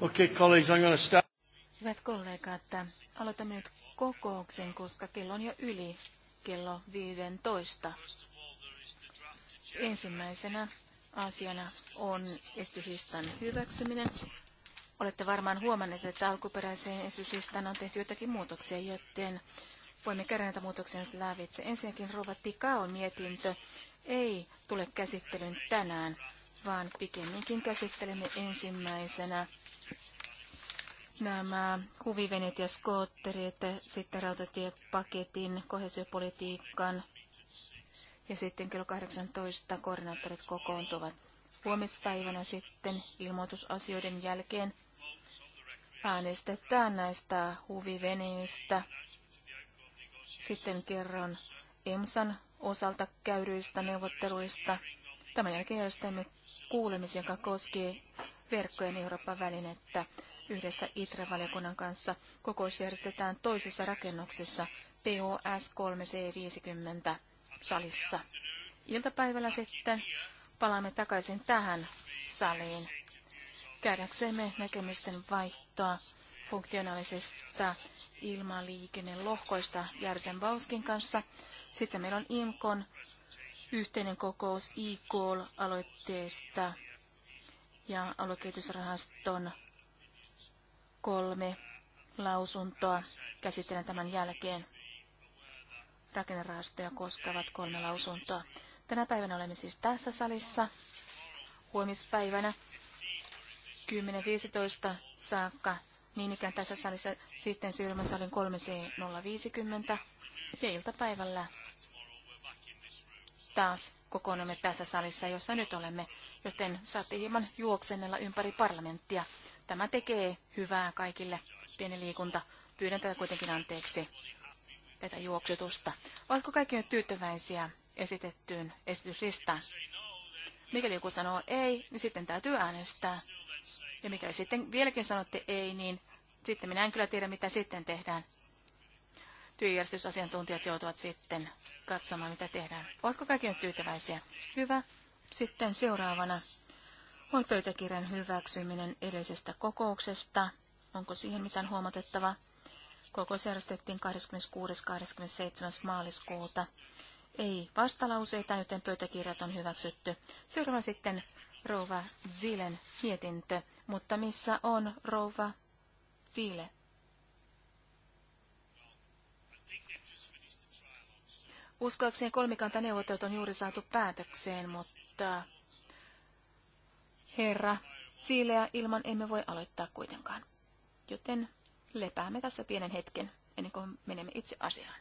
Okay, colleagues, I'm start. Hyvät kollegat, aloitamme nyt kokouksen, koska kello on jo yli kello 15. Ensimmäisenä asiana on esityslistan hyväksyminen. Olette varmaan huomanneet, että alkuperäiseen esityslistaan on tehty jotakin muutoksia, joten voimme käydä näitä muutoksia nyt lävitse. Ensinnäkin Rova Tikaon mietintö ei tule käsittelyyn tänään, vaan pikemminkin käsittelemme ensimmäisenä nämä huvivenet ja skootterit, sitten rautatiepaketin, kohesiopolitiikan ja sitten kello 18 koordinaattorit kokoontuvat. Huomispäivänä sitten ilmoitusasioiden jälkeen äänestetään näistä huviveneistä. Sitten kerron EMSAn osalta käydyistä neuvotteluista. Tämän jälkeen järjestämme kuulemisen, joka koskee verkkojen Euroopan välinettä yhdessä ITRE-valiokunnan kanssa. Kokous järjestetään toisessa rakennuksessa POS 3C50 salissa. Iltapäivällä sitten palaamme takaisin tähän saliin käydäksemme näkemysten vaihtoa funktionaalisista ilmaliikennelohkoista Järsen Bauskin kanssa. Sitten meillä on IMKon yhteinen kokous IKOL-aloitteesta ja aluekehitysrahaston kolme lausuntoa käsittelen tämän jälkeen rakennerahastoja koskevat kolme lausuntoa. Tänä päivänä olemme siis tässä salissa huomispäivänä 10.15 saakka. Niin ikään tässä salissa sitten siirrymme salin 3.050 ja iltapäivällä taas kokoonnumme tässä salissa, jossa nyt olemme joten saatte hieman juoksennella ympäri parlamenttia. Tämä tekee hyvää kaikille, pieni liikunta. Pyydän tätä kuitenkin anteeksi, tätä juoksutusta. Oletko kaikki nyt tyytyväisiä esitettyyn esityslistaan? Mikäli joku sanoo ei, niin sitten täytyy äänestää. Ja mikäli sitten vieläkin sanotte ei, niin sitten minä en kyllä tiedä, mitä sitten tehdään. Työjärjestysasiantuntijat joutuvat sitten katsomaan, mitä tehdään. Oletko kaikki nyt tyytyväisiä? Hyvä. Sitten seuraavana on pöytäkirjan hyväksyminen edellisestä kokouksesta. Onko siihen mitään huomatettavaa? Kokous järjestettiin 26.–27. maaliskuuta. Ei vastalauseita, joten pöytäkirjat on hyväksytty. Seuraava sitten rouva Zilen mietintö, mutta missä on rouva Zile? Uskoakseni kolmikantaneuvottelut on juuri saatu päätökseen, mutta herra, siileä ilman emme voi aloittaa kuitenkaan. Joten lepäämme tässä pienen hetken, ennen kuin menemme itse asiaan.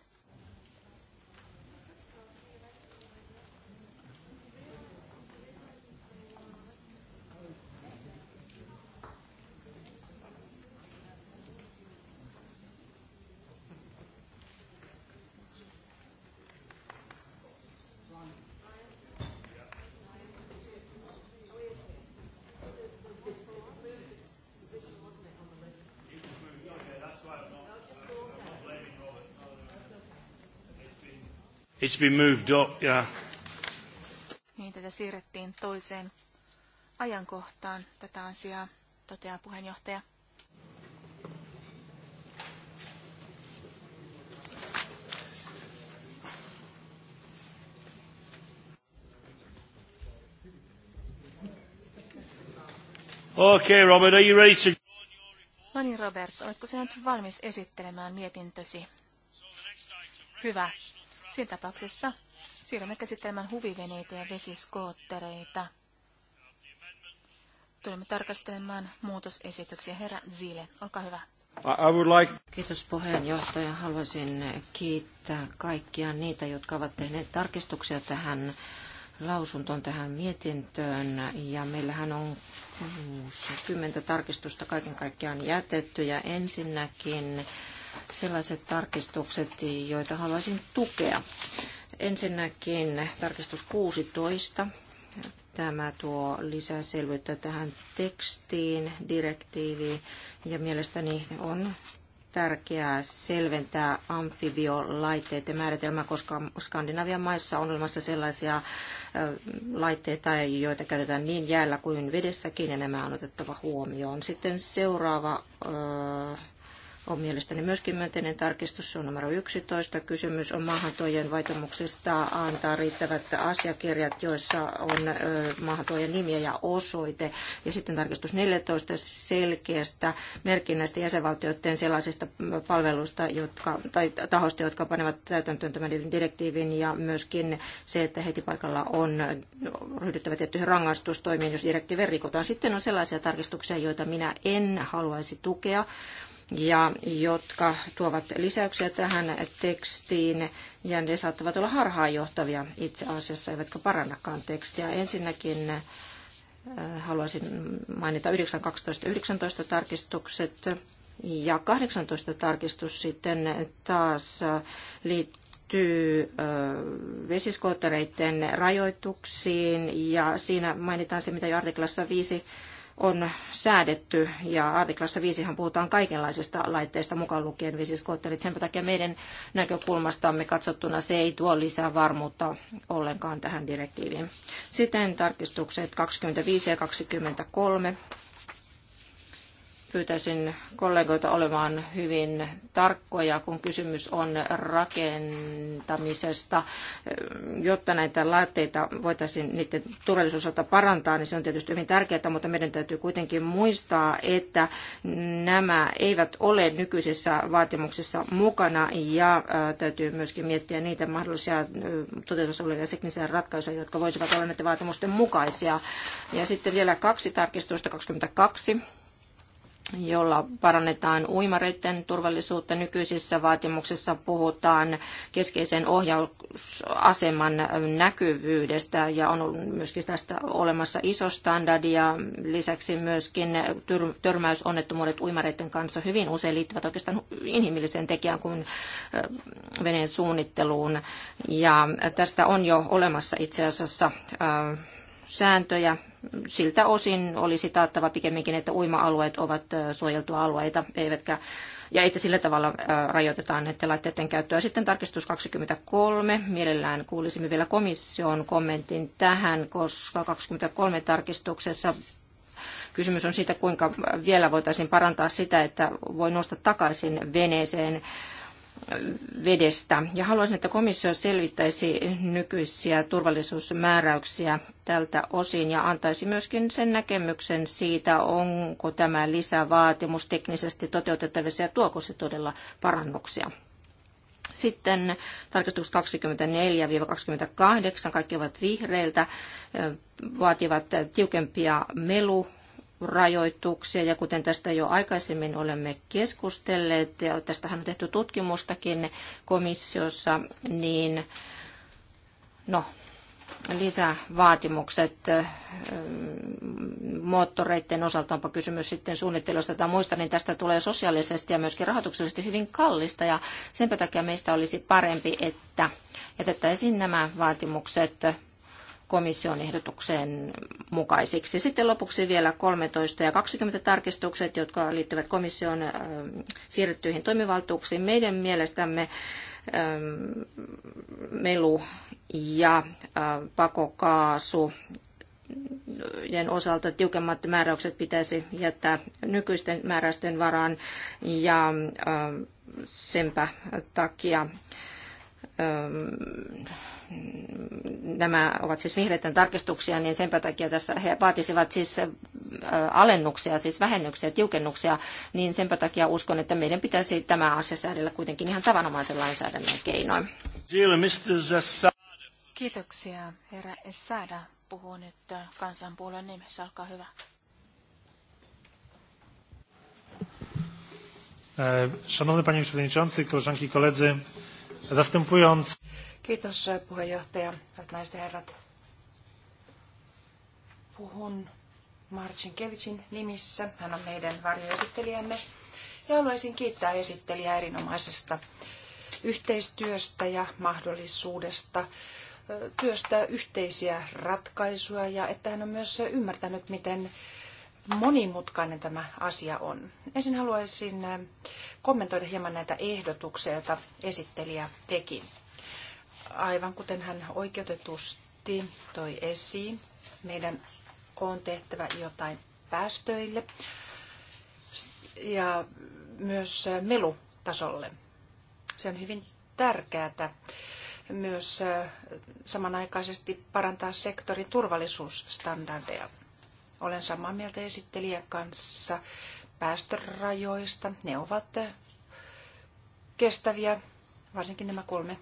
It's been moved up, yeah. Niin, tätä siirrettiin toiseen ajankohtaan tätä asiaa, toteaa puheenjohtaja. Okay, Robert, are you ready to... No niin, Roberts, oletko sinä nyt valmis esittelemään mietintösi? Hyvä. Siinä tapauksessa siirrymme käsittelemään huviveneitä ja vesiskoottereita. Tulemme tarkastelemaan muutosesityksiä. Herra Zile, olkaa hyvä. I would like... Kiitos puheenjohtaja. Haluaisin kiittää kaikkia niitä, jotka ovat tehneet tarkistuksia tähän lausuntoon tähän mietintöön ja meillähän on 60 tarkistusta kaiken kaikkiaan jätetty ja ensinnäkin sellaiset tarkistukset, joita haluaisin tukea. Ensinnäkin tarkistus 16. Tämä tuo lisää selvyyttä tähän tekstiin, direktiiviin ja mielestäni on tärkeää selventää amfibiolaitteiden määritelmä, koska Skandinavian maissa on olemassa sellaisia laitteita, joita käytetään niin jäällä kuin vedessäkin, ja nämä on otettava huomioon. Sitten seuraava on mielestäni myöskin myönteinen tarkistus. Se on numero 11. Kysymys on maahantuojien vaatimuksesta antaa riittävät asiakirjat, joissa on maahantuojan nimi ja osoite. Ja sitten tarkistus 14 selkeästä merkinnästä jäsenvaltioiden sellaisista palveluista jotka, tai tahoista, jotka panevat täytäntöön tämän direktiivin ja myöskin se, että heti paikalla on ryhdyttävä tiettyihin rangaistustoimiin, jos direktiivi rikotaan. Sitten on sellaisia tarkistuksia, joita minä en haluaisi tukea ja jotka tuovat lisäyksiä tähän tekstiin ja ne saattavat olla harhaanjohtavia itse asiassa, eivätkä parannakaan tekstiä. Ensinnäkin äh, haluaisin mainita 9, 12, 19 tarkistukset ja 18 tarkistus sitten taas liittyy äh, vesiskoottereiden rajoituksiin ja siinä mainitaan se, mitä jo artiklassa 5 on säädetty, ja artiklassa 5 puhutaan kaikenlaisista laitteista mukaan lukien vesiskootterit. Sen takia meidän näkökulmastamme katsottuna se ei tuo lisää varmuutta ollenkaan tähän direktiiviin. Siten tarkistukset 25 ja 23 pyytäisin kollegoita olemaan hyvin tarkkoja, kun kysymys on rakentamisesta. Jotta näitä laitteita voitaisiin niiden turvallisuusalta parantaa, niin se on tietysti hyvin tärkeää, mutta meidän täytyy kuitenkin muistaa, että nämä eivät ole nykyisissä vaatimuksissa mukana ja äh, täytyy myöskin miettiä niitä mahdollisia äh, toteutussa olevia teknisiä ratkaisuja, jotka voisivat olla näiden vaatimusten mukaisia. Ja sitten vielä kaksi tarkistusta, 22 jolla parannetaan uimareiden turvallisuutta. Nykyisissä vaatimuksissa puhutaan keskeisen ohjausaseman näkyvyydestä ja on myöskin tästä olemassa iso standardi ja lisäksi myöskin tyr- törmäysonnettomuudet uimareiden kanssa hyvin usein liittyvät oikeastaan inhimilliseen tekijään kuin äh, veneen suunnitteluun. Ja tästä on jo olemassa itse asiassa äh, sääntöjä siltä osin olisi taattava pikemminkin, että uima-alueet ovat suojeltua alueita, eivätkä ja että sillä tavalla rajoitetaan näiden laitteiden käyttöä. Sitten tarkistus 23. Mielellään kuulisimme vielä komission kommentin tähän, koska 23 tarkistuksessa kysymys on siitä, kuinka vielä voitaisiin parantaa sitä, että voi nostaa takaisin veneeseen vedestä. Ja haluaisin, että komissio selvittäisi nykyisiä turvallisuusmääräyksiä tältä osin ja antaisi myöskin sen näkemyksen siitä, onko tämä lisävaatimus teknisesti toteutettavissa ja tuoko se todella parannuksia. Sitten tarkastus 24-28, kaikki ovat vihreiltä, vaativat tiukempia melu rajoituksia ja kuten tästä jo aikaisemmin olemme keskustelleet ja tästähän on tehty tutkimustakin komissiossa, niin no, lisävaatimukset moottoreiden osalta, onpa kysymys sitten suunnittelusta tai muista, niin tästä tulee sosiaalisesti ja myöskin rahoituksellisesti hyvin kallista ja sen takia meistä olisi parempi, että jätettäisiin nämä vaatimukset komission ehdotuksen mukaisiksi. Sitten lopuksi vielä 13 ja 20 tarkistukset, jotka liittyvät komission ähm, siirrettyihin toimivaltuuksiin. Meidän mielestämme ähm, melu ja äh, pakokaasu osalta tiukemmat määräykset pitäisi jättää nykyisten määräysten varaan ja äh, senpä takia ähm, nämä ovat siis vihreiden tarkistuksia, niin senpä takia tässä he vaatisivat siis alennuksia, siis vähennyksiä, tiukennuksia, niin senpä takia uskon, että meidän pitäisi tämä asia säädellä kuitenkin ihan tavanomaisen lainsäädännön keinoin. Kiitoksia, herra Essada. Puhuu nyt kansanpuolen nimessä, olkaa hyvä. E, szanowny Panie Przewodniczący, koleżanki i koledzy, zastępując Kiitos eh, puheenjohtaja, hyvät naiset ja herrat. Puhun Marcin Kevicin nimissä. Hän on meidän varjoesittelijämme. Ja haluaisin kiittää esittelijää erinomaisesta yhteistyöstä ja mahdollisuudesta eh, työstää yhteisiä ratkaisuja ja että hän on myös ymmärtänyt, miten monimutkainen tämä asia on. Ensin haluaisin eh, kommentoida hieman näitä ehdotuksia, joita esittelijä teki aivan kuten hän oikeutetusti toi esiin, meidän on tehtävä jotain päästöille ja myös melutasolle. Se on hyvin tärkeää myös äh, samanaikaisesti parantaa sektorin turvallisuusstandardeja. Olen samaa mieltä esittelijän kanssa päästörajoista. Ne ovat kestäviä, varsinkin nämä kolme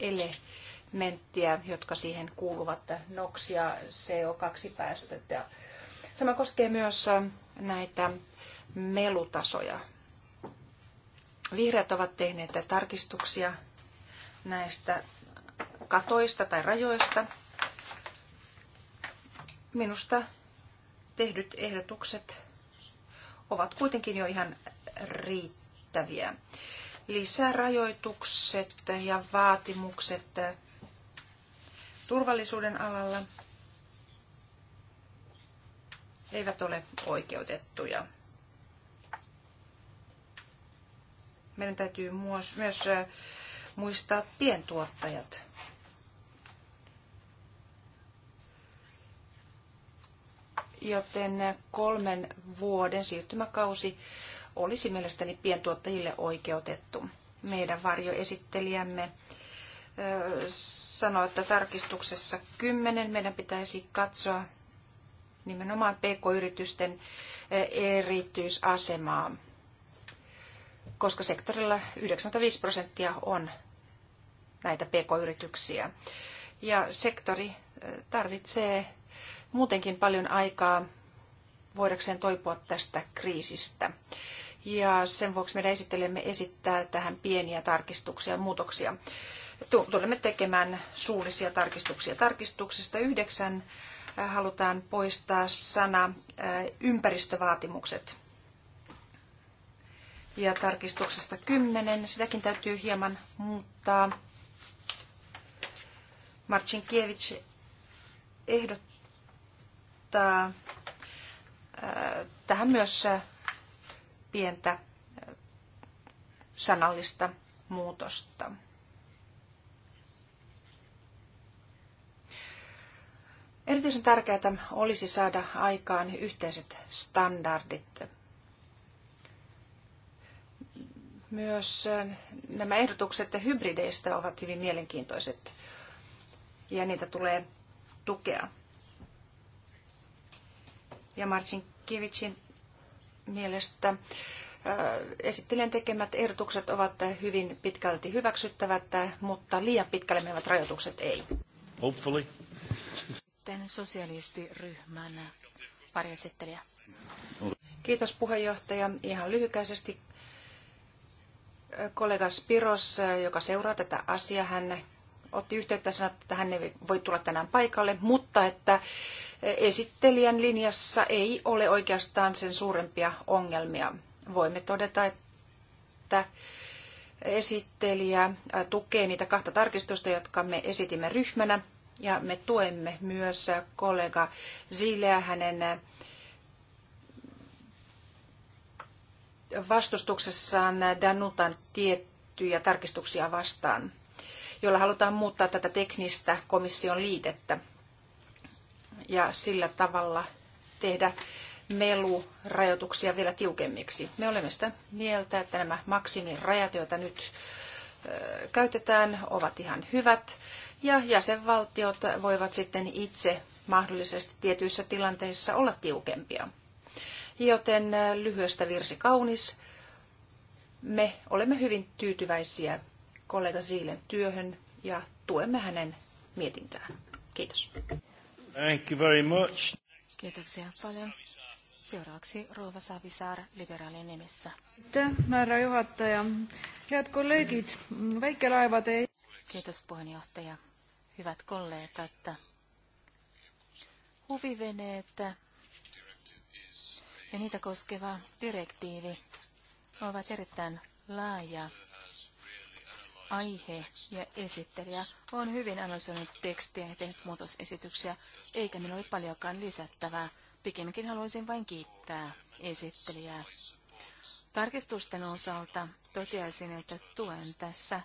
elementtiä, jotka siihen kuuluvat, NOx ja CO2-päästöt. Sama koskee myös äh, näitä melutasoja. Vihreät ovat tehneet tarkistuksia näistä katoista tai rajoista. Minusta tehdyt ehdotukset ovat kuitenkin jo ihan riittäviä lisärajoitukset ja vaatimukset turvallisuuden alalla eivät ole oikeutettuja. Meidän täytyy myös äh, muistaa pientuottajat. Joten kolmen vuoden siirtymäkausi olisi mielestäni pientuottajille oikeutettu. Meidän varjoesittelijämme sanoi, että tarkistuksessa 10 meidän pitäisi katsoa nimenomaan pk-yritysten erityisasemaa, koska sektorilla 95 prosenttia on näitä pk-yrityksiä. Ja sektori tarvitsee muutenkin paljon aikaa voidakseen toipua tästä kriisistä ja sen vuoksi meidän esittelemme esittää tähän pieniä tarkistuksia ja muutoksia. Tulemme tekemään suullisia tarkistuksia. Tarkistuksesta yhdeksän äh, halutaan poistaa sana äh, ympäristövaatimukset. Ja tarkistuksesta kymmenen sitäkin täytyy hieman muuttaa. Marcin Kievich ehdottaa äh, tähän myös pientä sanallista muutosta. Erityisen tärkeää olisi saada aikaan yhteiset standardit. Myös nämä ehdotukset hybrideistä ovat hyvin mielenkiintoiset ja niitä tulee tukea. Ja Marcin Kivicin mielestä esittelijän tekemät ehdotukset ovat hyvin pitkälti hyväksyttävät, mutta liian pitkälle menevät rajoitukset ei. Hopefully. Sitten sosialistiryhmän pari esittelijä. Kiitos puheenjohtaja. Ihan lyhykäisesti kollega Spiros, joka seuraa tätä asiaa, hän otti yhteyttä ja sanoi, että hän ei voi tulla tänään paikalle, mutta että esittelijän linjassa ei ole oikeastaan sen suurempia ongelmia. Voimme todeta, että esittelijä tukee niitä kahta tarkistusta, jotka me esitimme ryhmänä, ja me tuemme myös kollega Zileä hänen vastustuksessaan Danutan tiettyjä tarkistuksia vastaan jolla halutaan muuttaa tätä teknistä komission liitettä ja sillä tavalla tehdä melurajoituksia vielä tiukemmiksi. Me olemme sitä mieltä, että nämä maksimirajat, joita nyt käytetään, ovat ihan hyvät ja jäsenvaltiot voivat sitten itse mahdollisesti tietyissä tilanteissa olla tiukempia. Joten lyhyestä virsi kaunis. Me olemme hyvin tyytyväisiä kollega Siilen työhön ja tuemme hänen mietintöään. Kiitos. Thank you very much. Kiitoksia paljon. Seuraavaksi Rova Savisaar liberaalien nimissä. Herra johtaja. Hyvät kollegit, väikkelaivat ei... Kiitos puheenjohtaja. Hyvät kollegat, huviveneet ja niitä koskeva direktiivi ovat erittäin laaja aihe ja esittelijä on hyvin analysoinut tekstiä ja tehnyt muutosesityksiä, eikä minulla ole paljonkaan lisättävää. Pikemminkin haluaisin vain kiittää esittelijää. Tarkistusten osalta toteaisin, että tuen tässä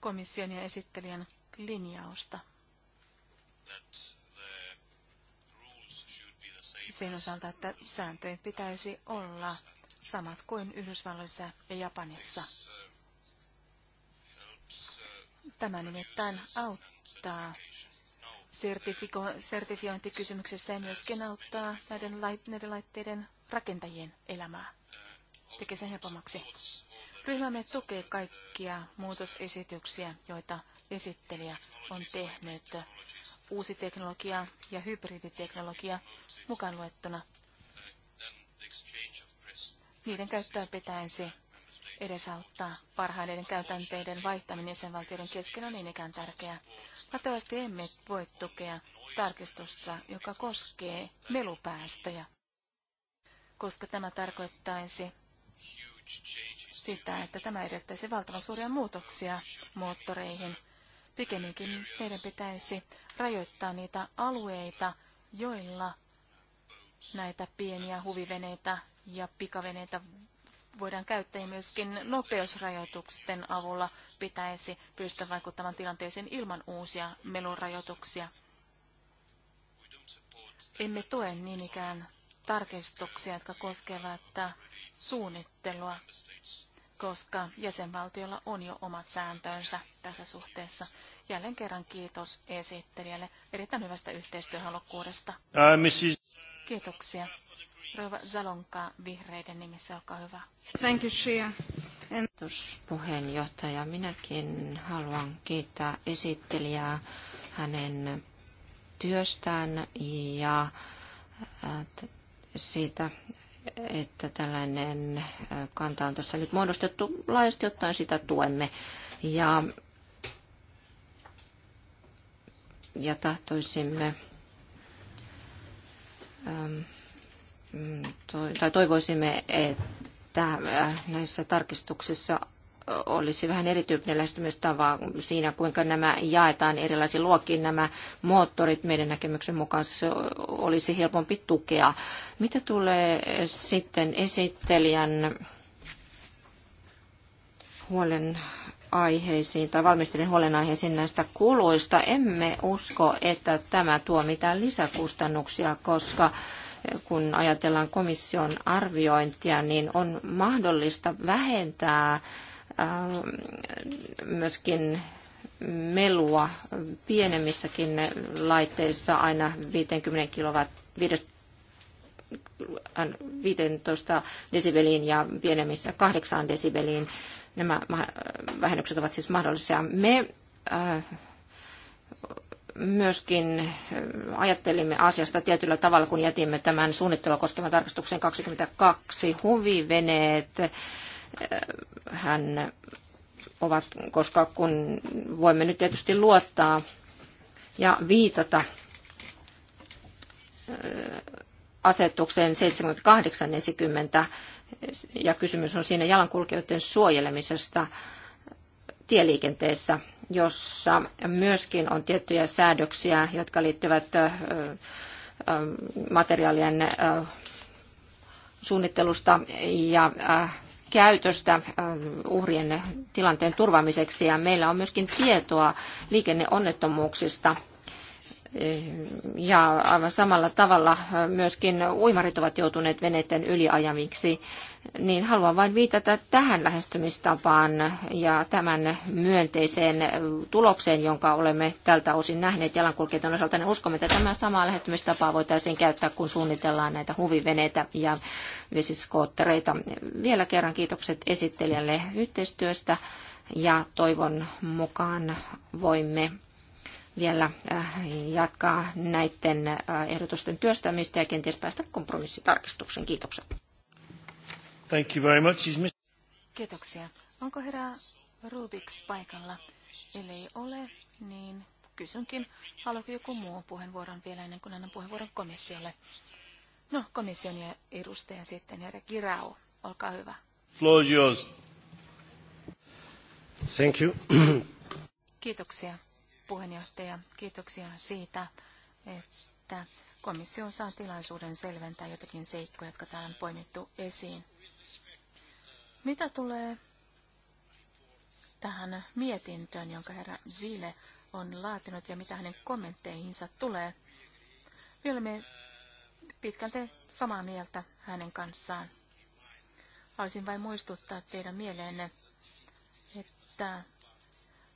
komission ja esittelijän linjausta. Sen osalta, että sääntöjen pitäisi olla samat kuin Yhdysvalloissa ja Japanissa. Tämä nimittäin auttaa sertifiko- sertifiointikysymyksessä ja myöskin auttaa näiden, lait- näiden laitteiden rakentajien elämää. Tekee sen helpommaksi. Ryhmämme tukee kaikkia muutosesityksiä, joita esittelijä on tehnyt. Uusi teknologia ja hybriditeknologia mukaan luettuna. Niiden käyttöä pitäisi edesauttaa parhaiden käytänteiden vaihtaminen sen valtioiden kesken on niin ikään tärkeää. Vaatavasti emme voi tukea tarkistusta, joka koskee melupäästöjä, koska tämä tarkoittaisi sitä, että tämä edellyttäisi valtavan suuria muutoksia moottoreihin. Pikemminkin meidän pitäisi rajoittaa niitä alueita, joilla näitä pieniä huviveneitä ja pikaveneitä voidaan käyttää ja myöskin nopeusrajoitusten avulla pitäisi pystyä vaikuttamaan tilanteeseen ilman uusia melurajoituksia. Emme tue niin ikään tarkistuksia, jotka koskevat suunnittelua, koska jäsenvaltiolla on jo omat sääntönsä tässä suhteessa. Jälleen kerran kiitos esittelijälle erittäin hyvästä yhteistyöhalukkuudesta. Kiitoksia. Rova Zalonka vihreiden nimissä, olkaa hyvä. Thank you, Shia. Kiitos puheenjohtaja. Minäkin haluan kiittää esittelijää hänen työstään ja äh, siitä, että tällainen äh, kanta on tässä nyt muodostettu laajasti ottaen sitä tuemme. Ja, ja tahtoisimme ähm, Mm, tai toivoisimme, että äh, näissä tarkistuksissa olisi vähän erityyppinen lähestymistapa siinä, kuinka nämä jaetaan erilaisiin luokkiin. Nämä moottorit meidän näkemyksen mukaan se olisi helpompi tukea. Mitä tulee sitten esittelijän huolen aiheisiin tai valmistelin huolenaiheisiin näistä kuluista. Emme usko, että tämä tuo mitään lisäkustannuksia, koska kun ajatellaan komission arviointia, niin on mahdollista vähentää ähm, myöskin melua pienemmissäkin laitteissa aina 50 kilowatt, 15 äh, desibeliin ja pienemmissä 8 desibeliin. Nämä äh, vähennykset ovat siis mahdollisia. Me äh, myöskin äh, ajattelimme asiasta tietyllä tavalla, kun jätimme tämän suunnittelua koskevan tarkastuksen 22 huviveneet. Äh, hän ovat, koska kun voimme nyt tietysti luottaa ja viitata äh, asetukseen 7840, ja kysymys on siinä jalankulkijoiden suojelemisesta tieliikenteessä jossa myöskin on tiettyjä säädöksiä, jotka liittyvät materiaalien suunnittelusta ja käytöstä uhrien tilanteen turvaamiseksi. Ja meillä on myöskin tietoa liikenneonnettomuuksista ja aivan samalla tavalla äh, myöskin uimarit ovat joutuneet veneiden yliajamiksi, niin haluan vain viitata tähän lähestymistapaan ja tämän myönteiseen tulokseen, jonka olemme tältä osin nähneet jalankulkijoiden osalta. Ne uskomme, että tämä sama lähestymistapa voitaisiin käyttää, kun suunnitellaan näitä huviveneitä ja vesiskoottereita. Vielä kerran kiitokset esittelijälle yhteistyöstä ja toivon mukaan voimme vielä äh, jatkaa näiden äh, ehdotusten työstämistä ja kenties päästä kompromissitarkistukseen. Kiitoksia. Thank you very much. Kiitoksia. Onko herra Rubiks paikalla? Ellei ole, niin kysynkin, haluaako joku muu puheenvuoron vielä ennen kuin annan puheenvuoron komissiolle? No, komission ja edustajan sitten, herra Kirau, olkaa hyvä. Floor is yours. Thank you. Kiitoksia puheenjohtaja. Kiitoksia siitä, että komissio saa tilaisuuden selventää jotakin seikkoja, jotka täällä on poimittu esiin. Mitä tulee tähän mietintöön, jonka herra Zile on laatinut ja mitä hänen kommentteihinsa tulee? Me olemme pitkälti samaa mieltä hänen kanssaan. Haluaisin vain muistuttaa teidän mieleenne, että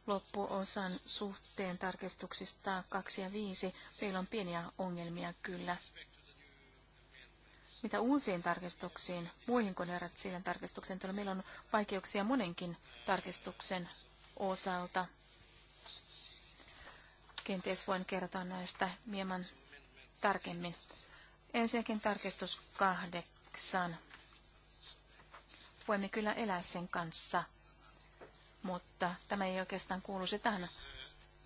loppuosan suhteen tarkistuksista 2 ja 5 meillä on pieniä ongelmia kyllä. Mitä uusiin tarkistuksiin, muihin kuin siihen tarkistukseen tulee, meillä on vaikeuksia monenkin tarkistuksen osalta. Kenties voin kertoa näistä hieman tarkemmin. Ensinnäkin tarkistus kahdeksan. Voimme kyllä elää sen kanssa mutta tämä ei oikeastaan kuulu tähän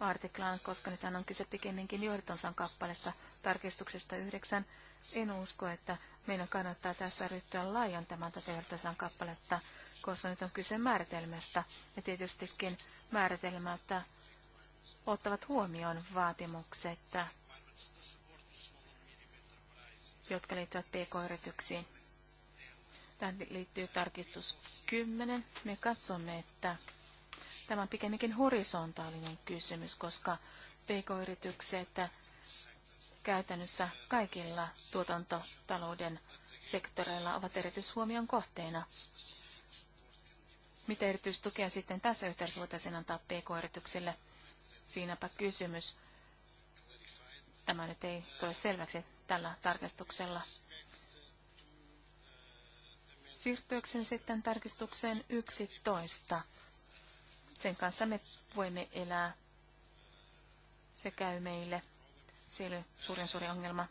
artiklaan, koska nyt on kyse pikemminkin Jortonsan kappalessa tarkistuksesta yhdeksän. En usko, että meidän kannattaa tässä ryhtyä laajentamaan tätä Jortonsan kappaletta, koska nyt on kyse määritelmästä. Ja tietystikin määritelmältä ottavat huomioon vaatimukset, jotka liittyvät pk-yrityksiin. Tähän liittyy tarkistus 10. Me katsomme, että Tämä on pikemminkin horisontaalinen kysymys, koska pk-yritykset käytännössä kaikilla tuotantotalouden sektoreilla ovat erityishuomion kohteena. Mitä erityistukea sitten tässä yhteydessä voitaisiin antaa pk-yrityksille? Siinäpä kysymys. Tämä nyt ei tule selväksi tällä tarkastuksella. Siirtyykö sitten tarkistukseen 11. Sen kanssa me voimme elää. Se käy meille. Siellä suurin suuri ongelma.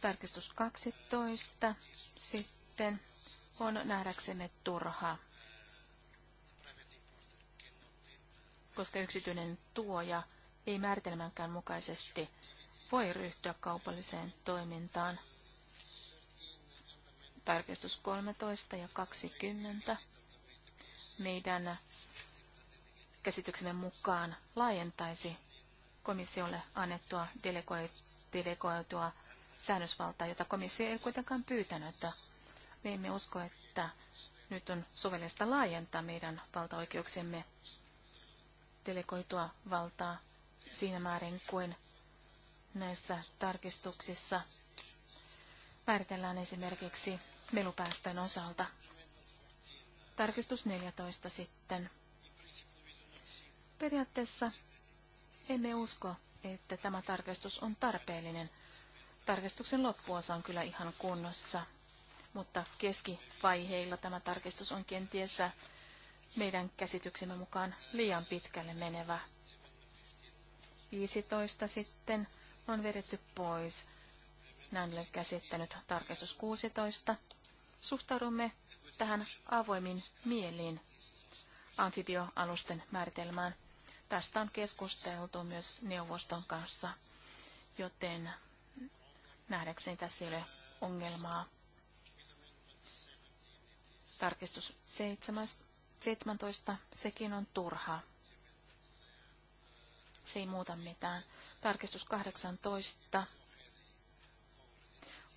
Tarkistus 12 sitten on nähdäksemme turha, koska yksityinen tuoja ei määritelmänkään mukaisesti voi ryhtyä kaupalliseen toimintaan. Tarkistus 13 ja 20 meidän käsityksemme mukaan laajentaisi komissiolle annettua delegoitua säännösvaltaa, jota komissio ei kuitenkaan pyytänyt. Me emme usko, että nyt on sovellista laajentaa meidän valtaoikeuksemme delegoitua valtaa siinä määrin kuin näissä tarkistuksissa määritellään esimerkiksi melupäästön osalta. Tarkistus 14 sitten. Periaatteessa emme usko, että tämä tarkistus on tarpeellinen. Tarkistuksen loppuosa on kyllä ihan kunnossa, mutta keskivaiheilla tämä tarkistus on kenties meidän käsityksemme mukaan liian pitkälle menevä. 15 sitten on vedetty pois. Näin olen käsittänyt tarkistus 16. Suhtaudumme tähän avoimin mielin amfibioalusten määritelmään. Tästä on keskusteltu myös neuvoston kanssa, joten nähdäkseni tässä ei ole ongelmaa. Tarkistus 17, sekin on turha. Se ei muuta mitään. Tarkistus 18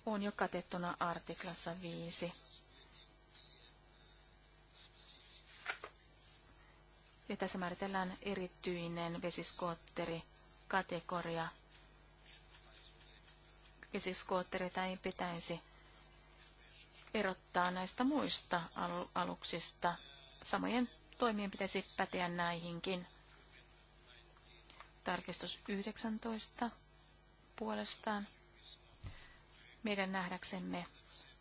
on jo katettuna artiklassa 5. Ja tässä määritellään erityinen vesiskootteri kategoria. Vesiskootteri ei pitäisi erottaa näistä muista al- aluksista. Samojen toimien pitäisi päteä näihinkin. Tarkistus 19 puolestaan meidän nähdäksemme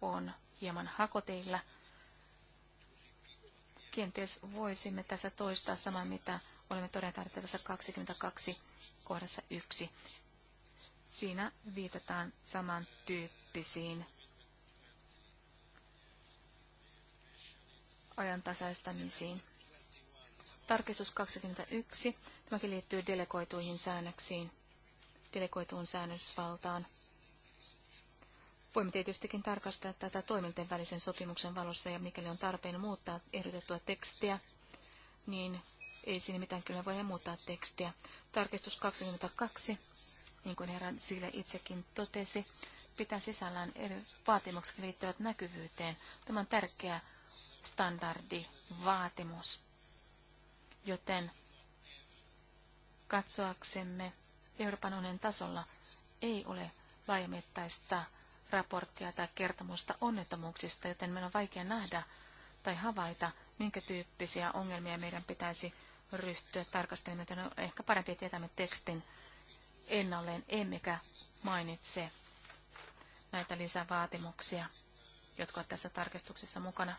on hieman hakoteilla – Kenties voisimme tässä toistaa saman, mitä olemme todenneet tässä 22 kohdassa 1. Siinä viitataan samantyyppisiin ajantasaistamisiin. Tarkistus 21. Tämäkin liittyy delegoituihin säännöksiin, delegoituun säännösvaltaan. Voimme tietystikin tarkastaa tätä toiminten välisen sopimuksen valossa ja mikäli on tarpeen muuttaa ehdotettua tekstiä, niin ei siinä mitään kyllä voi muuttaa tekstiä. Tarkistus 22, niin kuin herra Sille itsekin totesi, pitää sisällään eri vaatimukset liittyvät näkyvyyteen. Tämä on tärkeä standardi, vaatimus. Joten katsoaksemme Euroopan unionin tasolla ei ole laajamittaista raporttia tai kertomusta onnettomuuksista, joten meidän on vaikea nähdä tai havaita, minkä tyyppisiä ongelmia meidän pitäisi ryhtyä tarkastelemaan. Joten on ehkä parempi tietämme tekstin ennalleen, emmekä mainitse näitä lisävaatimuksia, jotka ovat tässä tarkistuksessa mukana.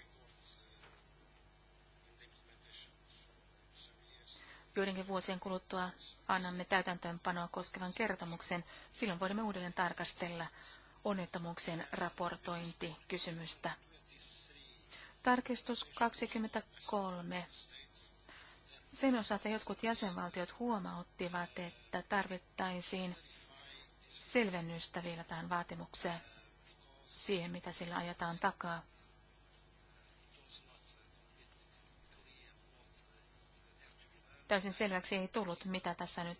joidenkin vuosien kuluttua annamme täytäntöönpanoa koskevan kertomuksen, silloin voimme uudelleen tarkastella onnettomuuksien raportointikysymystä. Tarkistus 23. Sen osalta jotkut jäsenvaltiot huomauttivat, että tarvittaisiin selvennystä vielä tähän vaatimukseen, siihen mitä sillä ajetaan takaa. Täysin selväksi ei tullut, mitä tässä nyt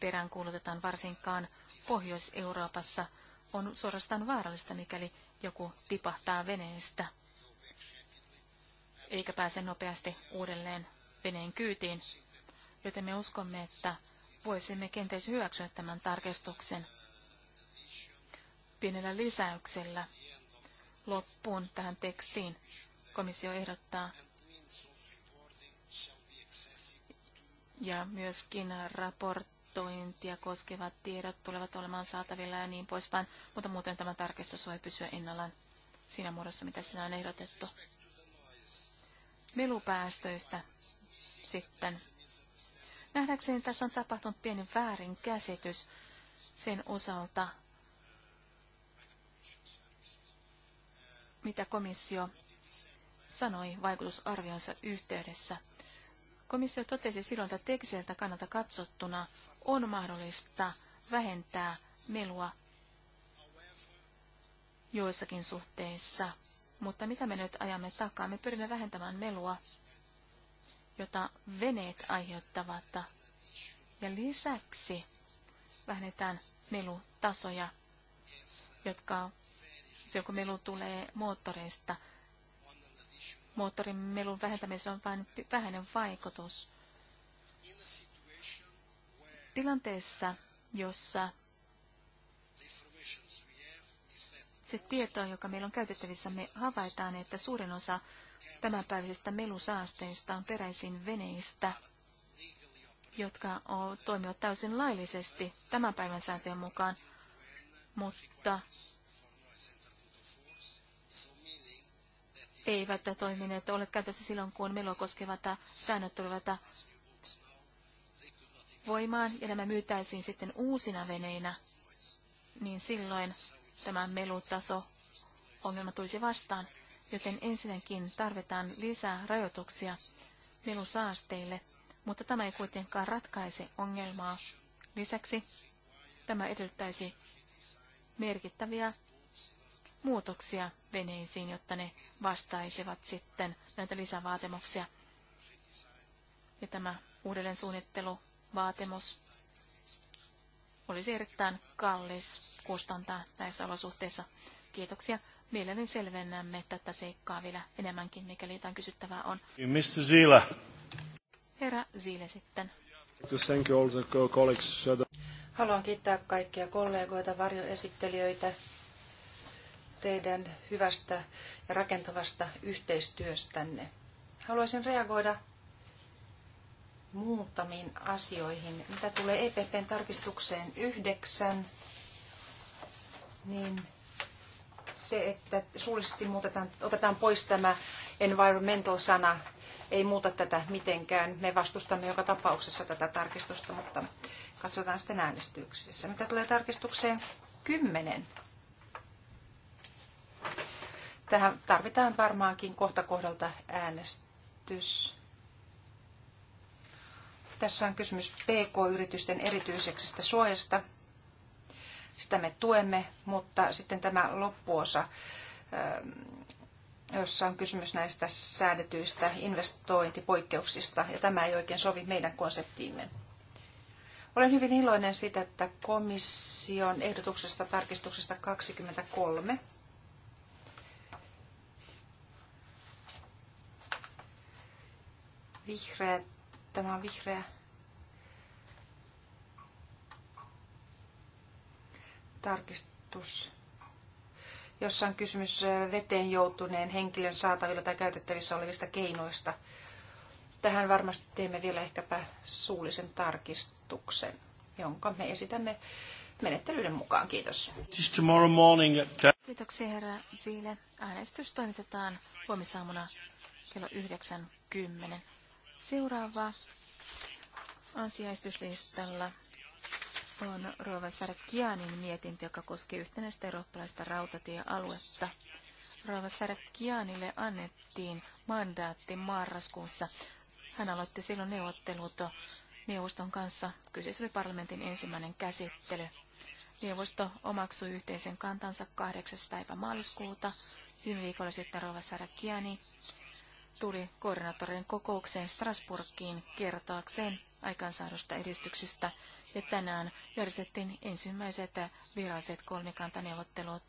peräänkuulutetaan varsinkaan Pohjois-Euroopassa – on suorastaan vaarallista, mikäli joku tipahtaa veneestä, eikä pääse nopeasti uudelleen veneen kyytiin. Joten me uskomme, että voisimme kenties hyväksyä tämän tarkistuksen pienellä lisäyksellä loppuun tähän tekstiin. Komissio ehdottaa ja myöskin raportti raportointia koskevat tiedot tulevat olemaan saatavilla ja niin poispäin, mutta muuten tämä tarkistus voi pysyä ennallaan siinä muodossa, mitä siinä on ehdotettu. Melupäästöistä sitten. Nähdäkseni tässä on tapahtunut pieni väärinkäsitys sen osalta, mitä komissio sanoi vaikutusarvionsa yhteydessä. Komissio totesi silloin, että tekseltä kannalta katsottuna on mahdollista vähentää melua joissakin suhteissa. Mutta mitä me nyt ajamme takaa? Me pyrimme vähentämään melua, jota veneet aiheuttavat. Ja lisäksi vähennetään melutasoja, jotka silloin kun melu tulee moottoreista – melun vähentämisellä on vain vähäinen vaikutus. Tilanteessa, jossa se tieto, joka meillä on käytettävissä, me havaitaan, että suurin osa tämänpäiväisistä melusaasteista on peräisin veneistä, jotka toimivat täysin laillisesti tämän päivän sääntöjen mukaan, mutta eivät toimineet ole käytössä silloin, kun melua koskevat säännöt tulivat voimaan ja nämä myytäisiin sitten uusina veneinä, niin silloin tämä melutaso ongelma tulisi vastaan, joten ensinnäkin tarvitaan lisää rajoituksia melusaasteille, mutta tämä ei kuitenkaan ratkaise ongelmaa. Lisäksi tämä edellyttäisi merkittäviä muutoksia veneisiin, jotta ne vastaisivat sitten näitä lisävaatimuksia. Ja tämä uudelleen suunnitteluvaatimus olisi erittäin kallis kustantaa näissä olosuhteissa. Kiitoksia. Mielelläni selvennämme tätä seikkaa vielä enemmänkin, mikäli jotain kysyttävää on. Mr. Zila. Herra Zile sitten. Haluan kiittää kaikkia kollegoita, varjoesittelijöitä teidän hyvästä ja rakentavasta yhteistyöstänne. Haluaisin reagoida muutamiin asioihin. Mitä tulee EPPn tarkistukseen yhdeksän, niin se, että suullisesti muutetaan, otetaan pois tämä environmental-sana, ei muuta tätä mitenkään. Me vastustamme joka tapauksessa tätä tarkistusta, mutta katsotaan sitten äänestyksessä. Mitä tulee tarkistukseen 10, Tähän tarvitaan varmaankin kohta kohdalta äänestys. Tässä on kysymys PK-yritysten erityisestä suojasta. Sitä me tuemme, mutta sitten tämä loppuosa, jossa on kysymys näistä säädetyistä investointipoikkeuksista, ja tämä ei oikein sovi meidän konseptiimme. Olen hyvin iloinen siitä, että komission ehdotuksesta tarkistuksesta 23 vihreä, tämä on vihreä tarkistus, jossa on kysymys veteen joutuneen henkilön saatavilla tai käytettävissä olevista keinoista. Tähän varmasti teemme vielä ehkäpä suullisen tarkistuksen, jonka me esitämme menettelyiden mukaan. Kiitos. Kiitoksia herra Ziile. Äänestys toimitetaan huomisaamuna kello 9.10. Seuraava asiaistuslistalla on Rova Sarkianin mietintö, joka koskee yhtenäistä eurooppalaista rautatiealuetta. Rova Sarkianille annettiin mandaatti marraskuussa. Hän aloitti silloin neuvottelut neuvoston kanssa. Kyseessä oli parlamentin ensimmäinen käsittely. Neuvosto omaksui yhteisen kantansa 8. päivä maaliskuuta. Viime viikolla sitten Rova Sarkiani tuli koordinaattorien kokoukseen Strasburgiin kertaakseen aikaansaadusta edistyksestä ja tänään järjestettiin ensimmäiset viralliset kolmikantaneuvottelut.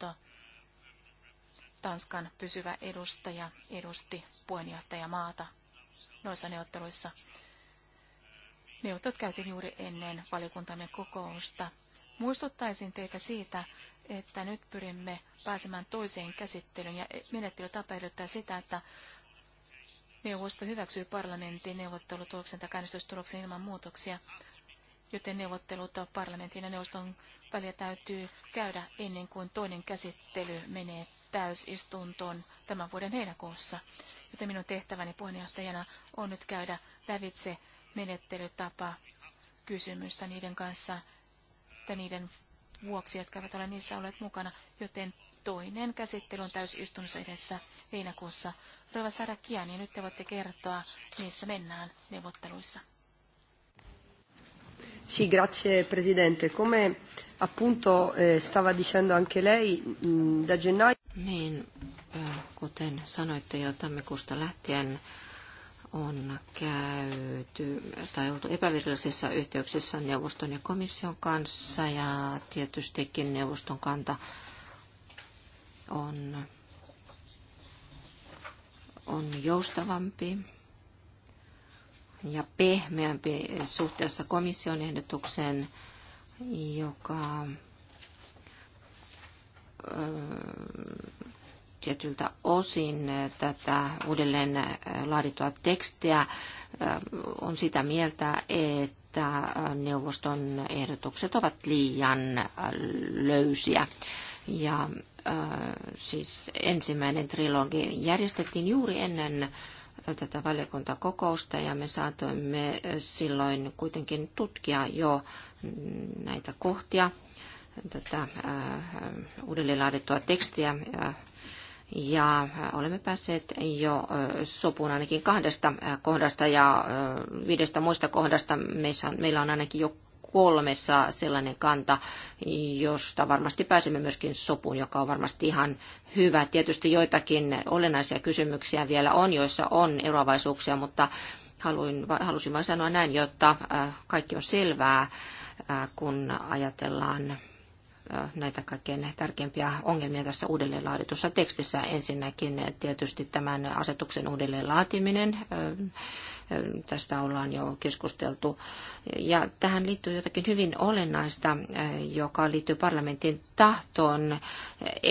Tanskan pysyvä edustaja edusti puheenjohtajamaata noissa neuvotteluissa. Neuvottelut käytiin juuri ennen valiokuntamme kokousta. Muistuttaisin teitä siitä, että nyt pyrimme pääsemään toiseen käsittelyyn ja menettelytapa edellyttää sitä, että Neuvosto hyväksyy parlamentin neuvottelutuloksen tai äänestystuloksen ilman muutoksia, joten neuvottelut parlamentin ja neuvoston välillä täytyy käydä ennen kuin toinen käsittely menee täysistuntoon tämän vuoden heinäkuussa. Joten minun tehtäväni puheenjohtajana on nyt käydä lävitse menettelytapa kysymystä niiden kanssa tai niiden vuoksi, jotka eivät ole niissä olleet mukana, joten toinen käsittely on täysistunnossa edessä heinäkuussa. Rova Sara ja nyt te voitte kertoa, missä mennään neuvotteluissa. Sì, grazie Presidente. Come appunto eh, stava dicendo anche lei, da gennaio... Niin, eh, kuten sanoitte jo tammikuusta lähtien, on käyty tai oltu epävirallisissa yhteyksissä neuvoston ja komission kanssa ja tietystikin neuvoston kanta on, on joustavampi ja pehmeämpi suhteessa komission ehdotukseen, joka tietyltä osin tätä uudelleen laadittua tekstiä on sitä mieltä, että neuvoston ehdotukset ovat liian löysiä. Ja Äh, siis ensimmäinen trilogi järjestettiin juuri ennen tätä valiokuntakokousta ja me saatoimme äh, silloin kuitenkin tutkia jo näitä kohtia, tätä äh, uudelleen laadittua tekstiä ja olemme päässeet jo sopuun ainakin kahdesta kohdasta ja viidestä muista kohdasta. Meissä on, meillä on ainakin jo kolmessa sellainen kanta, josta varmasti pääsemme myöskin sopuun, joka on varmasti ihan hyvä. Tietysti joitakin olennaisia kysymyksiä vielä on, joissa on eroavaisuuksia, mutta haluin, halusin vain sanoa näin, jotta kaikki on selvää, kun ajatellaan näitä kaikkein tärkeimpiä ongelmia tässä uudelleenlaaditussa tekstissä. Ensinnäkin tietysti tämän asetuksen uudelleenlaatiminen. laatiminen Tästä ollaan jo keskusteltu. Ja tähän liittyy jotakin hyvin olennaista, eh, joka liittyy parlamentin tahtoon, eh,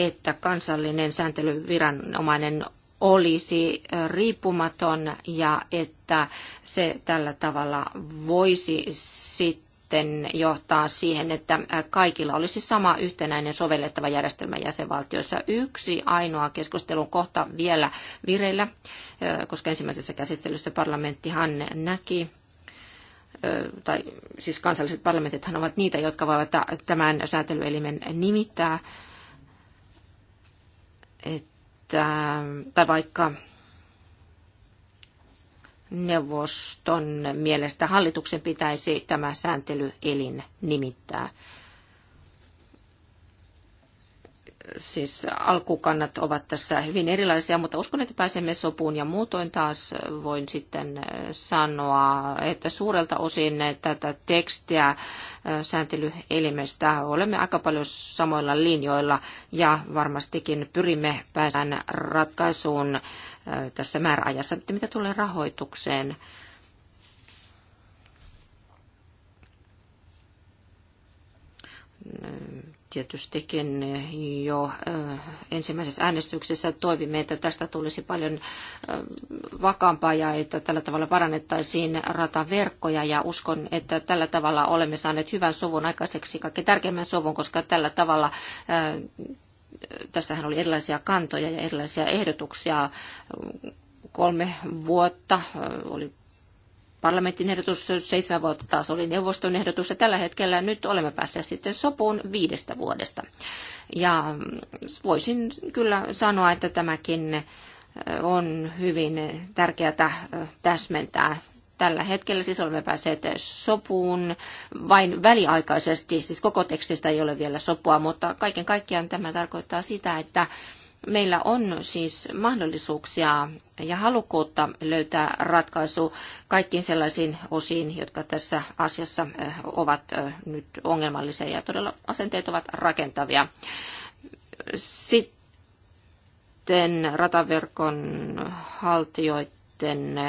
että kansallinen sääntelyviranomainen olisi eh, riippumaton ja että se tällä tavalla voisi sitten sitten johtaa siihen, että kaikilla olisi sama yhtenäinen sovellettava järjestelmä jäsenvaltioissa. Yksi ainoa keskustelun kohta vielä vireillä, koska ensimmäisessä käsittelyssä parlamenttihan näki tai siis kansalliset parlamentithan ovat niitä, jotka voivat tämän säätelyelimen nimittää, että, tai vaikka neuvoston mielestä hallituksen pitäisi tämä sääntelyelin nimittää siis alkukannat ovat tässä hyvin erilaisia, mutta uskon, että pääsemme sopuun. Ja muutoin taas voin sitten äh, sanoa, että suurelta osin tätä tekstiä äh, sääntelyelimestä olemme aika paljon samoilla linjoilla ja varmastikin pyrimme pääsemään ratkaisuun äh, tässä määräajassa, mitä tulee rahoitukseen tietystikin jo eh, ensimmäisessä äänestyksessä toivimme, että tästä tulisi paljon eh, vakaampaa ja että tällä tavalla parannettaisiin rataverkkoja ja uskon, että tällä tavalla olemme saaneet hyvän sovun aikaiseksi, kaikki tärkeimmän sovun, koska tällä tavalla eh, tässähän oli erilaisia kantoja ja erilaisia ehdotuksia kolme vuotta, oli parlamentin ehdotus, seitsemän vuotta taas oli neuvoston ehdotus ja tällä hetkellä nyt olemme päässeet sitten sopuun viidestä vuodesta. Ja voisin kyllä sanoa, että tämäkin on hyvin tärkeää täsmentää tällä hetkellä siis olemme päässeet sopuun vain väliaikaisesti, siis koko tekstistä ei ole vielä sopua, mutta kaiken kaikkiaan tämä tarkoittaa sitä, että Meillä on siis mahdollisuuksia ja halukkuutta löytää ratkaisu kaikkiin sellaisiin osiin, jotka tässä asiassa ovat nyt ongelmallisia ja todella asenteet ovat rakentavia. Sitten rataverkon haltijoiden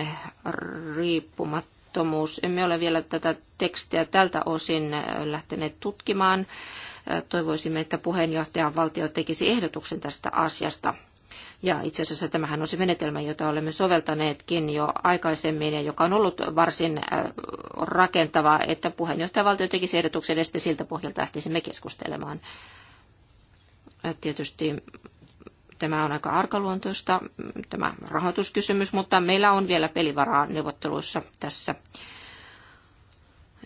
riippumattomuus. Emme ole vielä tätä tekstiä tältä osin lähteneet tutkimaan Toivoisimme, että puheenjohtajan valtio tekisi ehdotuksen tästä asiasta. Ja itse asiassa tämähän on se menetelmä, jota olemme soveltaneetkin jo aikaisemmin ja joka on ollut varsin rakentava, että puheenjohtajavaltio tekisi ehdotuksen ja sitten siltä pohjalta lähtisimme keskustelemaan. Tietysti tämä on aika arkaluontoista, tämä rahoituskysymys, mutta meillä on vielä pelivaraa neuvotteluissa tässä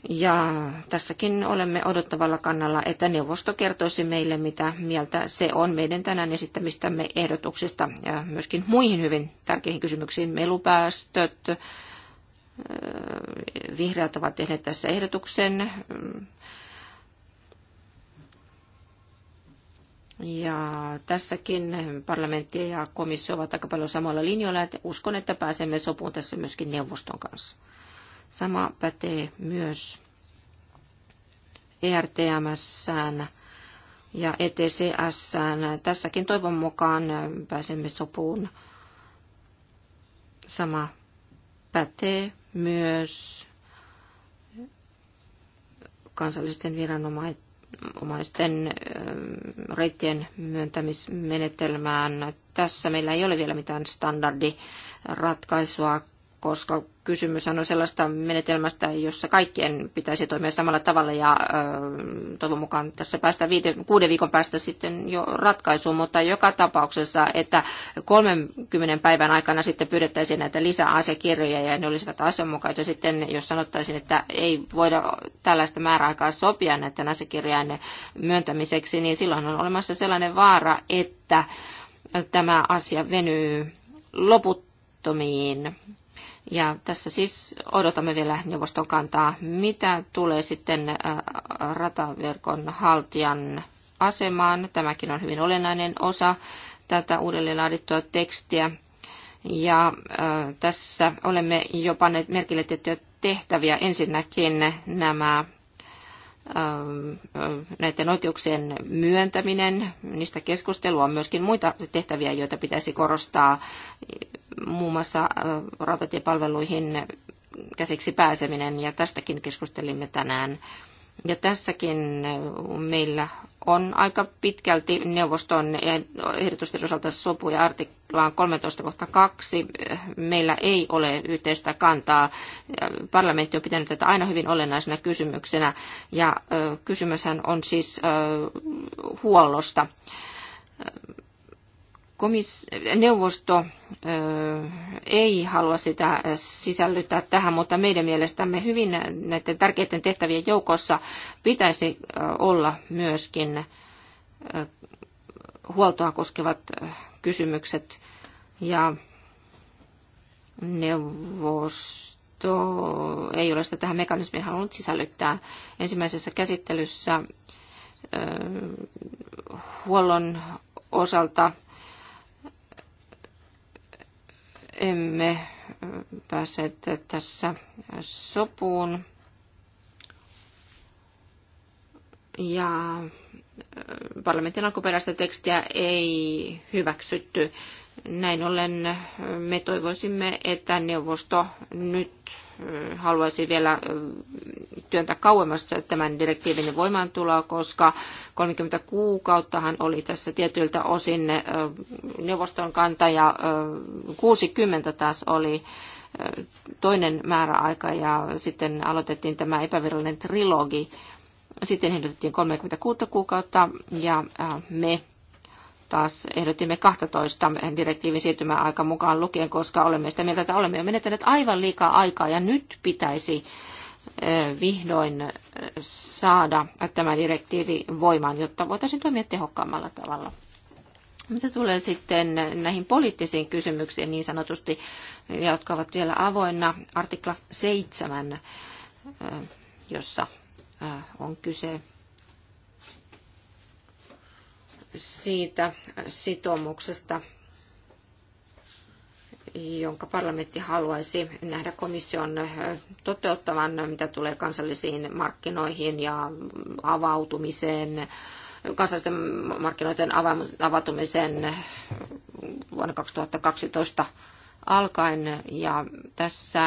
ja tässäkin olemme odottavalla kannalla, että neuvosto kertoisi meille, mitä mieltä se on meidän tänään esittämistämme ehdotuksista ja myöskin muihin hyvin tärkeihin kysymyksiin. Melupäästöt, vihreät ovat tehneet tässä ehdotuksen. Ja tässäkin parlamentti ja komissio ovat aika paljon samalla linjoilla, että uskon, että pääsemme sopuun tässä myöskin neuvoston kanssa. Sama pätee myös ertms ja etcs Tässäkin toivon mukaan pääsemme sopuun. Sama pätee myös kansallisten viranomaisten ähm, reittien myöntämismenetelmään. Tässä meillä ei ole vielä mitään standardiratkaisua koska kysymys on sellaista menetelmästä, jossa kaikkien pitäisi toimia samalla tavalla ja toivon mukaan tässä päästään viite, kuuden viikon päästä sitten jo ratkaisuun, mutta joka tapauksessa, että 30 päivän aikana sitten pyydettäisiin näitä lisäasiakirjoja ja ne olisivat asianmukaisia sitten, jos sanottaisiin, että ei voida tällaista määräaikaa sopia näiden asiakirjojen myöntämiseksi, niin silloin on olemassa sellainen vaara, että tämä asia venyy loputtomiin ja tässä siis odotamme vielä neuvoston kantaa, mitä tulee sitten äh, rataverkon haltijan asemaan. Tämäkin on hyvin olennainen osa tätä uudelleen laadittua tekstiä. Ja äh, tässä olemme jo panneet merkille tiettyjä tehtäviä. Ensinnäkin nämä Ähm, äh, näiden oikeuksien myöntäminen, niistä keskustelua on myöskin muita tehtäviä, joita pitäisi korostaa, muun muassa äh, rautatiepalveluihin käsiksi pääseminen, ja tästäkin keskustelimme tänään. Ja tässäkin äh, meillä on aika pitkälti neuvoston ehdotusten osalta sopuja artiklaan 13.2. Meillä ei ole yhteistä kantaa. Parlamentti on pitänyt tätä aina hyvin olennaisena kysymyksenä ja kysymyshän on siis huollosta komis- neuvosto ö, ei halua sitä sisällyttää tähän, mutta meidän mielestämme hyvin näiden tärkeiden tehtävien joukossa pitäisi olla myöskin ö, huoltoa koskevat kysymykset ja neuvosto ei ole sitä tähän mekanismiin halunnut sisällyttää. Ensimmäisessä käsittelyssä ö, huollon osalta – emme päässeet tässä sopuun. Ja parlamentin alkuperäistä tekstiä ei hyväksytty. Näin ollen me toivoisimme, että neuvosto nyt haluaisi vielä työntää kauemmas tämän direktiivin voimaantuloa, koska 30 kuukauttahan oli tässä tietyiltä osin neuvoston kanta ja 60 taas oli toinen määräaika ja sitten aloitettiin tämä epävirallinen trilogi. Sitten ehdotettiin 36 kuukautta ja me taas ehdotimme 12 direktiivin siirtymäaika mukaan lukien, koska olemme sitä mieltä, että olemme jo menettäneet aivan liikaa aikaa ja nyt pitäisi vihdoin saada tämä direktiivi voimaan, jotta voitaisiin toimia tehokkaammalla tavalla. Mitä tulee sitten näihin poliittisiin kysymyksiin niin sanotusti, jotka ovat vielä avoinna, artikla 7, jossa on kyse siitä sitoumuksesta, jonka parlamentti haluaisi nähdä komission toteuttavan, mitä tulee kansallisiin markkinoihin ja avautumiseen, kansallisten markkinoiden avautumiseen vuonna 2012 alkaen. Ja tässä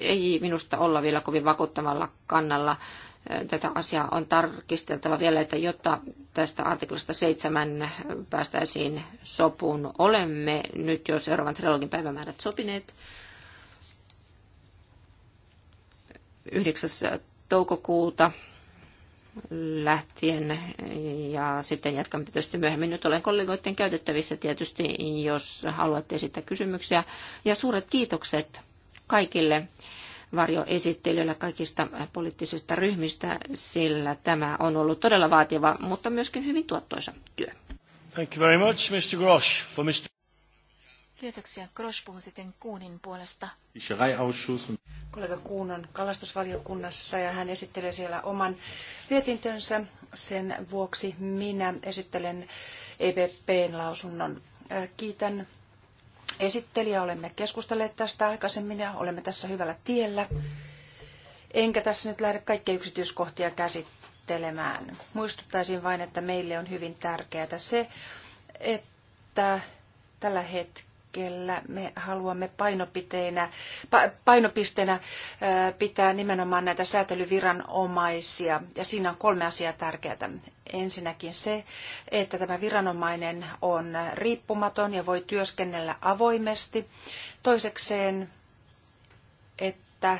ei minusta olla vielä kovin vakuuttavalla kannalla tätä asiaa on tarkisteltava vielä, että jotta tästä artiklasta seitsemän päästäisiin sopuun, olemme nyt jo seuraavan trilogin päivämäärät sopineet. 9. toukokuuta lähtien ja sitten jatkamme tietysti myöhemmin. Nyt olen kollegoiden käytettävissä tietysti, jos haluatte esittää kysymyksiä. Ja suuret kiitokset kaikille varjoesittelijöillä kaikista poliittisista ryhmistä, sillä tämä on ollut todella vaativa, mutta myöskin hyvin tuottoisa työ. Thank you very much, Mr. Grosch, for Mr. Kiitoksia. Grosch puhui sitten Kuunin puolesta. Kollega Kuun on kalastusvaliokunnassa ja hän esittelee siellä oman mietintönsä. Sen vuoksi minä esittelen EBPn lausunnon. Kiitän esittelijä. Olemme keskustelleet tästä aikaisemmin ja olemme tässä hyvällä tiellä. Enkä tässä nyt lähde kaikkia yksityiskohtia käsittelemään. Muistuttaisin vain, että meille on hyvin tärkeää se, että tällä hetkellä me haluamme painopiteenä, painopisteenä pitää nimenomaan näitä säätelyviranomaisia. Ja siinä on kolme asiaa tärkeää ensinnäkin se, että tämä viranomainen on riippumaton ja voi työskennellä avoimesti. Toisekseen, että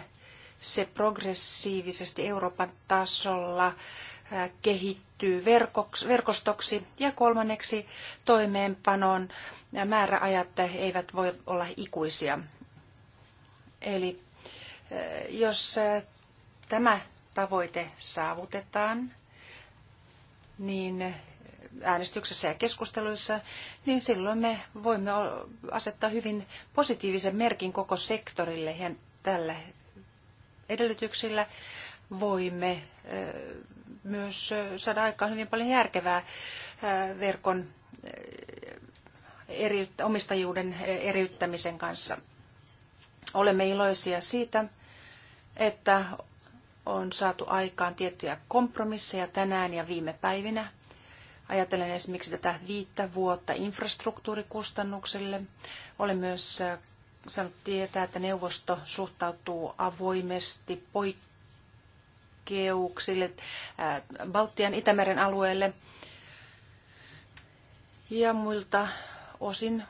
se progressiivisesti Euroopan tasolla kehittyy verkostoksi ja kolmanneksi toimeenpanon määräajat eivät voi olla ikuisia. Eli jos tämä tavoite saavutetaan, niin äänestyksessä ja keskusteluissa, niin silloin me voimme asettaa hyvin positiivisen merkin koko sektorille ja tällä edellytyksillä voimme myös saada aikaan hyvin paljon järkevää verkon eri, omistajuuden eriyttämisen kanssa. Olemme iloisia siitä, että on saatu aikaan tiettyjä kompromisseja tänään ja viime päivinä. Ajattelen esimerkiksi tätä viittä vuotta infrastruktuurikustannuksille. Olen myös äh, saanut tietää, että neuvosto suhtautuu avoimesti poikkeuksille äh, Baltian Itämeren alueelle ja muilta osin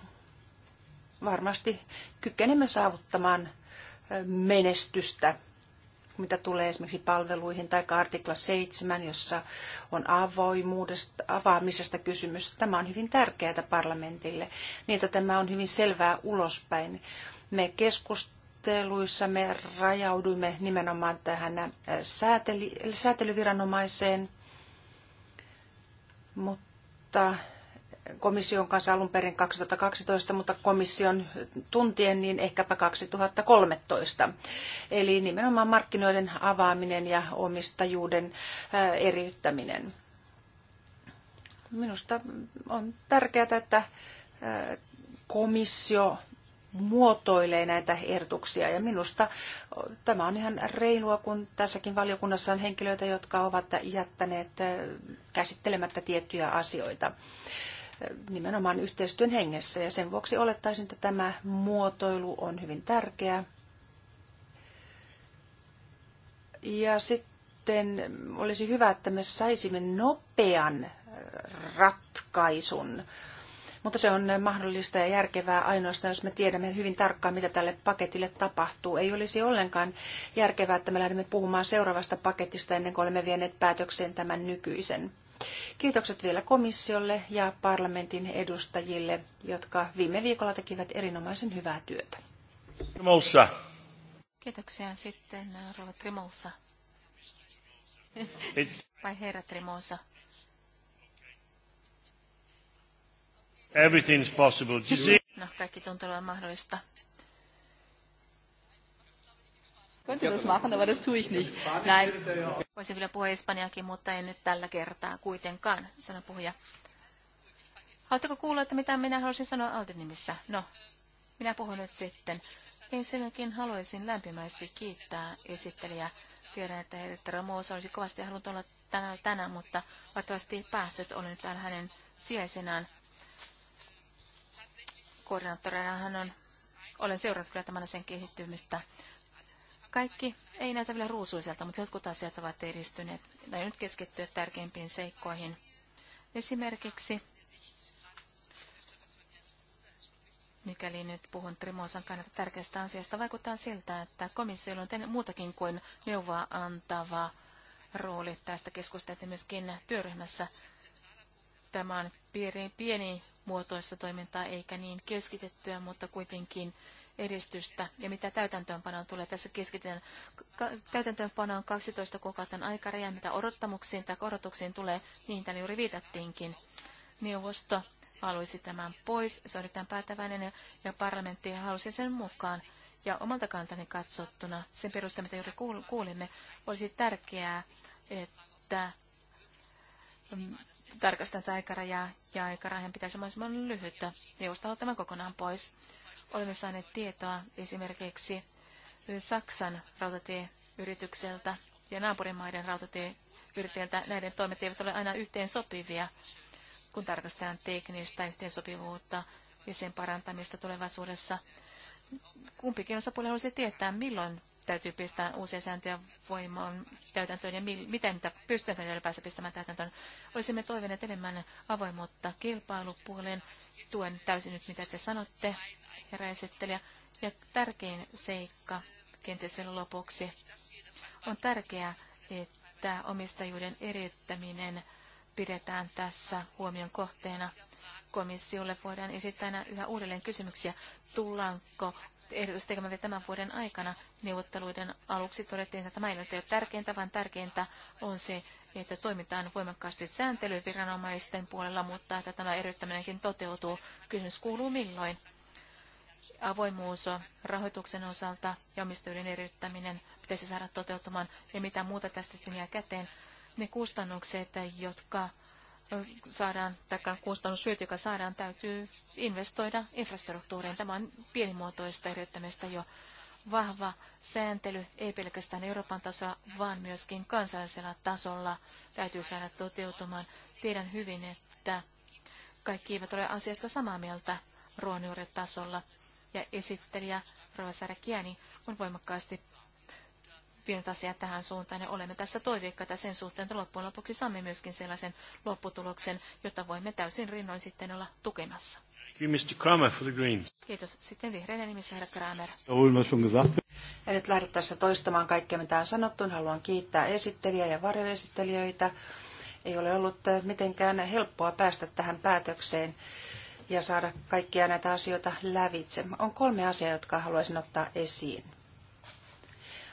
varmasti kykenemme saavuttamaan äh, menestystä mitä tulee esimerkiksi palveluihin, tai artikla 7, jossa on avoimuudesta, avaamisesta kysymys. Tämä on hyvin tärkeää parlamentille, niin että tämä on hyvin selvää ulospäin. Me keskusteluissa me rajauduimme nimenomaan tähän äh, säätely, säätelyviranomaiseen, mutta komission kanssa alun perin 2012, mutta komission tuntien niin ehkäpä 2013. Eli nimenomaan markkinoiden avaaminen ja omistajuuden eriyttäminen. Minusta on tärkeää, että komissio muotoilee näitä ehdotuksia. Ja minusta tämä on ihan reilua, kun tässäkin valiokunnassa on henkilöitä, jotka ovat jättäneet käsittelemättä tiettyjä asioita nimenomaan yhteistyön hengessä. Ja sen vuoksi olettaisin, että tämä muotoilu on hyvin tärkeä. Ja sitten olisi hyvä, että me saisimme nopean ratkaisun. Mutta se on mahdollista ja järkevää ainoastaan, jos me tiedämme hyvin tarkkaan, mitä tälle paketille tapahtuu. Ei olisi ollenkaan järkevää, että me lähdemme puhumaan seuraavasta paketista ennen kuin olemme vieneet päätökseen tämän nykyisen. Kiitokset vielä komissiolle ja parlamentin edustajille, jotka viime viikolla tekivät erinomaisen hyvää työtä. Tremolsa. Kiitoksia sitten Rova Tremolsa. Vai herra Tremolsa? Everything's possible. No, kaikki tuntuu olevan mahdollista. Könnte das machen, aber das tue ich nicht. Nein. Voisin kyllä puhua espanjaakin, mutta en nyt tällä kertaa kuitenkaan, sanoi puhuja. Haluatteko kuulla, että mitä minä haluaisin sanoa Alden nimissä? No, minä puhun nyt sitten. Ensinnäkin haluaisin lämpimästi kiittää esittelijää. Tiedän, että Herra Ramos olisi kovasti halunnut olla tänään, tänään mutta valitettavasti päässyt olen nyt täällä hänen sijaisenaan. Koordinaattorina hän on, olen seurannut kyllä tämän sen kehittymistä. Kaikki ei näytä vielä ruusuiselta, mutta jotkut asiat ovat edistyneet. Tai nyt keskittyä tärkeimpiin seikkoihin. Esimerkiksi, mikäli nyt puhun Trimosan kannalta tärkeästä asiasta, vaikuttaa siltä, että komissio on tehnyt muutakin kuin neuvoa antava rooli. Tästä keskusteltiin myöskin työryhmässä. Tämä on pieni, pieni muotoista toimintaa eikä niin keskitettyä, mutta kuitenkin edistystä ja mitä täytäntöönpanoon tulee. Tässä keskityn täytäntöönpanoon 12 kuukautta aikaraja, mitä odottamuksiin tai korotuksiin tulee, niin täällä juuri viitattiinkin. Neuvosto haluaisi tämän pois, se oli tämän päätäväinen ja parlamentti halusi sen mukaan. Ja omalta kantani katsottuna, sen perusteella mitä juuri kuulimme, olisi tärkeää, että mm, tarkastetaan aikarajaa ja aikarajan pitäisi olla mahdollisimman lyhyt. Neuvosto haluaa tämän kokonaan pois. Olemme saaneet tietoa esimerkiksi Saksan rautatieyritykseltä ja naapurimaiden rautatieyrittäjiltä. Näiden toimet eivät ole aina yhteen sopivia, kun tarkastellaan teknistä yhteensopivuutta ja sen parantamista tulevaisuudessa. Kumpikin osapuoli haluaisi tietää, milloin täytyy pistää uusia sääntöjä voimaan käytäntöön ja miten niitä pystytään ylipäänsä pistämään täytäntöön. Olisimme toivoneet enemmän avoimuutta kilpailupuoleen. Tuen täysin nyt, mitä te sanotte ja räisettelijä. Ja tärkein seikka kenties lopuksi on tärkeää, että omistajuuden eriyttäminen pidetään tässä huomion kohteena. Komissiolle voidaan esittää yhä uudelleen kysymyksiä, tullaanko ehdotus tekemättä tämän vuoden aikana neuvotteluiden aluksi todettiin, että tämä ei ole tärkeintä, vaan tärkeintä on se, että toimitaan voimakkaasti sääntelyviranomaisten puolella, mutta että tämä eriyttäminenkin toteutuu. Kysymys kuuluu milloin avoimuus rahoituksen osalta ja omistajuuden eriyttäminen pitäisi saada toteutumaan ja mitä muuta tästä sitten jää käteen. Ne kustannukset, jotka saadaan, tai kustannushyöty, joka saadaan, täytyy investoida infrastruktuuriin. Tämä on pienimuotoista eriyttämistä jo vahva sääntely, ei pelkästään Euroopan tasolla, vaan myöskin kansallisella tasolla täytyy saada toteutumaan. Tiedän hyvin, että kaikki eivät ole asiasta samaa mieltä ruohonjuuritasolla ja esittelijä professori Kiani on voimakkaasti vienyt asiaa tähän suuntaan ja olemme tässä toiveikkaita sen suhteen, että loppujen lopuksi saamme myöskin sellaisen lopputuloksen, jota voimme täysin rinnoin sitten olla tukemassa. Mr. Kramer for the Greens. Kiitos. Sitten vihreiden nimissä herra Kramer. En nyt lähde tässä toistamaan kaikkea, mitä on sanottu. Haluan kiittää esittelijä ja varjoesittelijöitä. Ei ole ollut mitenkään helppoa päästä tähän päätökseen ja saada kaikkia näitä asioita lävitse. On kolme asiaa, jotka haluaisin ottaa esiin.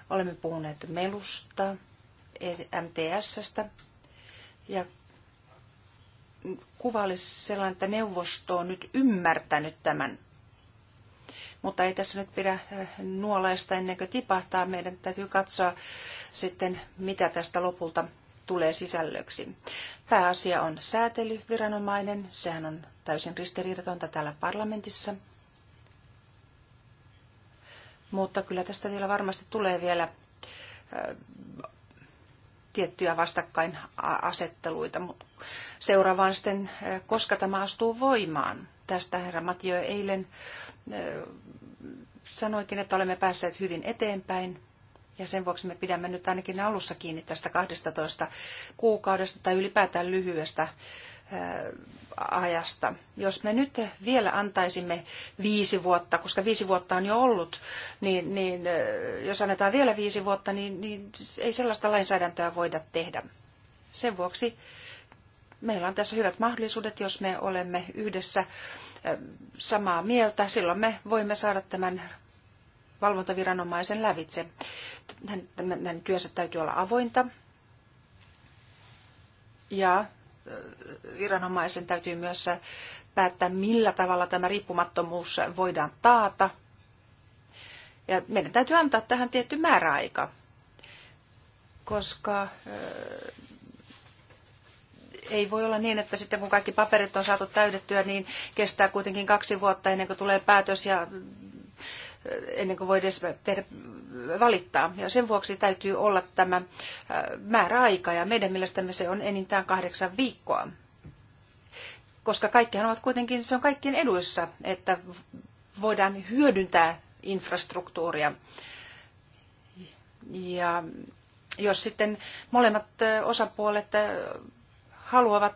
Olemme puhuneet melusta, MTSstä ja kuva olisi sellainen, että neuvosto on nyt ymmärtänyt tämän. Mutta ei tässä nyt pidä nuolaista ennen kuin tipahtaa. Meidän täytyy katsoa sitten, mitä tästä lopulta tulee sisällöksi. Pääasia on säätelyviranomainen, sehän on täysin ristiriidatonta täällä parlamentissa. Mutta kyllä tästä vielä varmasti tulee vielä tiettyjä vastakkainasetteluita, seuraavaan sitten, koska tämä astuu voimaan. Tästä herra Matio eilen sanoikin, että olemme päässeet hyvin eteenpäin ja sen vuoksi me pidämme nyt ainakin alussa kiinni tästä 12 kuukaudesta tai ylipäätään lyhyestä ajasta. Jos me nyt vielä antaisimme viisi vuotta, koska viisi vuotta on jo ollut, niin, niin jos annetaan vielä viisi vuotta, niin, niin ei sellaista lainsäädäntöä voida tehdä. Sen vuoksi meillä on tässä hyvät mahdollisuudet, jos me olemme yhdessä samaa mieltä, silloin me voimme saada tämän valvontaviranomaisen lävitse hänen työnsä täytyy olla avointa ja viranomaisen täytyy myös päättää, millä tavalla tämä riippumattomuus voidaan taata. Ja meidän täytyy antaa tähän tietty määräaika, koska ei voi olla niin, että sitten kun kaikki paperit on saatu täydettyä, niin kestää kuitenkin kaksi vuotta ennen kuin tulee päätös ja ennen kuin voi edes tehdä, valittaa. Ja sen vuoksi täytyy olla tämä äh, määräaika ja meidän mielestämme se on enintään kahdeksan viikkoa. Koska kaikkihan ovat kuitenkin, se on kaikkien eduissa, että voidaan hyödyntää infrastruktuuria. Ja jos sitten molemmat osapuolet haluavat,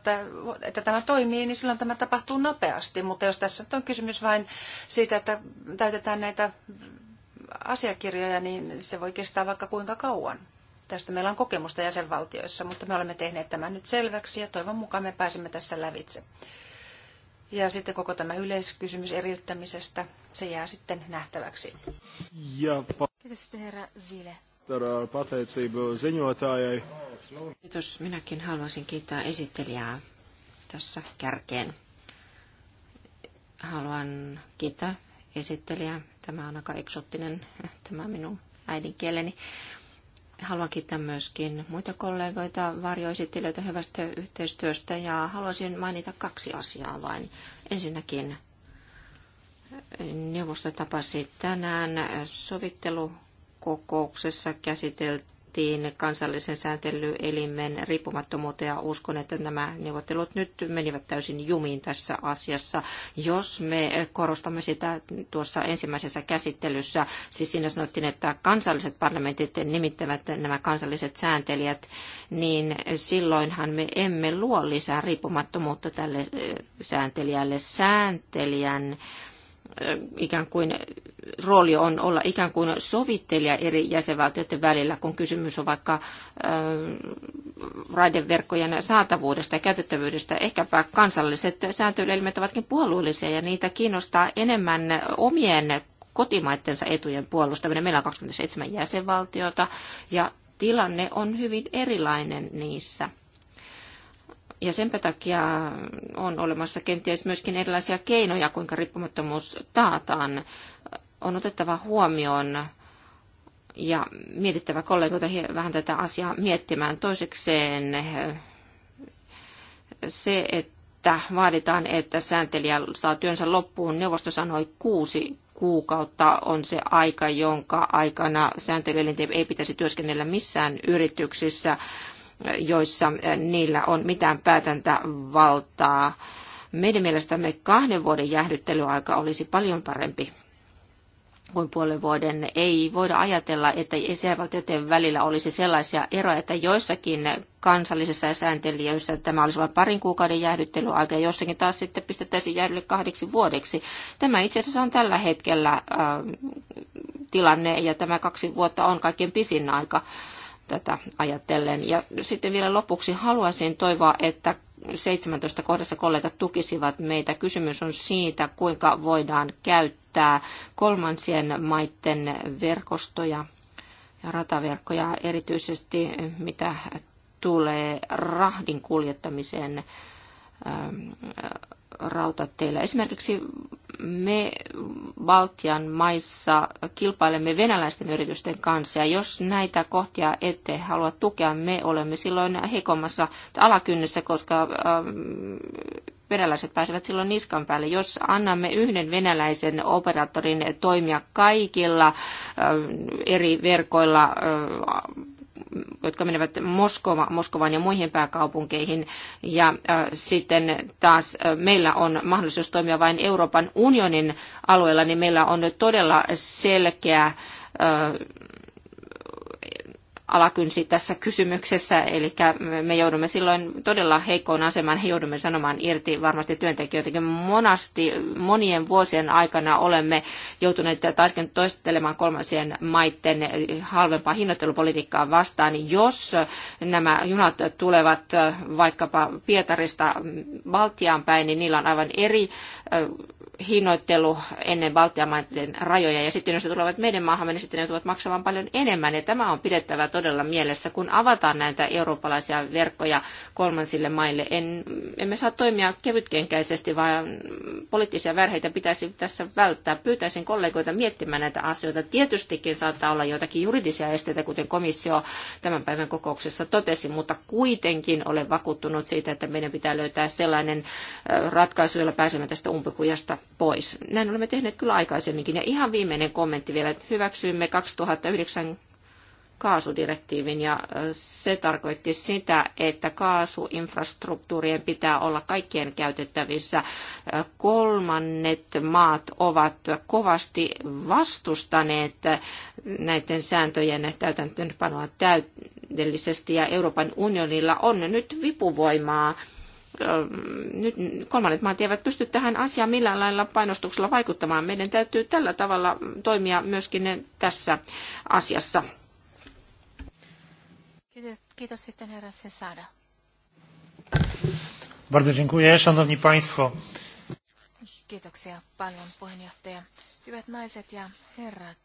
että tämä toimii, niin silloin tämä tapahtuu nopeasti. Mutta jos tässä on kysymys vain siitä, että täytetään näitä asiakirjoja, niin se voi kestää vaikka kuinka kauan. Tästä meillä on kokemusta jäsenvaltioissa, mutta me olemme tehneet tämän nyt selväksi ja toivon mukaan me pääsemme tässä lävitse. Ja sitten koko tämä yleiskysymys eriyttämisestä, se jää sitten nähtäväksi. Ja Kiitos sitten herra Zile. Tarā pateicību ziņotājai. Kiitos. Minäkin haluaisin kiittää esittelijää tässä kärkeen. Haluan kiittää esittelijää. Tämä on aika eksottinen, tämä minun äidinkieleni. Haluan kiittää myöskin muita kollegoita, varjoesittelijöitä hyvästä yhteistyöstä ja haluaisin mainita kaksi asiaa vain. Ensinnäkin neuvosto tapasi tänään sovittelu kokouksessa käsiteltiin kansallisen sääntelyelimen riippumattomuutta ja uskon, että nämä neuvottelut nyt menivät täysin jumiin tässä asiassa. Jos me korostamme sitä tuossa ensimmäisessä käsittelyssä, siis siinä sanottiin, että kansalliset parlamentit nimittävät nämä kansalliset sääntelijät, niin silloinhan me emme luo lisää riippumattomuutta tälle eh, sääntelijälle. Sääntelijän ikään kuin rooli on olla ikään kuin sovittelija eri jäsenvaltioiden välillä, kun kysymys on vaikka raideverkkojen saatavuudesta ja käytettävyydestä. Ehkäpä kansalliset sääntelyelimet ovatkin puolueellisia ja niitä kiinnostaa enemmän omien kotimaittensa etujen puolustaminen. Meillä on 27 jäsenvaltiota ja tilanne on hyvin erilainen niissä. Ja senpä takia on olemassa kenties myöskin erilaisia keinoja, kuinka riippumattomuus taataan. On otettava huomioon ja mietittävä kollegoita vähän tätä asiaa miettimään. Toisekseen se, että vaaditaan, että sääntelijä saa työnsä loppuun, neuvosto sanoi kuusi kuukautta on se aika, jonka aikana sääntelyelinten ei pitäisi työskennellä missään yrityksissä joissa eh, niillä on mitään päätäntävaltaa. Meidän mielestämme kahden vuoden jäähdyttelyaika olisi paljon parempi kuin puolen vuoden. Ei voida ajatella, että jäsenvaltioiden välillä olisi sellaisia eroja, että joissakin kansallisessa sääntelijöissä tämä olisi vain parin kuukauden jäähdyttelyaika ja jossakin taas sitten pistettäisiin jäädylle kahdeksi vuodeksi. Tämä itse asiassa on tällä hetkellä äh, tilanne ja tämä kaksi vuotta on kaikkein pisin aika. Äh, tätä ajatellen. Ja sitten vielä lopuksi haluaisin toivoa, että 17 kohdassa kollegat tukisivat meitä. Kysymys on siitä, kuinka voidaan käyttää kolmansien maiden verkostoja ja rataverkkoja, erityisesti mitä tulee rahdin kuljettamiseen rautateillä. Esimerkiksi me Baltian maissa kilpailemme venäläisten yritysten kanssa, ja jos näitä kohtia ette halua tukea, me olemme silloin heikommassa alakynnyssä, koska ähm, venäläiset pääsevät silloin niskan päälle. Jos annamme yhden venäläisen operaattorin toimia kaikilla ähm, eri verkoilla, äh, jotka menevät Moskova, Moskovaan ja muihin pääkaupunkeihin. Ja sitten taas meillä on mahdollisuus toimia vain Euroopan unionin alueella, niin meillä on todella selkeä alakynsi tässä kysymyksessä, eli me joudumme silloin todella heikkoon asemaan, he joudumme sanomaan irti varmasti työntekijöitäkin. Monasti, monien vuosien aikana olemme joutuneet taisken toistelemaan kolmansien maiden halvempaa hinnoittelupolitiikkaa vastaan. Jos nämä junat tulevat vaikkapa Pietarista Baltiaan päin, niin niillä on aivan eri hinnoittelu ennen Baltian rajoja, ja sitten jos ne tulevat meidän maahamme, niin sitten ne tulevat maksamaan paljon enemmän, ja tämä on pidettävä todella mielessä, kun avataan näitä eurooppalaisia verkkoja kolmansille maille. En, emme saa toimia kevytkenkäisesti, vaan poliittisia värheitä pitäisi tässä välttää. Pyytäisin kollegoita miettimään näitä asioita. Tietystikin saattaa olla joitakin juridisia esteitä, kuten komissio tämän päivän kokouksessa totesi, mutta kuitenkin olen vakuuttunut siitä, että meidän pitää löytää sellainen ratkaisu, jolla pääsemme tästä umpikujasta pois. Näin olemme tehneet kyllä aikaisemminkin. Ja ihan viimeinen kommentti vielä, että hyväksyimme 2009 kaasudirektiivin ja se tarkoitti sitä, että kaasuinfrastruktuurien pitää olla kaikkien käytettävissä. Kolmannet maat ovat kovasti vastustaneet näiden sääntöjen täytäntöönpanoa täydellisesti ja Euroopan unionilla on nyt vipuvoimaa nyt kolmannet maat eivät pysty tähän asiaan millään lailla painostuksella vaikuttamaan. Meidän täytyy tällä tavalla toimia myöskin tässä asiassa. Kiitos, sitten herra Sesada. Bardzo dziękuję, szanowni państwo. Kiitoksia paljon puheenjohtaja. Hyvät naiset ja herrat,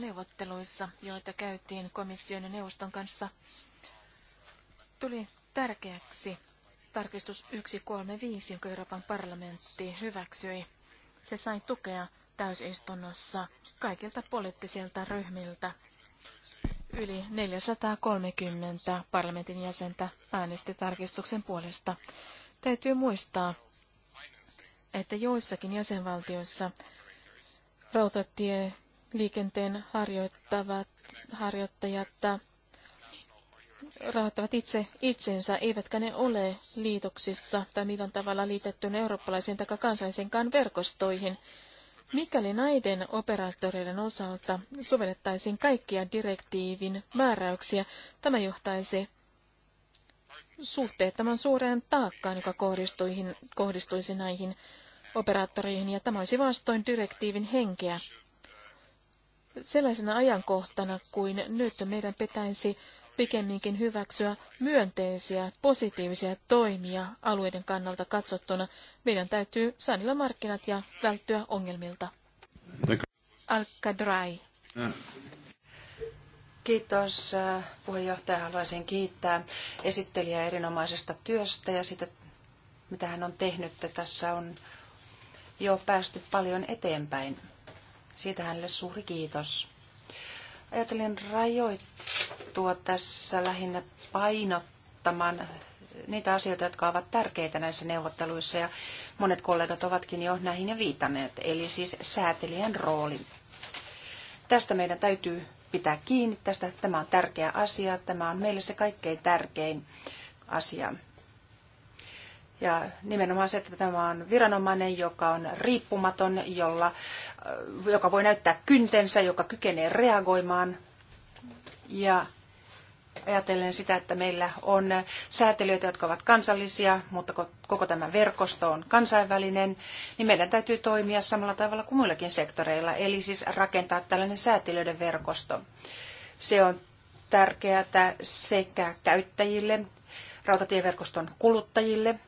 neuvotteluissa, joita käytiin komission ja neuvoston kanssa, tuli tärkeäksi tarkistus 135, jonka Euroopan parlamentti hyväksyi. Se sai tukea täysistunnossa kaikilta poliittisilta ryhmiltä. Yli 430 parlamentin jäsentä äänesti tarkistuksen puolesta. Täytyy muistaa, että joissakin jäsenvaltioissa rautatie liikenteen harjoittavat, harjoittajat rahoittavat itse itsensä, eivätkä ne ole liitoksissa tai millään tavalla liitettynä eurooppalaisiin tai kansallisiinkaan verkostoihin. Mikäli näiden operaattoreiden osalta sovellettaisiin kaikkia direktiivin määräyksiä, tämä johtaisi suhteettoman suureen taakkaan, joka kohdistuisi näihin operaattoreihin, ja tämä olisi vastoin direktiivin henkeä. Sellaisena ajankohtana kuin nyt meidän pitäisi pikemminkin hyväksyä myönteisiä, positiivisia toimia alueiden kannalta katsottuna. Meidän täytyy sanilla markkinat ja välttyä ongelmilta. Alkadrai. Kiitos äh, puheenjohtaja. Haluaisin kiittää esittelijää erinomaisesta työstä ja sitä, mitä hän on tehnyt. Tässä on jo päästy paljon eteenpäin. Siitä hänelle suuri kiitos ajattelin rajoittua tässä lähinnä painottamaan niitä asioita, jotka ovat tärkeitä näissä neuvotteluissa ja monet kollegat ovatkin jo näihin jo viitanneet, eli siis säätelijän rooli. Tästä meidän täytyy pitää kiinni, tästä tämä on tärkeä asia, tämä on meille se kaikkein tärkein asia. Ja nimenomaan se, että tämä on viranomainen, joka on riippumaton, jolla, joka voi näyttää kyntensä, joka kykenee reagoimaan. Ja ajatellen sitä, että meillä on säätelijöitä, jotka ovat kansallisia, mutta koko tämä verkosto on kansainvälinen, niin meidän täytyy toimia samalla tavalla kuin muillakin sektoreilla, eli siis rakentaa tällainen säätelijöiden verkosto. Se on tärkeää sekä käyttäjille, rautatieverkoston kuluttajille,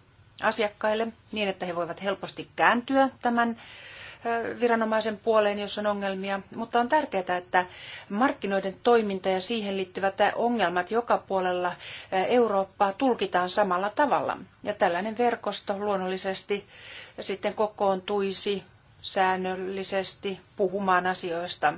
asiakkaille niin, että he voivat helposti kääntyä tämän viranomaisen puoleen, jos on ongelmia, mutta on tärkeää, että markkinoiden toiminta ja siihen liittyvät ongelmat joka puolella Eurooppaa tulkitaan samalla tavalla. Ja tällainen verkosto luonnollisesti sitten kokoontuisi säännöllisesti puhumaan asioista.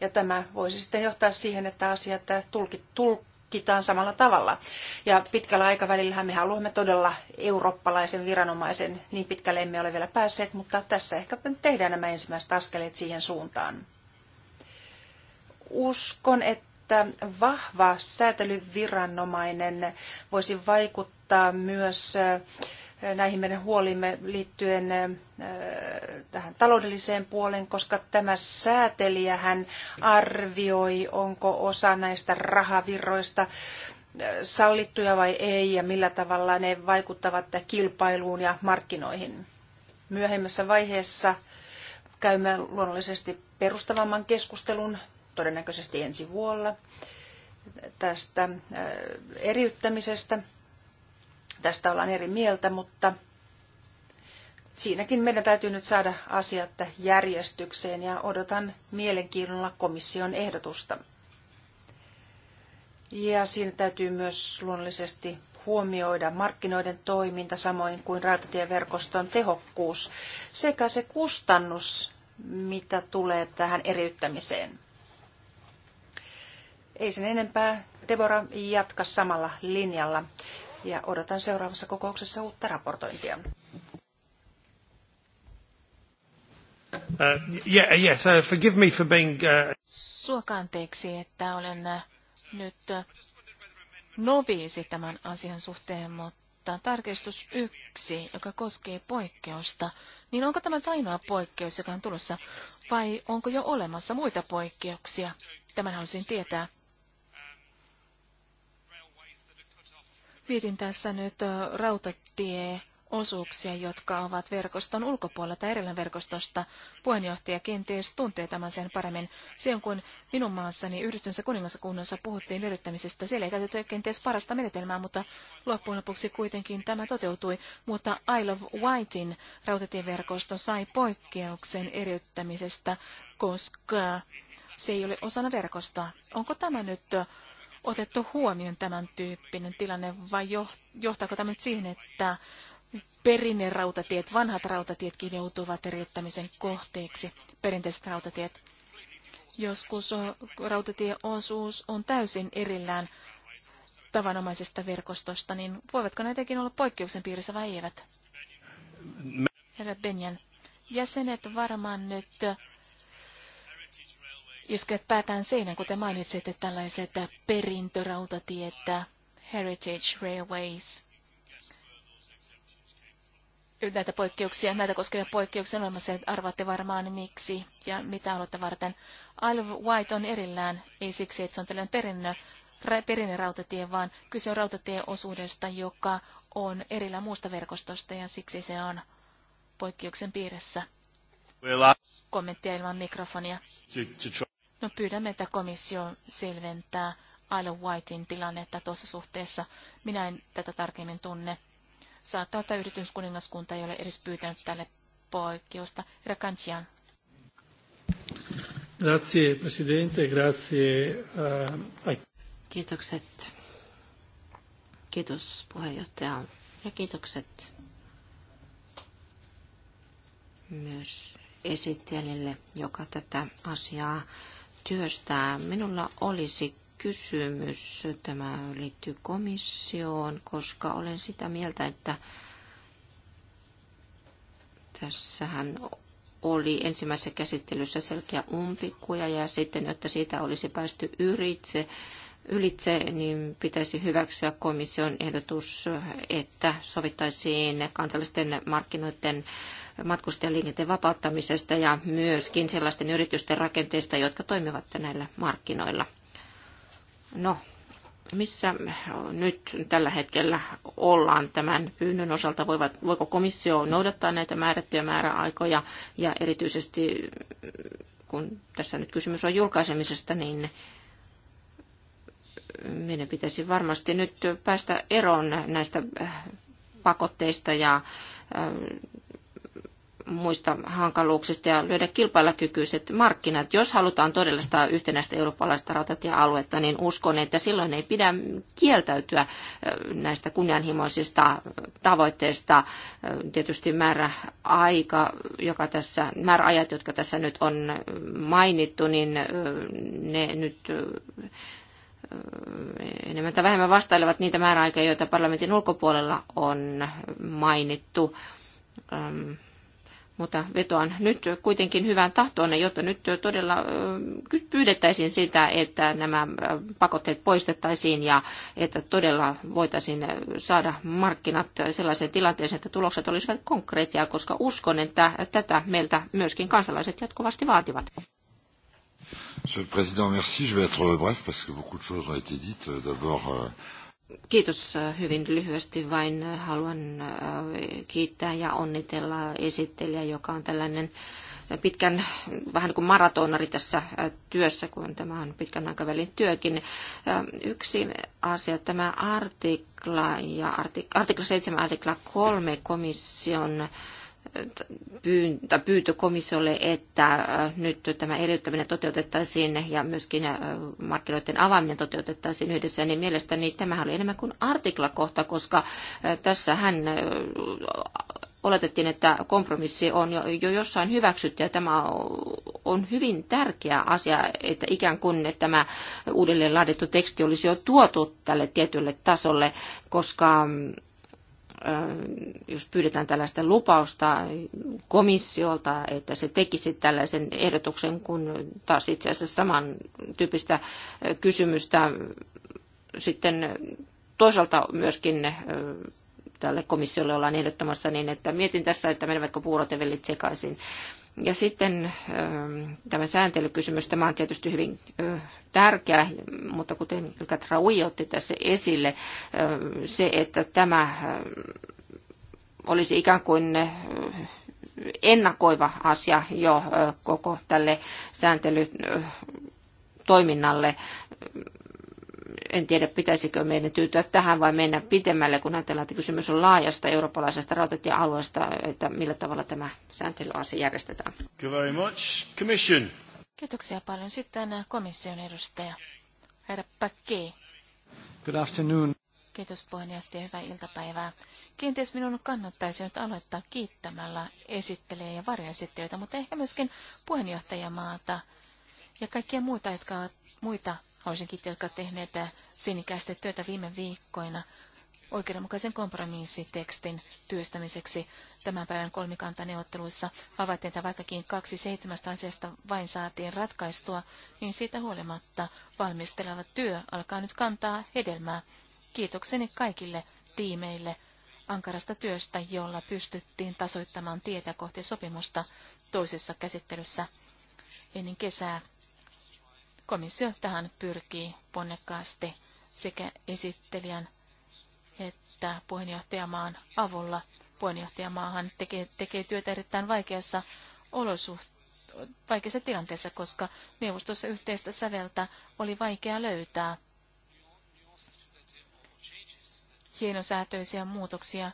Ja tämä voisi sitten johtaa siihen, että asiat tulkit, tul, tutkitaan samalla tavalla. Ja pitkällä aikavälillä me haluamme todella eurooppalaisen viranomaisen, niin pitkälle emme ole vielä päässeet, mutta tässä ehkä tehdään nämä ensimmäiset askeleet siihen suuntaan. Uskon, että vahva säätelyviranomainen voisi vaikuttaa myös näihin meidän huolimme liittyen tähän taloudelliseen puoleen, koska tämä säätelijä hän arvioi, onko osa näistä rahavirroista sallittuja vai ei ja millä tavalla ne vaikuttavat kilpailuun ja markkinoihin. Myöhemmässä vaiheessa käymme luonnollisesti perustavamman keskustelun, todennäköisesti ensi vuonna, tästä eriyttämisestä – Tästä ollaan eri mieltä, mutta siinäkin meidän täytyy nyt saada asiat järjestykseen ja odotan mielenkiinnolla komission ehdotusta. Ja siinä täytyy myös luonnollisesti huomioida markkinoiden toiminta samoin kuin rautatieverkoston tehokkuus sekä se kustannus, mitä tulee tähän eriyttämiseen. Ei sen enempää. Deborah jatka samalla linjalla ja odotan seuraavassa kokouksessa uutta raportointia. Uh, yeah, yes, uh, forgive me for being... Uh... Suoka anteeksi, että olen äh, nyt äh, noviisi tämän asian suhteen, mutta tarkistus yksi, joka koskee poikkeusta, niin onko tämä ainoa poikkeus, joka on tulossa, vai onko jo olemassa muita poikkeuksia? Tämän haluaisin tietää. Mietin tässä nyt rautatieosuuksia, jotka ovat verkoston ulkopuolella tai erillään verkostosta. Puheenjohtaja kenties tuntee tämän sen paremmin. Silloin kun minun maassani yhdistyneessä kuningaskunnassa puhuttiin yrittämisestä, siellä ei käytetty kenties parasta menetelmää, mutta loppujen lopuksi kuitenkin tämä toteutui. Mutta Isle of Whitein rautatieverkosto sai poikkeuksen eriyttämisestä, koska se ei ole osana verkostoa. Onko tämä nyt otettu huomioon tämän tyyppinen tilanne vai johtaako tämä nyt siihen, että rautatiet, vanhat rautatietkin joutuvat eriyttämisen kohteeksi, perinteiset rautatiet. Joskus rautatieosuus on täysin erillään tavanomaisesta verkostosta, niin voivatko näitäkin olla poikkeuksen piirissä vai eivät? Herra Benjan, jäsenet varmaan nyt iskevät päätään seinän kuten mainitsitte, tällaiset perintörautatiet, Heritage Railways. Näitä poikkeuksia, näitä koskevia poikkeuksia on olemassa, että arvaatte varmaan miksi ja mitä aloitte varten. Isle of White on erillään, ei siksi, että se on tällainen perinnö, perinnörautatie, vaan kyse on rautatieosuudesta, joka on erillä muusta verkostosta ja siksi se on poikkeuksen piirissä. Kommenttia ilman mikrofonia. No pyydämme, että komissio selventää Isle Whitein tilannetta tuossa suhteessa. Minä en tätä tarkemmin tunne. Saattaa, että yrityskuningaskunta ei ole edes pyytänyt tälle poikkeusta. Rakantian. Grazie, presidente. Grazie. Uh, Kiitokset. Kiitos puheenjohtaja ja kiitokset myös esittelijälle, joka tätä asiaa työstä. Minulla olisi kysymys, tämä liittyy komissioon, koska olen sitä mieltä, että tässähän oli ensimmäisessä käsittelyssä selkeä umpikuja ja sitten, että siitä olisi päästy yritse, ylitse, niin pitäisi hyväksyä komission ehdotus, että sovittaisiin kansallisten markkinoiden matkustajaliikenteen vapauttamisesta ja myöskin sellaisten yritysten rakenteista, jotka toimivat näillä markkinoilla. No, missä nyt tällä hetkellä ollaan tämän pyynnön osalta? Voivat, voiko komissio noudattaa näitä määrättyjä määräaikoja ja erityisesti kun tässä nyt kysymys on julkaisemisesta, niin meidän pitäisi varmasti nyt päästä eroon näistä pakotteista ja muista hankaluuksista ja lyödä kilpailukykyiset markkinat. Jos halutaan todellista yhtenäistä eurooppalaista rautatiealuetta, niin uskon, että silloin ei pidä kieltäytyä näistä kunnianhimoisista tavoitteista. Tietysti määrä aika, joka tässä, määräajat, jotka tässä nyt on mainittu, niin ne nyt enemmän tai vähemmän vastailevat niitä määräaikoja, joita parlamentin ulkopuolella on mainittu mutta vetoan nyt kuitenkin hyvään tahtoon, jotta nyt todella pyydettäisiin sitä, että nämä pakotteet poistettaisiin ja että todella voitaisiin saada markkinat sellaiseen tilanteeseen, että tulokset olisivat konkreettia, koska uskon, että tätä meiltä myöskin kansalaiset jatkuvasti vaativat. Monsieur le Président, merci. Je vais être bref parce que beaucoup de choses ont été dites. D'abord, euh, Kiitos äh, hyvin lyhyesti. Vain äh, haluan äh, kiittää ja onnitella esittelijä, joka on tällainen pitkän, vähän kuin maratonari tässä työssä, kun tämä on pitkän aikavälin työkin. Yksi asia, tämä artikla ja artik- artikla 7, artikla 3 komission pyyntö, pyyntö komissiolle, että äh, nyt tämä eriyttäminen toteutettaisiin ja myöskin äh, markkinoiden avaaminen toteutettaisiin yhdessä, niin mielestäni tämä oli enemmän kuin artiklakohta, koska äh, tässä hän oletettiin, että kompromissi on jo, jo jossain hyväksytty ja tämä on hyvin tärkeä asia, että ikään kuin tämä uudelleen laadittu teksti olisi jo tuotu tälle tietylle tasolle, koska mm, jos pyydetään tällaista lupausta komissiolta, että se tekisi tällaisen ehdotuksen, kun taas itse asiassa samantyyppistä kysymystä sitten toisaalta myöskin tälle komissiolle ollaan ehdottamassa, niin että mietin tässä, että menevätkö puurot ja sekaisin. Ja sitten ähm, tämä sääntelykysymys, tämä on tietysti hyvin tärkeä, mutta kuten Katra Ui otti tässä esille, se, että tämä olisi ikään kuin ennakoiva asia jo koko tälle sääntelytoiminnalle, en tiedä, pitäisikö meidän tyytyä tähän vai mennä pitemmälle, kun ajatellaan, että kysymys on laajasta eurooppalaisesta rautatiealueesta, että millä tavalla tämä sääntelyasia järjestetään. Kiitoksia paljon. Sitten komission edustaja, herra Päkki. Good afternoon. Kiitos puheenjohtaja, hyvää iltapäivää. Kenties minun kannattaisi nyt aloittaa kiittämällä esittelijä ja varjaesittelijöitä, mutta ehkä myöskin puheenjohtajamaata ja kaikkia muita, jotka ovat, muita Haluaisin kiittää, jotka tehneet äh, sinikäistä työtä viime viikkoina oikeudenmukaisen kompromissitekstin työstämiseksi. Tämän päivän kolmikantaneuvotteluissa havaittiin, että vaikkakin kaksi seitsemästä asiasta vain saatiin ratkaistua, niin siitä huolimatta valmisteleva työ alkaa nyt kantaa hedelmää. Kiitokseni kaikille tiimeille ankarasta työstä, jolla pystyttiin tasoittamaan tietä kohti sopimusta toisessa käsittelyssä ennen kesää Komissio tähän pyrkii ponnekkaasti sekä esittelijän että puheenjohtajamaan avulla. Puheenjohtajamaahan tekee, tekee työtä erittäin vaikeassa olosuhteessa vaikeassa tilanteessa, koska neuvostossa yhteistä säveltä oli vaikea löytää. Hienosäätöisiä muutoksia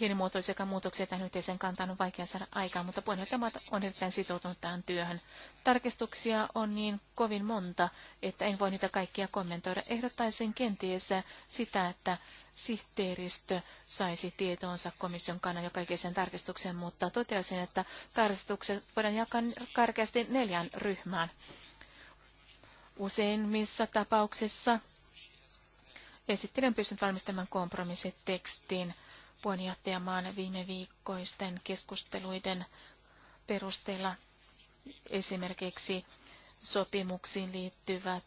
hienimuotoisia muutoksia tähän yhteiseen kantaan on vaikea saada aikaan, mutta puheenjohtajamaat on erittäin sitoutunut tähän työhön. Tarkistuksia on niin kovin monta, että en voi niitä kaikkia kommentoida. Ehdottaisin kenties sitä, että sihteeristö saisi tietoonsa komission kannan jo ikiseen tarkistukseen, mutta toteaisin, että tarkistukset voidaan jakaa karkeasti neljään ryhmään. Usein missä tapauksissa esittelen pystynyt valmistamaan kompromissitekstin tekstiin puheenjohtajamaan viime viikkoisten keskusteluiden perusteella esimerkiksi sopimuksiin liittyvät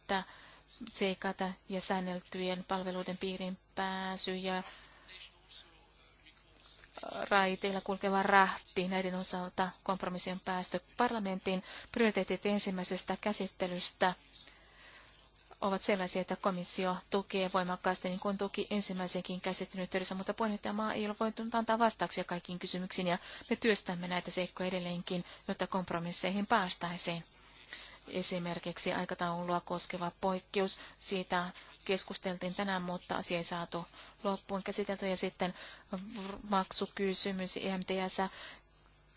seikat ja säänneltyjen palveluiden piirin pääsy ja raiteilla kulkeva rahti näiden osalta kompromissin päästö parlamentin prioriteetit ensimmäisestä käsittelystä ovat sellaisia, että komissio tukee voimakkaasti, niin kuin tuki ensimmäisenkin käsittelyn yhteydessä, mutta maa ei ole voinut antaa vastauksia kaikkiin kysymyksiin, ja me työstämme näitä seikkoja edelleenkin, jotta kompromisseihin päästäisiin. Esimerkiksi aikataulua koskeva poikkeus, siitä keskusteltiin tänään, mutta asia ei saatu loppuun käsitelty. Ja sitten maksukysymys, EMTS,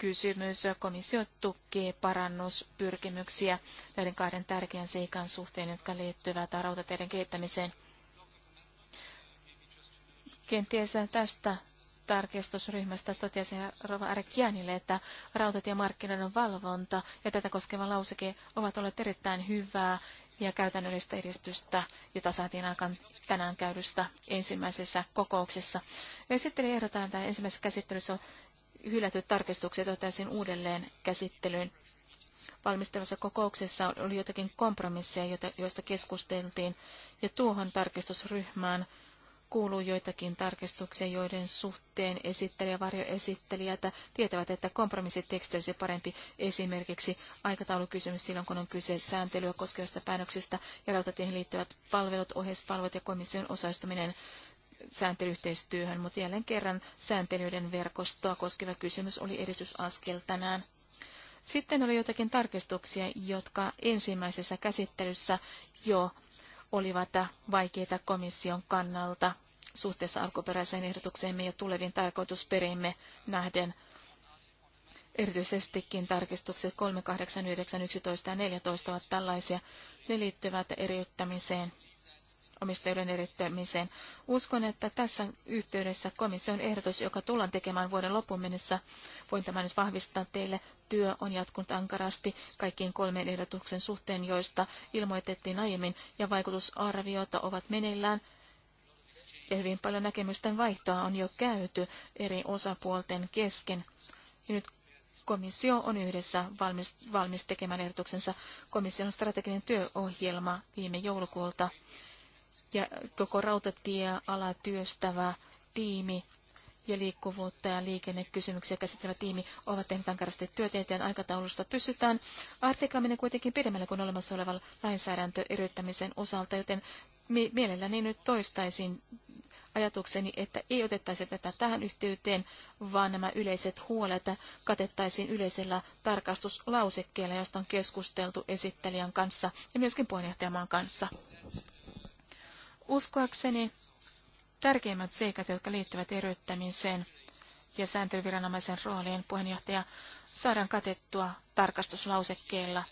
kysymys. Komissio tukee parannuspyrkimyksiä näiden kahden tärkeän seikan suhteen, jotka liittyvät rautateiden kehittämiseen. Kenties tästä tarkistusryhmästä totesi Rova Arkianille, että rautatiemarkkinoiden valvonta ja tätä koskeva lauseke ovat olleet erittäin hyvää ja käytännöllistä edistystä, jota saatiin aikaan tänään käydystä ensimmäisessä kokouksessa. Esittelijä ehdotaan, että ensimmäisessä käsittelyssä hylätyt tarkistukset otettaisiin uudelleen käsittelyyn. valmistelussa kokouksessa oli jotakin kompromisseja, joista keskusteltiin, ja tuohon tarkistusryhmään kuuluu joitakin tarkistuksia, joiden suhteen esittelijä, varjoesittelijät tietävät, että kompromissiteksti olisi parempi esimerkiksi aikataulukysymys silloin, kun on kyse sääntelyä koskevista päätöksistä ja rautatiehen liittyvät palvelut, ohjeispalvelut ja komission osaistuminen sääntelyyhteistyöhön, mutta jälleen kerran sääntelyiden verkostoa koskeva kysymys oli edistysaskel tänään. Sitten oli jotakin tarkistuksia, jotka ensimmäisessä käsittelyssä jo olivat vaikeita komission kannalta suhteessa alkuperäiseen ehdotukseemme ja tuleviin tarkoitusperimme nähden. Erityisestikin tarkistukset 3, 8, 9, 11 ja 14 ovat tällaisia. Ne liittyvät eriyttämiseen omistajuuden erittämiseen. Uskon, että tässä yhteydessä komission ehdotus, joka tullaan tekemään vuoden lopun mennessä, voin tämä nyt vahvistaa teille, työ on jatkunut ankarasti kaikkiin kolmeen ehdotuksen suhteen, joista ilmoitettiin aiemmin, ja vaikutusarviota ovat meneillään. Ja hyvin paljon näkemysten vaihtoa on jo käyty eri osapuolten kesken. Ja nyt komissio on yhdessä valmis, valmis tekemään ehdotuksensa. Komission strateginen työohjelma viime joulukuulta ja koko rautatieala työstävä tiimi ja liikkuvuutta ja liikennekysymyksiä käsittelevä tiimi ovat tehneet ankarasti työtä aikataulusta pysytään. Artikla menee kuitenkin pidemmälle kuin olemassa oleva lainsäädäntö eriyttämisen osalta, joten mielelläni nyt toistaisin ajatukseni, että ei otettaisi tätä tähän yhteyteen, vaan nämä yleiset huolet katettaisiin yleisellä tarkastuslausekkeella, josta on keskusteltu esittelijän kanssa ja myöskin puheenjohtajamaan kanssa. Uskoakseni tärkeimmät seikat, jotka liittyvät erottamiseen ja sääntelyviranomaisen rooliin puheenjohtaja saadaan katettua tarkastuslausekkeella.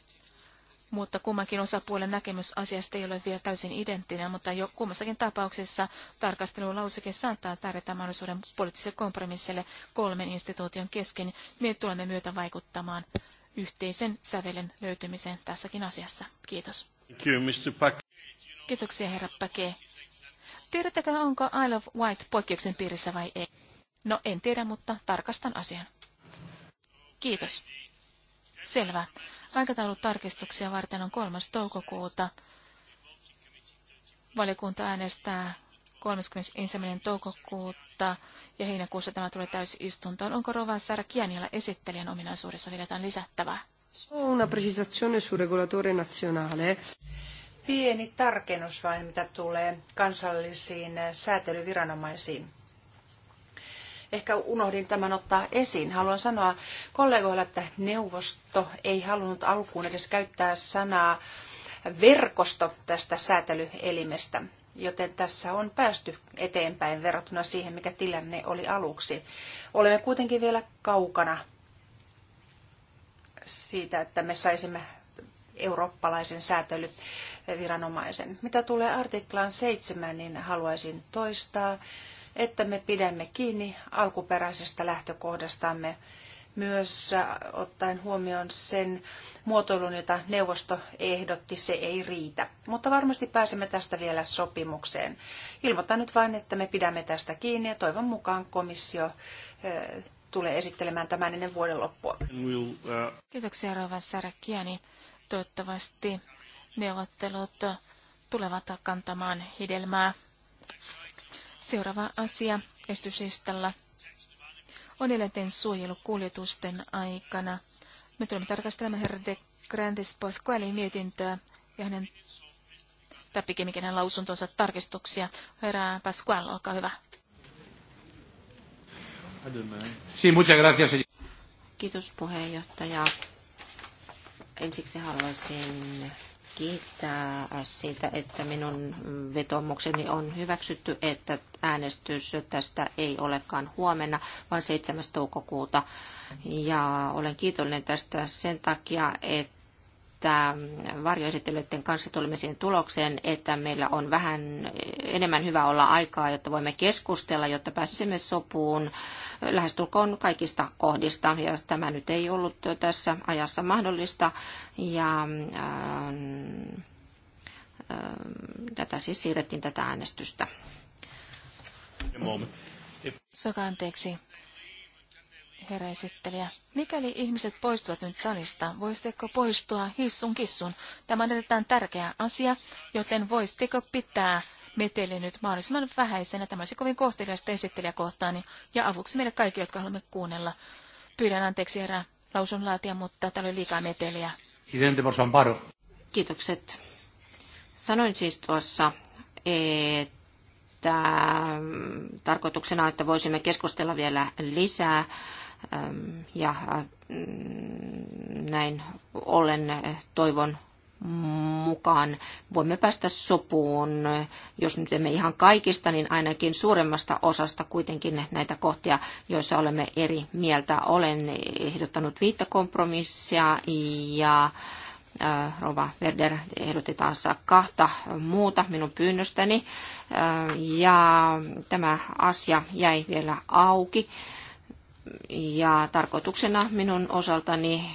Mutta kummankin osapuolen näkemys asiasta ei ole vielä täysin identtinen, mutta jo kummassakin tapauksessa tarkastelulauseke saattaa tarjota mahdollisuuden poliittiselle kompromisselle kolmen instituution kesken. Me tulemme myötä vaikuttamaan yhteisen sävelen löytymiseen tässäkin asiassa. Kiitos. Kiitos, Kiitoksia, herra Päke. Tiedättekö, onko Isle of Wight poikkeuksen piirissä vai ei? No, en tiedä, mutta tarkastan asian. Kiitos. Selvä. Aikataulutarkistuksia varten on 3. toukokuuta. Valiokunta äänestää 31. toukokuuta ja heinäkuussa tämä tulee täysistuntoon. Onko Rova Sara Kianilla esittelijän ominaisuudessa vielä jotain lisättävää? Una precisazione sul regolatore nazionale pieni tarkennus vain, mitä tulee kansallisiin säätelyviranomaisiin. Ehkä unohdin tämän ottaa esiin. Haluan sanoa kollegoille, että neuvosto ei halunnut alkuun edes käyttää sanaa verkosto tästä säätelyelimestä, joten tässä on päästy eteenpäin verrattuna siihen, mikä tilanne oli aluksi. Olemme kuitenkin vielä kaukana siitä, että me saisimme eurooppalaisen säätelyelimen viranomaisen. Mitä tulee artiklaan 7, niin haluaisin toistaa, että me pidämme kiinni alkuperäisestä lähtökohdastamme myös ottaen huomioon sen muotoilun, jota neuvosto ehdotti, se ei riitä. Mutta varmasti pääsemme tästä vielä sopimukseen. Ilmoitan nyt vain, että me pidämme tästä kiinni ja toivon mukaan komissio tulee esittelemään tämän ennen vuoden loppua. Uh, Kiitoksia Rova Sarakiani. Toivottavasti neuvottelut tulevat kantamaan hidelmää. Seuraava asia estysistalla on eläinten suojelukuljetusten aikana. Me tulemme tarkastelemaan herra de Grandis Pasqualin mietintöä ja hänen tai pikemminkin hänen lausuntonsa tarkistuksia. Herra Pasqual, olkaa hyvä. muchas gracias. Kiitos puheenjohtaja. Ensiksi haluaisin kiittää siitä, että minun vetomukseni on hyväksytty, että äänestys tästä ei olekaan huomenna, vaan 7. toukokuuta. Ja olen kiitollinen tästä sen takia, että että varjoesittelyiden kanssa tulimme siihen tulokseen, että meillä on vähän enemmän hyvä olla aikaa, jotta voimme keskustella, jotta pääsisimme sopuun lähestulkoon kaikista kohdista. Ja tämä nyt ei ollut tässä ajassa mahdollista. Ja, ähm, tätä siis siirrettiin tätä äänestystä. Soka anteeksi, herra esittelijä. Mikäli ihmiset poistuvat nyt salista, voisitteko poistua hissun kissun? Tämä on erittäin tärkeä asia, joten voisitteko pitää meteli nyt mahdollisimman vähäisenä. Tämä olisi kovin kohteliasta esittelijäkohtaan niin- ja avuksi meille kaikki, jotka haluamme kuunnella. Pyydän anteeksi herra lausunlaatia, mutta täällä oli liikaa meteliä. Kiitokset. Sanoin siis tuossa, että mm, tarkoituksena, että voisimme keskustella vielä lisää ja näin ollen toivon mukaan voimme päästä sopuun, jos nyt emme ihan kaikista, niin ainakin suuremmasta osasta kuitenkin näitä kohtia, joissa olemme eri mieltä. Olen ehdottanut viittä kompromissia ja Rova Verder ehdotti taas kahta muuta minun pyynnöstäni ja tämä asia jäi vielä auki ja tarkoituksena minun osaltani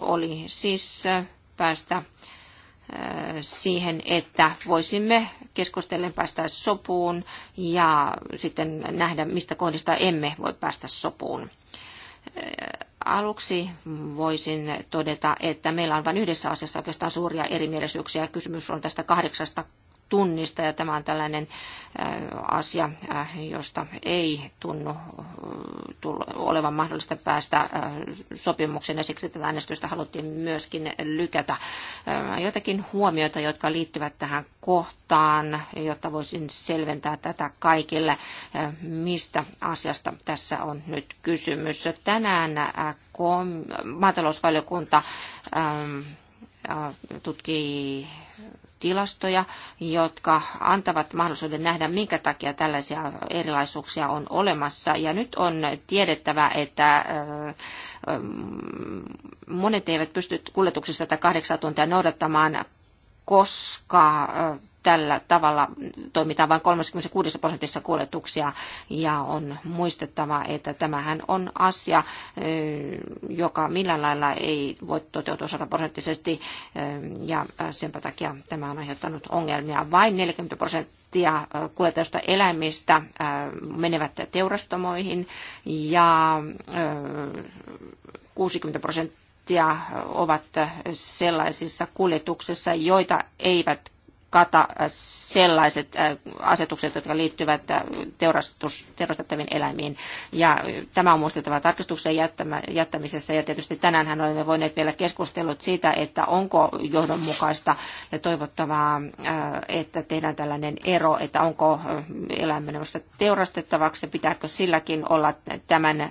oli siis päästä siihen, että voisimme keskustellen päästä sopuun ja sitten nähdä, mistä kohdista emme voi päästä sopuun. Aluksi voisin todeta, että meillä on vain yhdessä asiassa oikeastaan suuria erimielisyyksiä. Kysymys on tästä kahdeksasta tunnista ja tämä on tällainen asia, josta ei tunnu olevan mahdollista päästä sopimukseen ja siksi tätä äänestystä haluttiin myöskin lykätä. Jotakin huomioita, jotka liittyvät tähän kohtaan, jotta voisin selventää tätä kaikille, mistä asiasta tässä on nyt kysymys. Tänään maatalousvaliokunta tutkii tilastoja, jotka antavat mahdollisuuden nähdä, minkä takia tällaisia erilaisuuksia on olemassa. Ja nyt on tiedettävä, että monet eivät pysty kuljetuksessa tätä kahdeksan tuntia noudattamaan koska tällä tavalla toimitaan vain 36 prosentissa kuljetuksia ja on muistettava, että tämähän on asia, joka millään lailla ei voi toteutua sataprosenttisesti ja sen takia tämä on aiheuttanut ongelmia. Vain 40 prosenttia kuljetusta eläimistä menevät teurastamoihin ja 60 prosenttia ovat sellaisissa kuljetuksissa, joita eivät kata äh, sellaiset äh, asetukset, jotka liittyvät äh, teurastus, teurastettaviin eläimiin. Ja tämä on muistettava tarkistuksen jättämisessä. Ja tietysti tänään olemme voineet vielä keskustelut siitä, että onko johdonmukaista ja toivottavaa, että tehdään tällainen ero, että onko eläin menemässä teurastettavaksi, pitääkö silläkin olla tämän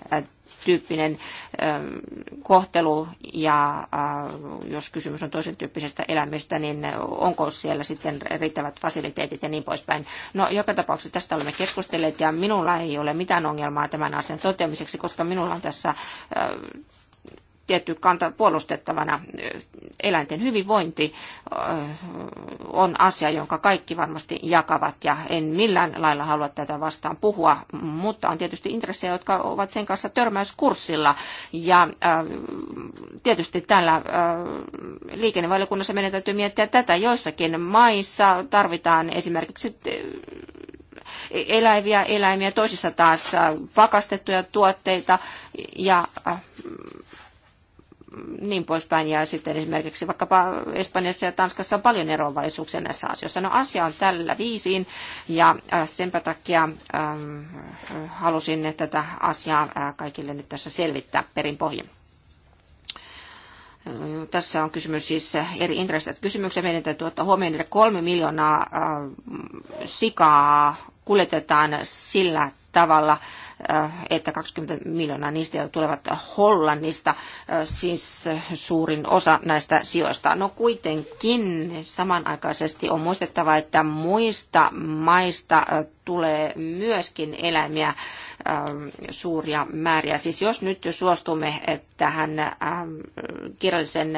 tyyppinen ähm, kohtelu ja äh, jos kysymys on toisen tyyppisestä elämistä, niin onko siellä sitten riittävät fasiliteetit ja niin poispäin. No joka tapauksessa tästä olemme keskustelleet ja minulla ei ole mitään ongelmaa tämän asian toteamiseksi, koska minulla on tässä äh, tietty kanta puolustettavana. Eläinten hyvinvointi on asia, jonka kaikki varmasti jakavat ja en millään lailla halua tätä vastaan puhua, mutta on tietysti intressejä, jotka ovat sen kanssa törmäyskurssilla ja tietysti täällä liikennevaliokunnassa meidän täytyy miettiä tätä. Joissakin maissa tarvitaan esimerkiksi eläviä eläimiä, toisissa taas pakastettuja tuotteita ja niin poispäin. Ja sitten esimerkiksi vaikkapa Espanjassa ja Tanskassa on paljon eroavaisuuksia näissä asioissa. No asia on tällä viisiin ja äh, senpä takia ähm, halusin tätä asiaa äh, kaikille nyt tässä selvittää perin pohjin. Äh, tässä on kysymys siis eri intresseistä. Kysymyksen meidän täytyy ottaa huomioon, että kolme miljoonaa äh, sikaa kuljetetaan sillä tavalla, äh, että 20 miljoonaa niistä tulevat Hollannista, äh, siis suurin osa näistä sijoista. No kuitenkin samanaikaisesti on muistettava, että muista maista äh, tulee myöskin eläimiä suuria määriä. Siis jos nyt suostumme tähän kirjallisen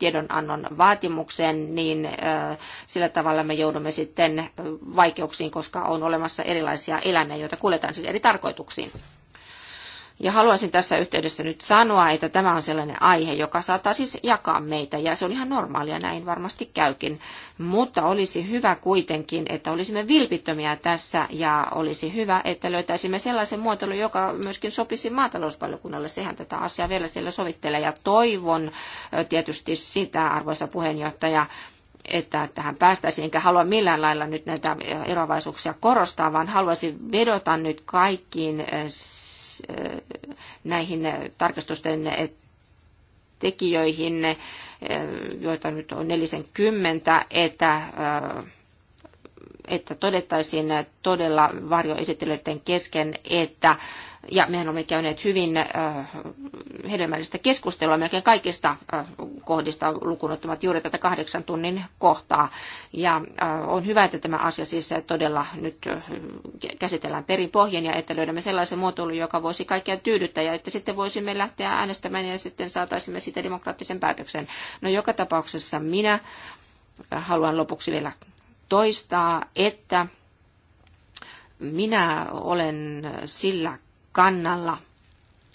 tiedonannon vaatimukseen, niin sillä tavalla me joudumme sitten vaikeuksiin, koska on olemassa erilaisia eläimiä, joita kuljetaan siis eri tarkoituksiin. Ja haluaisin tässä yhteydessä nyt sanoa, että tämä on sellainen aihe, joka saattaa siis jakaa meitä, ja se on ihan normaalia, näin varmasti käykin. Mutta olisi hyvä kuitenkin, että olisimme vilpittömiä tässä, ja olisi hyvä, että löytäisimme sellaisen muotoilun, joka myöskin sopisi maatalouspaljokunnalle. Sehän tätä asiaa vielä siellä sovittelee, ja toivon tietysti sitä, arvoisa puheenjohtaja, että tähän päästäisiin, enkä halua millään lailla nyt näitä eroavaisuuksia korostaa, vaan haluaisin vedota nyt kaikkiin Äh, näihin tarkastusten tekijöihin, äh, joita nyt on 40, että äh, että todettaisiin todella varjoesittelyiden kesken, että ja mehän olemme käyneet hyvin äh, hedelmällistä keskustelua melkein kaikista äh, kohdista lukunottamat juuri tätä kahdeksan tunnin kohtaa. Ja äh, on hyvä, että tämä asia siis todella nyt käsitellään perinpohjien ja että löydämme sellaisen muotoilun, joka voisi kaikkia tyydyttää ja että sitten voisimme lähteä äänestämään ja sitten saataisimme sitä demokraattisen päätöksen. No joka tapauksessa minä haluan lopuksi vielä toistaa, että minä olen sillä kannalla.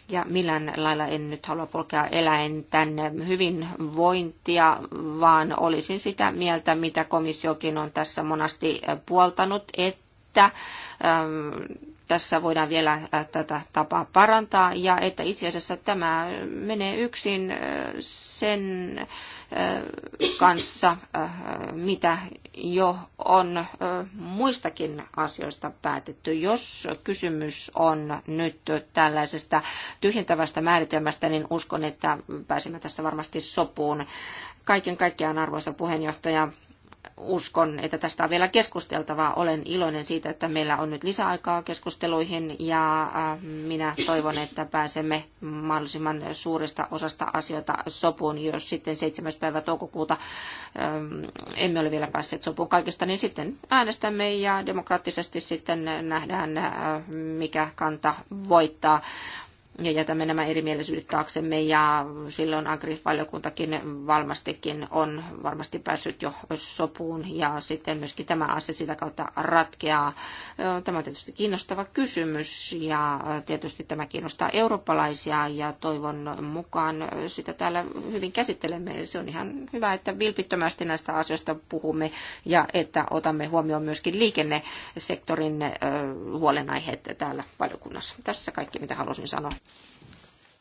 Ja millään lailla en nyt halua polkea eläinten hyvinvointia, vaan olisin sitä mieltä, mitä komissiokin on tässä monasti puoltanut, että ähm, tässä voidaan vielä äh, tätä tapaa parantaa ja että itse asiassa tämä menee yksin äh, sen kanssa, mitä jo on muistakin asioista päätetty. Jos kysymys on nyt tällaisesta tyhjentävästä määritelmästä, niin uskon, että pääsemme tästä varmasti sopuun. Kaiken kaikkiaan, arvoisa puheenjohtaja, uskon, että tästä on vielä keskusteltavaa. Olen iloinen siitä, että meillä on nyt lisäaikaa keskusteluihin ja äh, minä toivon, että pääsemme mahdollisimman suuresta osasta asioita sopuun. Jos sitten 7. päivä toukokuuta ähm, emme ole vielä päässeet sopuun kaikesta, niin sitten äänestämme ja demokraattisesti sitten nähdään, äh, mikä kanta voittaa ja jätämme nämä erimielisyydet taaksemme ja silloin Agri-valiokuntakin valmastikin on varmasti päässyt jo sopuun ja sitten myöskin tämä asia sitä kautta ratkeaa. Tämä on tietysti kiinnostava kysymys ja tietysti tämä kiinnostaa eurooppalaisia ja toivon mukaan sitä täällä hyvin käsittelemme. Se on ihan hyvä, että vilpittömästi näistä asioista puhumme ja että otamme huomioon myöskin liikennesektorin huolenaiheet täällä valiokunnassa. Tässä kaikki, mitä halusin sanoa.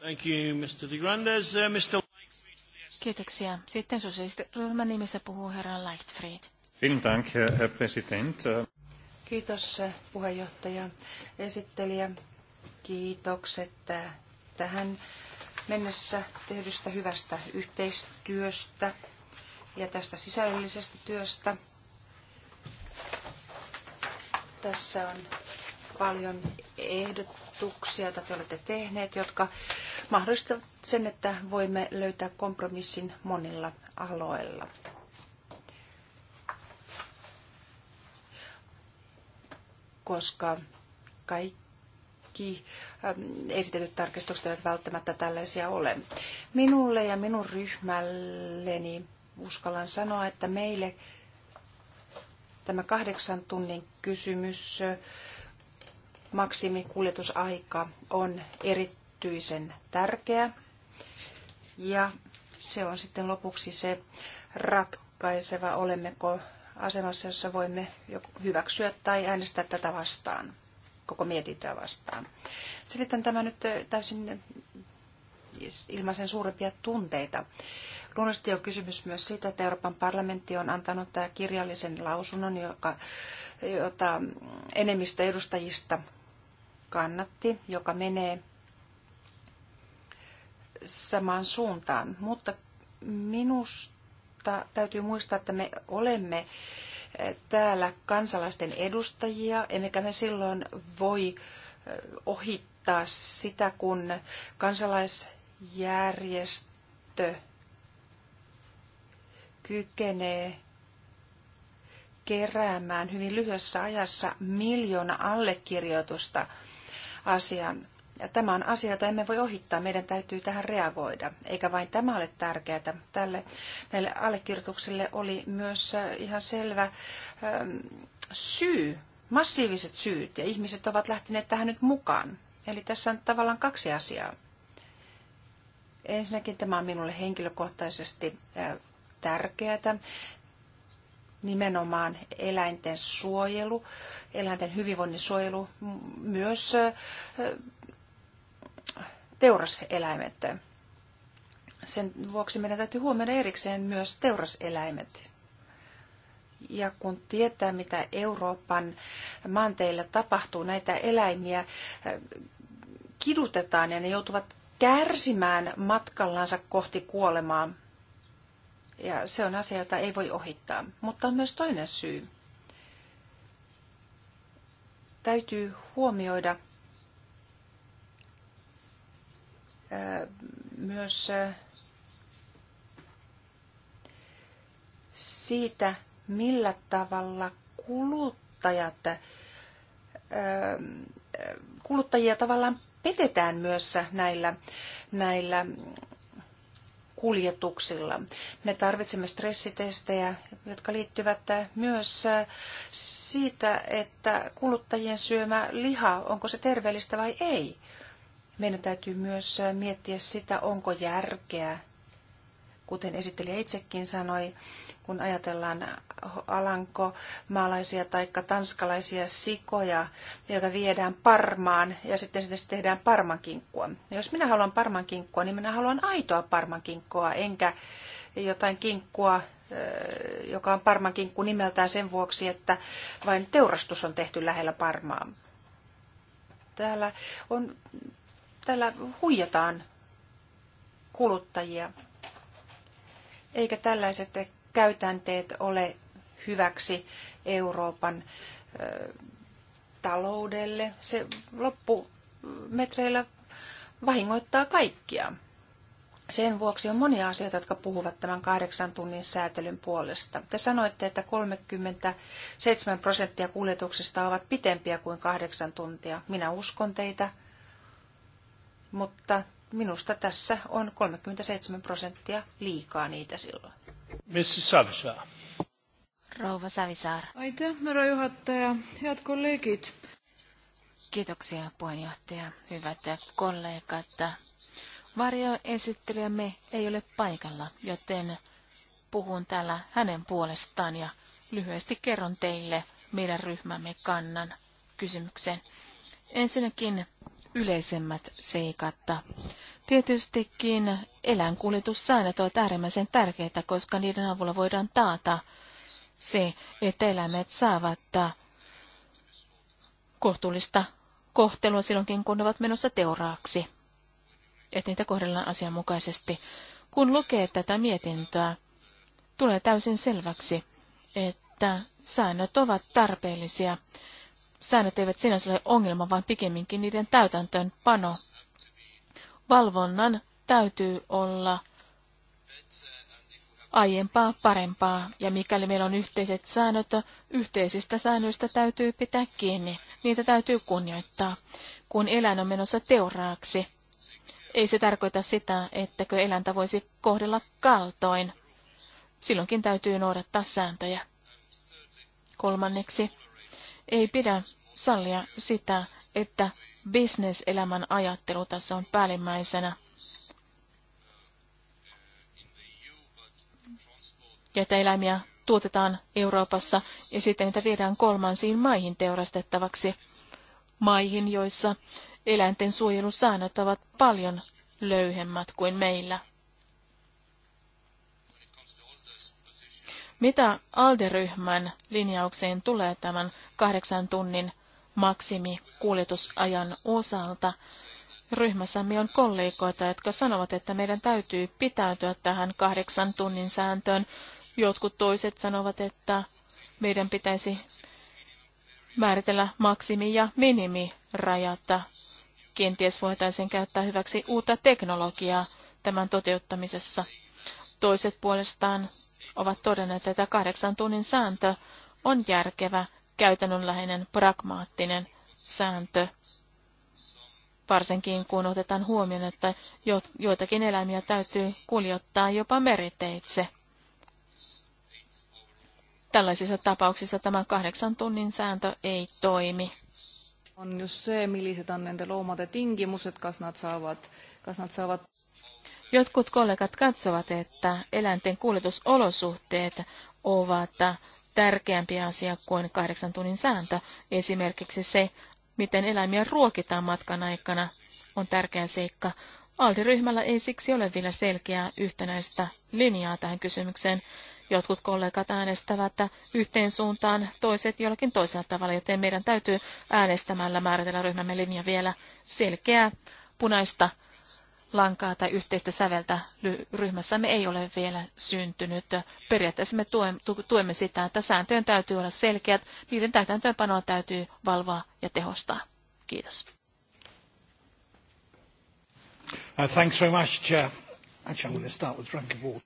Thank you, Mr. De Grandes. Uh, Mr. Kiitoksia. Sitten sosiaalistiryhmän nimissä puhuu herra Leichtfried. Dank, Herr Präsident. Kiitos eh, puheenjohtaja, esittelijä. Kiitokset eh, tähän mennessä tehdystä hyvästä yhteistyöstä ja tästä sisällöllisestä työstä. Tässä on paljon ehdot, tarkistuksia, joita te olette tehneet, jotka mahdollistavat sen, että voimme löytää kompromissin monilla aloilla. Koska kaikki ähm, esitetyt tarkistukset eivät välttämättä tällaisia ole. Minulle ja minun ryhmälleni uskallan sanoa, että meille tämä kahdeksan tunnin kysymys maksimikuljetusaika on erityisen tärkeä. Ja se on sitten lopuksi se ratkaiseva, olemmeko asemassa, jossa voimme hyväksyä tai äänestää tätä vastaan, koko mietintöä vastaan. Selitän tämä nyt täysin ilmaisen suurempia tunteita. Luonnollisesti on kysymys myös siitä, että Euroopan parlamentti on antanut tämä kirjallisen lausunnon, joka, jota enemmistö edustajista kannatti, joka menee samaan suuntaan. Mutta minusta täytyy muistaa, että me olemme eh, täällä kansalaisten edustajia, emmekä me silloin voi eh, ohittaa sitä, kun kansalaisjärjestö kykenee keräämään hyvin lyhyessä ajassa miljoona allekirjoitusta – Asian Ja tämä on asia, jota emme voi ohittaa. Meidän täytyy tähän reagoida. Eikä vain tämä ole tärkeää. Tälle, näille allekirjoituksille oli myös äh, ihan selvä ähm, syy, massiiviset syyt, ja ihmiset ovat lähteneet tähän nyt mukaan. Eli tässä on tavallaan kaksi asiaa. Ensinnäkin tämä on minulle henkilökohtaisesti äh, tärkeää, nimenomaan eläinten suojelu eläinten hyvinvoinnin suojelu, myös teuraseläimet. Sen vuoksi meidän täytyy huomioida erikseen myös teuraseläimet. Ja kun tietää, mitä Euroopan maanteilla tapahtuu, näitä eläimiä kidutetaan ja ne joutuvat kärsimään matkallansa kohti kuolemaa. Ja se on asia, jota ei voi ohittaa. Mutta on myös toinen syy täytyy huomioida myös siitä, millä tavalla kuluttajat, kuluttajia tavallaan petetään myös näillä, näillä kuljetuksilla. Me tarvitsemme stressitestejä, jotka liittyvät myös siitä, että kuluttajien syömä liha, onko se terveellistä vai ei. Meidän täytyy myös miettiä sitä, onko järkeä, kuten esittelijä itsekin sanoi, kun ajatellaan alanko maalaisia tai tanskalaisia sikoja, joita viedään parmaan ja sitten sitten tehdään parmankinkkua. Jos minä haluan parmankinkkua, niin minä haluan aitoa parmankinkkoa, enkä jotain kinkkua, eh, joka on parmankinkku nimeltään sen vuoksi, että vain teurastus on tehty lähellä parmaa. Täällä, on, täällä huijataan kuluttajia, eikä tällaiset käytänteet ole hyväksi Euroopan taloudelle. Se loppumetreillä vahingoittaa kaikkia. Sen vuoksi on monia asioita, jotka puhuvat tämän kahdeksan tunnin säätelyn puolesta. Te sanoitte, että 37 prosenttia kuljetuksista ovat pitempiä kuin kahdeksan tuntia. Minä uskon teitä, mutta minusta tässä on 37 prosenttia liikaa niitä silloin. Miss Savisaar. Rouva Savisaar. Aitäh, herra juhattaja. Head Kiitoksia puheenjohtaja. Hyvät kollegat. Varjoesittelijämme ei ole paikalla, joten puhun täällä hänen puolestaan ja lyhyesti kerron teille meidän ryhmämme kannan kysymykseen. Ensinnäkin yleisemmät seikat. Tietystikin eläinkuljetussäännöt ovat äärimmäisen tärkeitä, koska niiden avulla voidaan taata se, että eläimet saavat kohtuullista kohtelua silloinkin, kun ne ovat menossa teuraaksi, että niitä kohdellaan asianmukaisesti. Kun lukee tätä mietintöä, tulee täysin selväksi, että säännöt ovat tarpeellisia. Säännöt eivät sinänsä ole ongelma, vaan pikemminkin niiden täytäntöön pano valvonnan täytyy olla aiempaa parempaa, ja mikäli meillä on yhteiset säännöt, yhteisistä säännöistä täytyy pitää kiinni. Niitä täytyy kunnioittaa, kun eläin on menossa teuraaksi. Ei se tarkoita sitä, ettäkö eläintä voisi kohdella kaltoin. Silloinkin täytyy noudattaa sääntöjä. Kolmanneksi, ei pidä sallia sitä, että bisneselämän ajattelu tässä on päällimmäisenä. Ja että eläimiä tuotetaan Euroopassa ja sitten niitä viedään kolmansiin maihin teurastettavaksi. Maihin, joissa eläinten suojelusäännöt ovat paljon löyhemmät kuin meillä. Mitä Alderyhmän linjaukseen tulee tämän kahdeksan tunnin maksimikuljetusajan osalta. Ryhmässämme on kollegoita, jotka sanovat, että meidän täytyy pitäytyä tähän kahdeksan tunnin sääntöön. Jotkut toiset sanovat, että meidän pitäisi määritellä maksimi- ja minimirajata. Kenties voitaisiin käyttää hyväksi uutta teknologiaa tämän toteuttamisessa. Toiset puolestaan ovat todenneet, että kahdeksan tunnin sääntö on järkevä käytännönläheinen, pragmaattinen sääntö, varsinkin kun otetaan huomioon, että joitakin eläimiä täytyy kuljottaa jopa meriteitse. Tällaisissa tapauksissa tämä kahdeksan tunnin sääntö ei toimi. On just se, milliset on nende loomade tingimuset, kas nad saavat, kas nad saavat Jotkut kollegat katsovat, että eläinten kuljetusolosuhteet ovat tärkeämpi asia kuin kahdeksan tunnin sääntö. Esimerkiksi se, miten eläimiä ruokitaan matkan aikana, on tärkeä seikka. Aldi-ryhmällä ei siksi ole vielä selkeää yhtenäistä linjaa tähän kysymykseen. Jotkut kollegat äänestävät yhteen suuntaan, toiset jollakin toisella tavalla, joten meidän täytyy äänestämällä määritellä ryhmämme linja vielä selkeää punaista lankaa tai yhteistä säveltä ryhmässämme ei ole vielä syntynyt. Periaatteessa me tuemme sitä, että sääntöjen täytyy olla selkeät, niiden täytäntöönpanoa täytyy valvoa ja tehostaa. Kiitos. Uh, thanks very much, Chair. Actually, I'm going to start with water.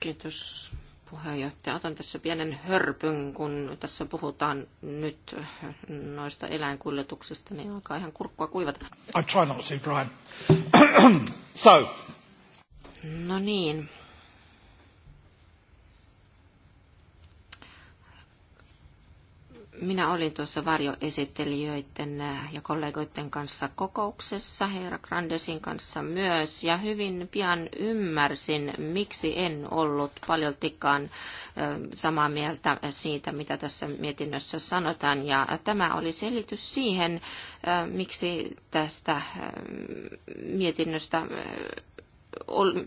Kiitos puheenjohtaja. Otan tässä pienen hörpyn, kun tässä puhutaan nyt noista eläinkuljetuksista, niin alkaa ihan kurkkua kuivata. I try not to, Brian. so. No niin, Minä olin tuossa varjoesittelijöiden äh, ja kollegoiden kanssa kokouksessa, herra Grandesin kanssa myös, ja hyvin pian ymmärsin, miksi en ollut paljoltikaan äh, samaa mieltä siitä, mitä tässä mietinnössä sanotaan, ja tämä oli selitys siihen, äh, miksi tästä mietinnöstä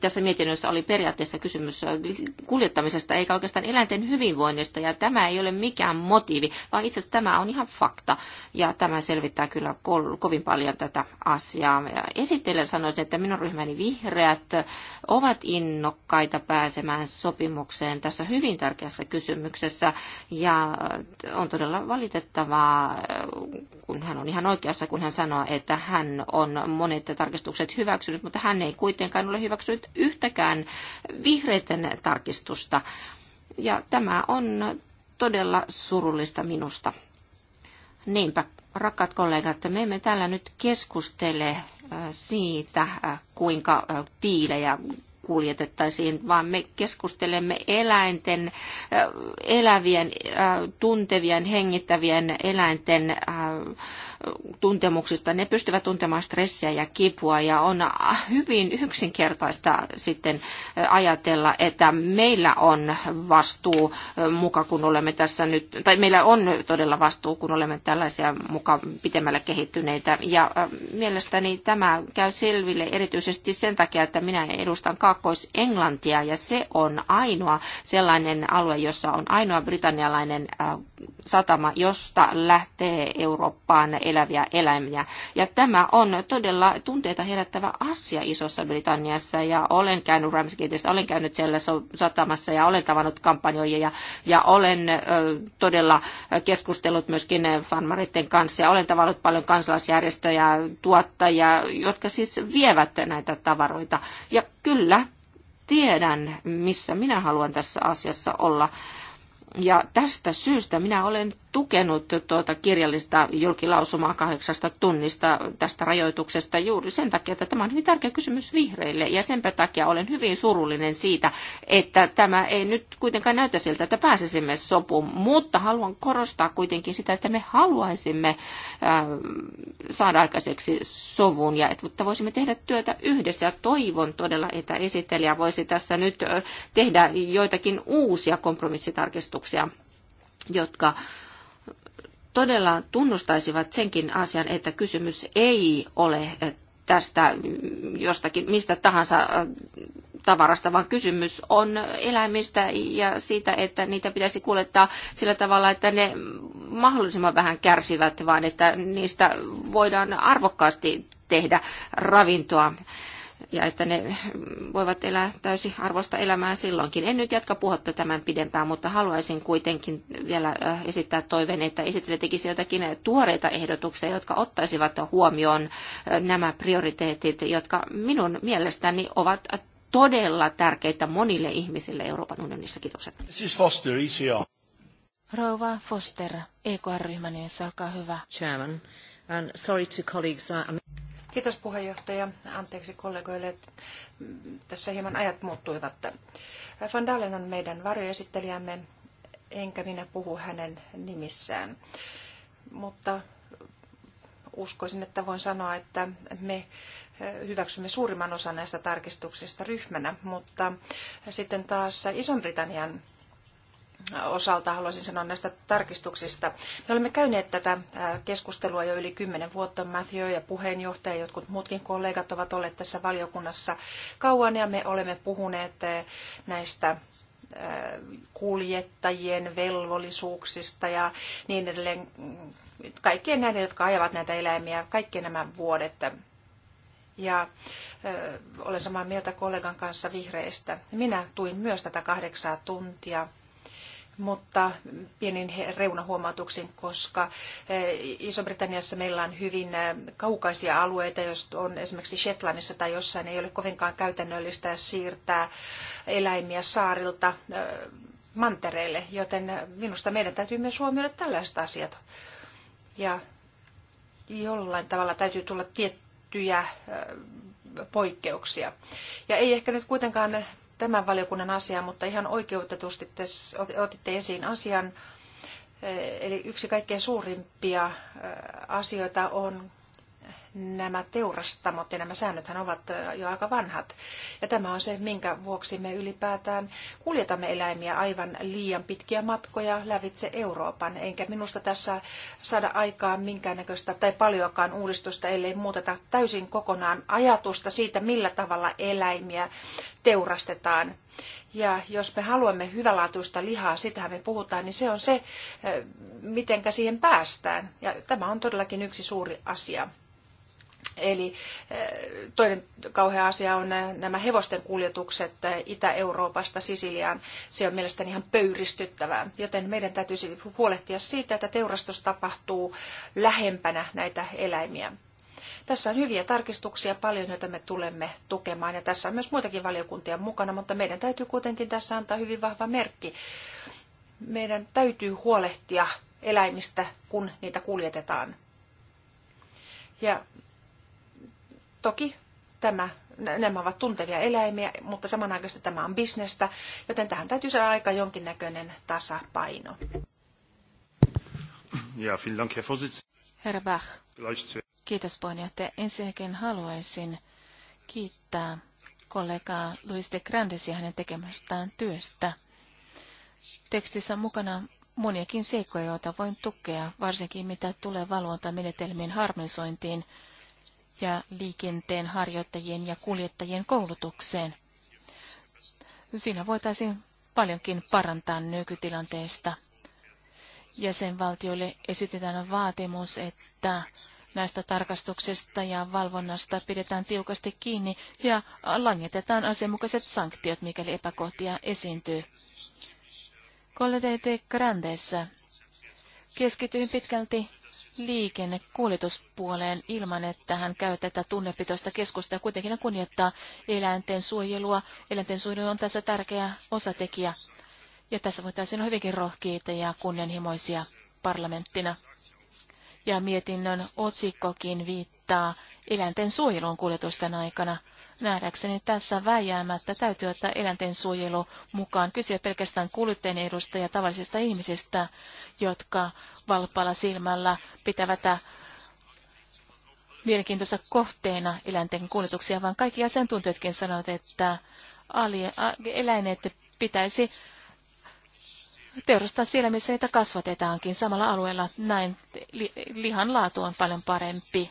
tässä mietinnössä oli periaatteessa kysymys kuljettamisesta eikä oikeastaan eläinten hyvinvoinnista ja tämä ei ole mikään motiivi, vaan itse asiassa tämä on ihan fakta ja tämä selvittää kyllä kovin paljon tätä asiaa. Esittelen sanoisin, että minun ryhmäni vihreät ovat innokkaita pääsemään sopimukseen tässä hyvin tärkeässä kysymyksessä ja on todella valitettavaa, kun hän on ihan oikeassa, kun hän sanoo, että hän on monet tarkistukset hyväksynyt, mutta hän ei kuitenkaan ole ole hyväksynyt yhtäkään vihreiden tarkistusta. Ja tämä on todella surullista minusta. Niinpä, rakkaat kollegat, me emme täällä nyt keskustele äh, siitä, äh, kuinka äh, tiilejä kuljetettaisiin, vaan me keskustelemme eläinten, elävien, tuntevien, hengittävien eläinten tuntemuksista. Ne pystyvät tuntemaan stressiä ja kipua ja on hyvin yksinkertaista sitten ajatella, että meillä on vastuu muka, kun olemme tässä nyt, tai meillä on todella vastuu, kun olemme tällaisia muka pitemmällä kehittyneitä. Ja mielestäni tämä käy selville erityisesti sen takia, että minä edustan Kaakkois-Englantia ja se on ainoa sellainen alue, jossa on ainoa britannialainen satama, josta lähtee Eurooppaan eläviä eläimiä. Ja tämä on todella tunteita herättävä asia Isossa Britanniassa ja olen käynyt Ramsgateissa, olen käynyt siellä satamassa ja olen tavannut kampanjoijia ja, ja olen ö, todella keskustellut myöskin fanmaritten kanssa ja olen tavannut paljon kansalaisjärjestöjä, tuottajia, jotka siis vievät näitä tavaroita. Ja kyllä, tiedän, missä minä haluan tässä asiassa olla. Ja tästä syystä minä olen tukenut tuota kirjallista julkilausumaa kahdeksasta tunnista tästä rajoituksesta juuri sen takia, että tämä on hyvin tärkeä kysymys vihreille. Ja sen takia olen hyvin surullinen siitä, että tämä ei nyt kuitenkaan näytä siltä, että pääsisimme sopuun. Mutta haluan korostaa kuitenkin sitä, että me haluaisimme äh, saada aikaiseksi sovun ja että voisimme tehdä työtä yhdessä. Ja toivon todella, että esittelijä voisi tässä nyt äh, tehdä joitakin uusia kompromissitarkistuksia ajatuksia, jotka todella tunnustaisivat senkin asian, että kysymys ei ole tästä jostakin mistä tahansa äh, tavarasta, vaan kysymys on eläimistä ja siitä, että niitä pitäisi kuljettaa sillä tavalla, että ne mahdollisimman vähän kärsivät, vaan että niistä voidaan arvokkaasti tehdä ravintoa ja että ne voivat elää täysin arvosta elämää silloinkin. En nyt jatka puhutta tämän pidempään, mutta haluaisin kuitenkin vielä äh, esittää toiveen, että esittelijä tekisi jotakin tuoreita ehdotuksia, jotka ottaisivat huomioon äh, nämä prioriteetit, jotka minun mielestäni ovat todella tärkeitä monille ihmisille Euroopan unionissa. Kiitokset. is Foster, ECR. Rouva Foster, EKR-ryhmän nimessä, olkaa hyvä. Chairman, and sorry to colleagues, uh, I'm... Kiitos puheenjohtaja. Anteeksi kollegoille, että tässä hieman ajat muuttuivat. Van Dalen on meidän varjoesittelijämme, enkä minä puhu hänen nimissään. Mutta uskoisin, että voin sanoa, että me hyväksymme suurimman osan näistä tarkistuksista ryhmänä, mutta sitten taas Ison-Britannian osalta haluaisin sanoa näistä tarkistuksista. Me olemme käyneet tätä keskustelua jo yli kymmenen vuotta. Matthew ja puheenjohtaja ja jotkut muutkin kollegat ovat olleet tässä valiokunnassa kauan ja me olemme puhuneet näistä kuljettajien velvollisuuksista ja niin edelleen. Kaikkien näiden, jotka ajavat näitä eläimiä, kaikki nämä vuodet. Ja ö, olen samaa mieltä kollegan kanssa vihreistä. Minä tuin myös tätä kahdeksaa tuntia mutta pienin reunahuomautuksin, koska eh, Iso-Britanniassa meillä on hyvin eh, kaukaisia alueita, jos on esimerkiksi Shetlandissa tai jossain ei ole kovinkaan käytännöllistä siirtää eläimiä saarilta eh, mantereille, joten minusta meidän täytyy myös huomioida tällaiset asiat. Ja jollain tavalla täytyy tulla tiettyjä poikkeuksia. Ja ei ehkä nyt kuitenkaan tämän valiokunnan asia, mutta ihan oikeutetusti otitte esiin asian. Eli yksi kaikkein suurimpia asioita on nämä teurastamot ja nämä säännöthän ovat jo aika vanhat. Ja tämä on se, minkä vuoksi me ylipäätään kuljetamme eläimiä aivan liian pitkiä matkoja lävitse Euroopan. Enkä minusta tässä saada aikaan minkäännäköistä tai paljonkaan uudistusta, ellei muuteta täysin kokonaan ajatusta siitä, millä tavalla eläimiä teurastetaan. Ja jos me haluamme hyvälaatuista lihaa, sitähän me puhutaan, niin se on se, mitenkä siihen päästään. Ja tämä on todellakin yksi suuri asia. Eli eh, toinen kauhea asia on eh, nämä hevosten kuljetukset eh, Itä-Euroopasta Sisiliaan. Se on mielestäni ihan pöyristyttävää, joten meidän täytyisi huolehtia siitä, että teurastus tapahtuu lähempänä näitä eläimiä. Tässä on hyviä tarkistuksia paljon, joita me tulemme tukemaan ja tässä on myös muitakin valiokuntia mukana, mutta meidän täytyy kuitenkin tässä antaa hyvin vahva merkki. Meidän täytyy huolehtia eläimistä, kun niitä kuljetetaan. Ja Toki tämä, nämä ovat tuntevia eläimiä, mutta samanaikaisesti tämä on bisnestä, joten tähän täytyy saada aika jonkinnäköinen tasapaino. Ja, Dank, Herr Vorsitz. Herra Bach. Kiitos puheenjohtaja. Ensinnäkin haluaisin kiittää kollegaa Luis de ja hänen tekemästään työstä. Tekstissä on mukana moniakin seikkoja, joita voin tukea, varsinkin mitä tulee valvontamenetelmien harmonisointiin ja liikenteen harjoittajien ja kuljettajien koulutukseen. Siinä voitaisiin paljonkin parantaa nykytilanteesta. Jäsenvaltioille esitetään vaatimus, että näistä tarkastuksista ja valvonnasta pidetään tiukasti kiinni ja langetetaan asianmukaiset sanktiot, mikäli epäkohtia esiintyy. Kollegeite Grandessa keskityin pitkälti liikennekuljetuspuoleen ilman, että hän käy tätä tunnepitoista keskustelua. Kuitenkin hän kunnioittaa eläinten suojelua. Eläinten suojelu on tässä tärkeä osatekijä. Ja tässä voitaisiin olla hyvinkin rohkeita ja kunnianhimoisia parlamenttina. Ja mietinnön otsikkokin viittaa eläinten suojeluun kuljetusten aikana. Nähdäkseni tässä väijäämättä täytyy ottaa eläinten suojelu mukaan. Kyse pelkästään kuluttajien edusta ja tavallisista ihmisistä, jotka valppaalla silmällä pitävät mielenkiintoisa kohteena eläinten kuljetuksia, vaan kaikki asiantuntijatkin sanovat, että eläinet pitäisi teurastaa siellä, missä niitä kasvatetaankin samalla alueella. Näin lihan laatu on paljon parempi.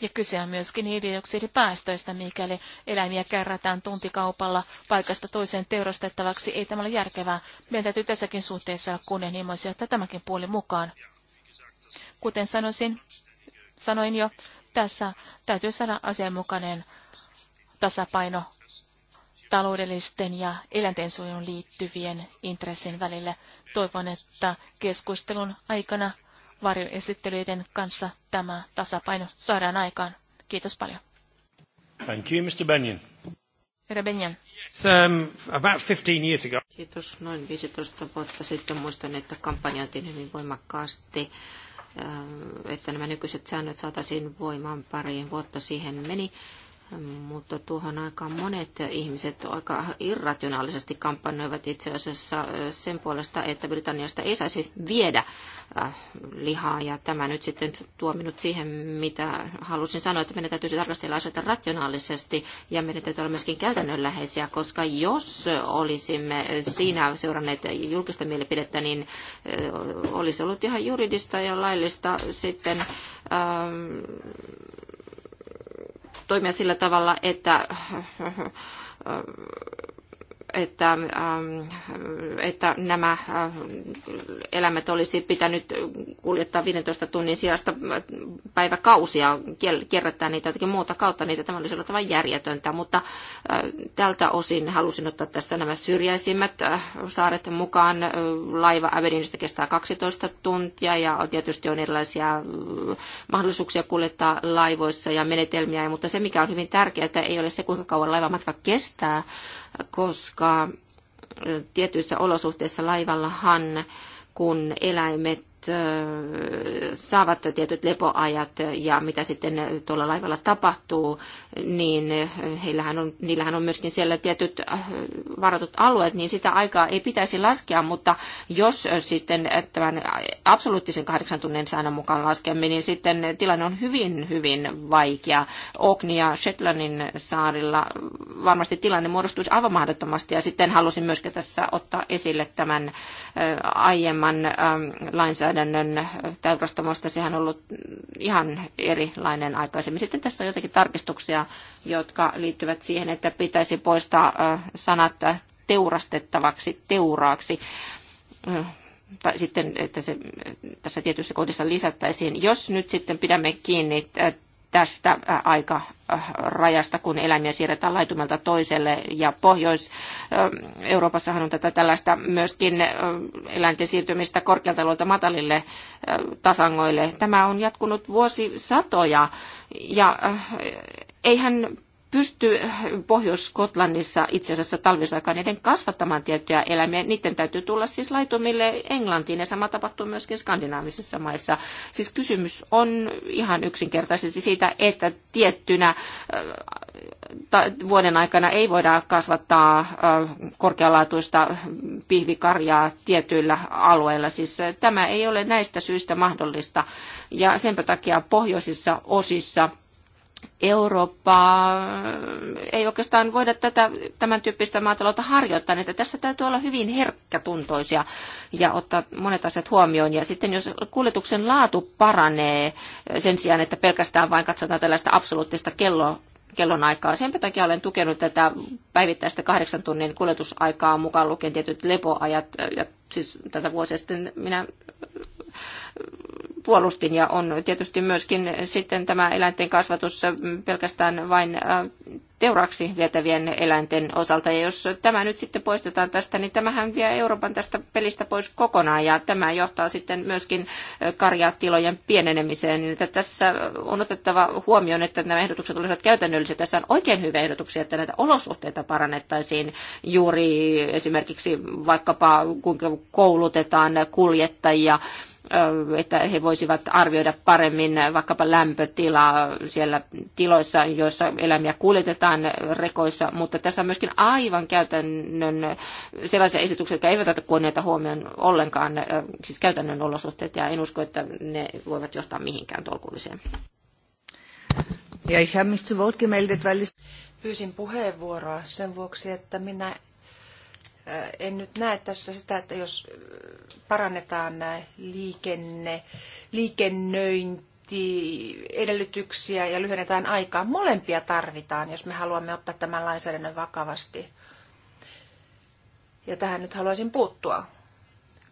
Ja kyse on myöskin hiilidioksidipäästöistä, mikäli eläimiä kerrataan tuntikaupalla paikasta toiseen teurastettavaksi. Ei tämä ole järkevää. Meidän täytyy tässäkin suhteessa olla kunnianhimoisia, että tämäkin puoli mukaan. Kuten sanoisin, sanoin jo, tässä täytyy saada asianmukainen tasapaino taloudellisten ja eläintensuojelun liittyvien intressin välille Toivon, että keskustelun aikana varjoesittelyiden kanssa tämä tasapaino saadaan aikaan. Kiitos paljon. Thank you, Mr. Benyon. Herra Benyon. Um, about 15 years ago. Kiitos. Noin 15 vuotta sitten muistan, että kampanjoitiin hyvin voimakkaasti ähm, että nämä nykyiset säännöt saataisiin voimaan pariin vuotta siihen meni. Mutta tuohon aikaan monet ihmiset aika irrationaalisesti kampanjoivat itse asiassa sen puolesta, että Britanniasta ei saisi viedä lihaa. Ja tämä nyt sitten tuo minut siihen, mitä halusin sanoa, että meidän täytyisi tarkastella asioita rationaalisesti ja meidän täytyy olla myöskin käytännönläheisiä, koska jos olisimme siinä seuranneet julkista mielipidettä, niin olisi ollut ihan juridista ja laillista sitten ähm, toimia sillä tavalla, että että, ähm, että nämä äh, elämät olisi pitänyt kuljettaa 15 tunnin sijasta päiväkausia, kierrättää niitä jotenkin muuta kautta, niitä tämä olisi ollut järjetöntä, mutta äh, tältä osin halusin ottaa tässä nämä syrjäisimmät äh, saaret mukaan. Laiva Aberdeenistä kestää 12 tuntia ja tietysti on erilaisia mahdollisuuksia kuljettaa laivoissa ja menetelmiä, mutta se mikä on hyvin tärkeää, että ei ole se kuinka kauan laivamatka kestää, koska tietyissä olosuhteissa laivallahan, kun eläimet saavat tietyt lepoajat ja mitä sitten tuolla laivalla tapahtuu, niin heillähän on, niillähän on myöskin siellä tietyt varatut alueet, niin sitä aikaa ei pitäisi laskea, mutta jos sitten tämän absoluuttisen kahdeksan tunnin säännön mukaan laskemme, niin sitten tilanne on hyvin, hyvin vaikea. Okni ja Shetlandin saarilla varmasti tilanne muodostuisi aivan mahdottomasti ja sitten halusin myöskin tässä ottaa esille tämän aiemman lainsäädännön lainsäädännön teurastamosta Sehän on ollut ihan erilainen aikaisemmin. Sitten tässä on jotakin tarkistuksia, jotka liittyvät siihen, että pitäisi poistaa sanat teurastettavaksi, teuraaksi tai sitten että se, tässä tietyssä kohdissa lisättäisiin, jos nyt sitten pidämme kiinni tästä aika rajasta, kun eläimiä siirretään laitumelta toiselle. Ja Pohjois-Euroopassahan on tätä tällaista myöskin eläinten siirtymistä korkealtaloilta matalille tasangoille. Tämä on jatkunut vuosisatoja ja eihän Pystyy Pohjois-Skotlannissa itse asiassa talvisaikaan kasvattamaan tiettyjä eläimiä. Niiden täytyy tulla siis laitumille Englantiin ja sama tapahtuu myöskin skandinaavisissa maissa. Siis kysymys on ihan yksinkertaisesti siitä, että tiettynä äh, vuoden aikana ei voida kasvattaa äh, korkealaatuista pihvikarjaa tietyillä alueilla. Siis äh, tämä ei ole näistä syistä mahdollista ja senpä takia pohjoisissa osissa Eurooppaa äh, ei oikeastaan voida tätä, tämän tyyppistä maataloutta harjoittaa, niin että tässä täytyy olla hyvin herkkätuntoisia ja ottaa monet asiat huomioon. Ja sitten jos kuljetuksen laatu paranee sen sijaan, että pelkästään vain katsotaan tällaista absoluuttista kelloa, kellonaikaa. Sen takia olen tukenut tätä päivittäistä kahdeksan tunnin kuljetusaikaa mukaan lukien tietyt lepoajat. Ja siis tätä vuosia sitten minä puolustin ja on tietysti myöskin sitten tämä eläinten kasvatus pelkästään vain äh, teuraksi vietävien eläinten osalta. Ja jos tämä nyt sitten poistetaan tästä, niin tämähän vie Euroopan tästä pelistä pois kokonaan ja tämä johtaa sitten myöskin äh, karjatilojen pienenemiseen. Niin että tässä on otettava huomioon, että nämä ehdotukset olisivat käytännöllisiä. Tässä on oikein hyviä ehdotuksia, että näitä olosuhteita parannettaisiin juuri esimerkiksi vaikkapa kuinka koulutetaan kuljettajia että he voisivat arvioida paremmin vaikkapa lämpötilaa siellä tiloissa, joissa eläimiä kuljetetaan rekoissa, mutta tässä on myöskin aivan käytännön sellaisia esityksiä, jotka eivät ota koneita huomioon ollenkaan, siis käytännön olosuhteet, ja en usko, että ne voivat johtaa mihinkään tolkulliseen. Ja ich habe mich zu Wort gemeldet, weil ich... Pyysin puheenvuoroa sen vuoksi, että minä en nyt näe tässä sitä, että jos parannetaan liikenne, liikennöinti, edellytyksiä ja lyhennetään aikaa. Molempia tarvitaan, jos me haluamme ottaa tämän lainsäädännön vakavasti. Ja tähän nyt haluaisin puuttua.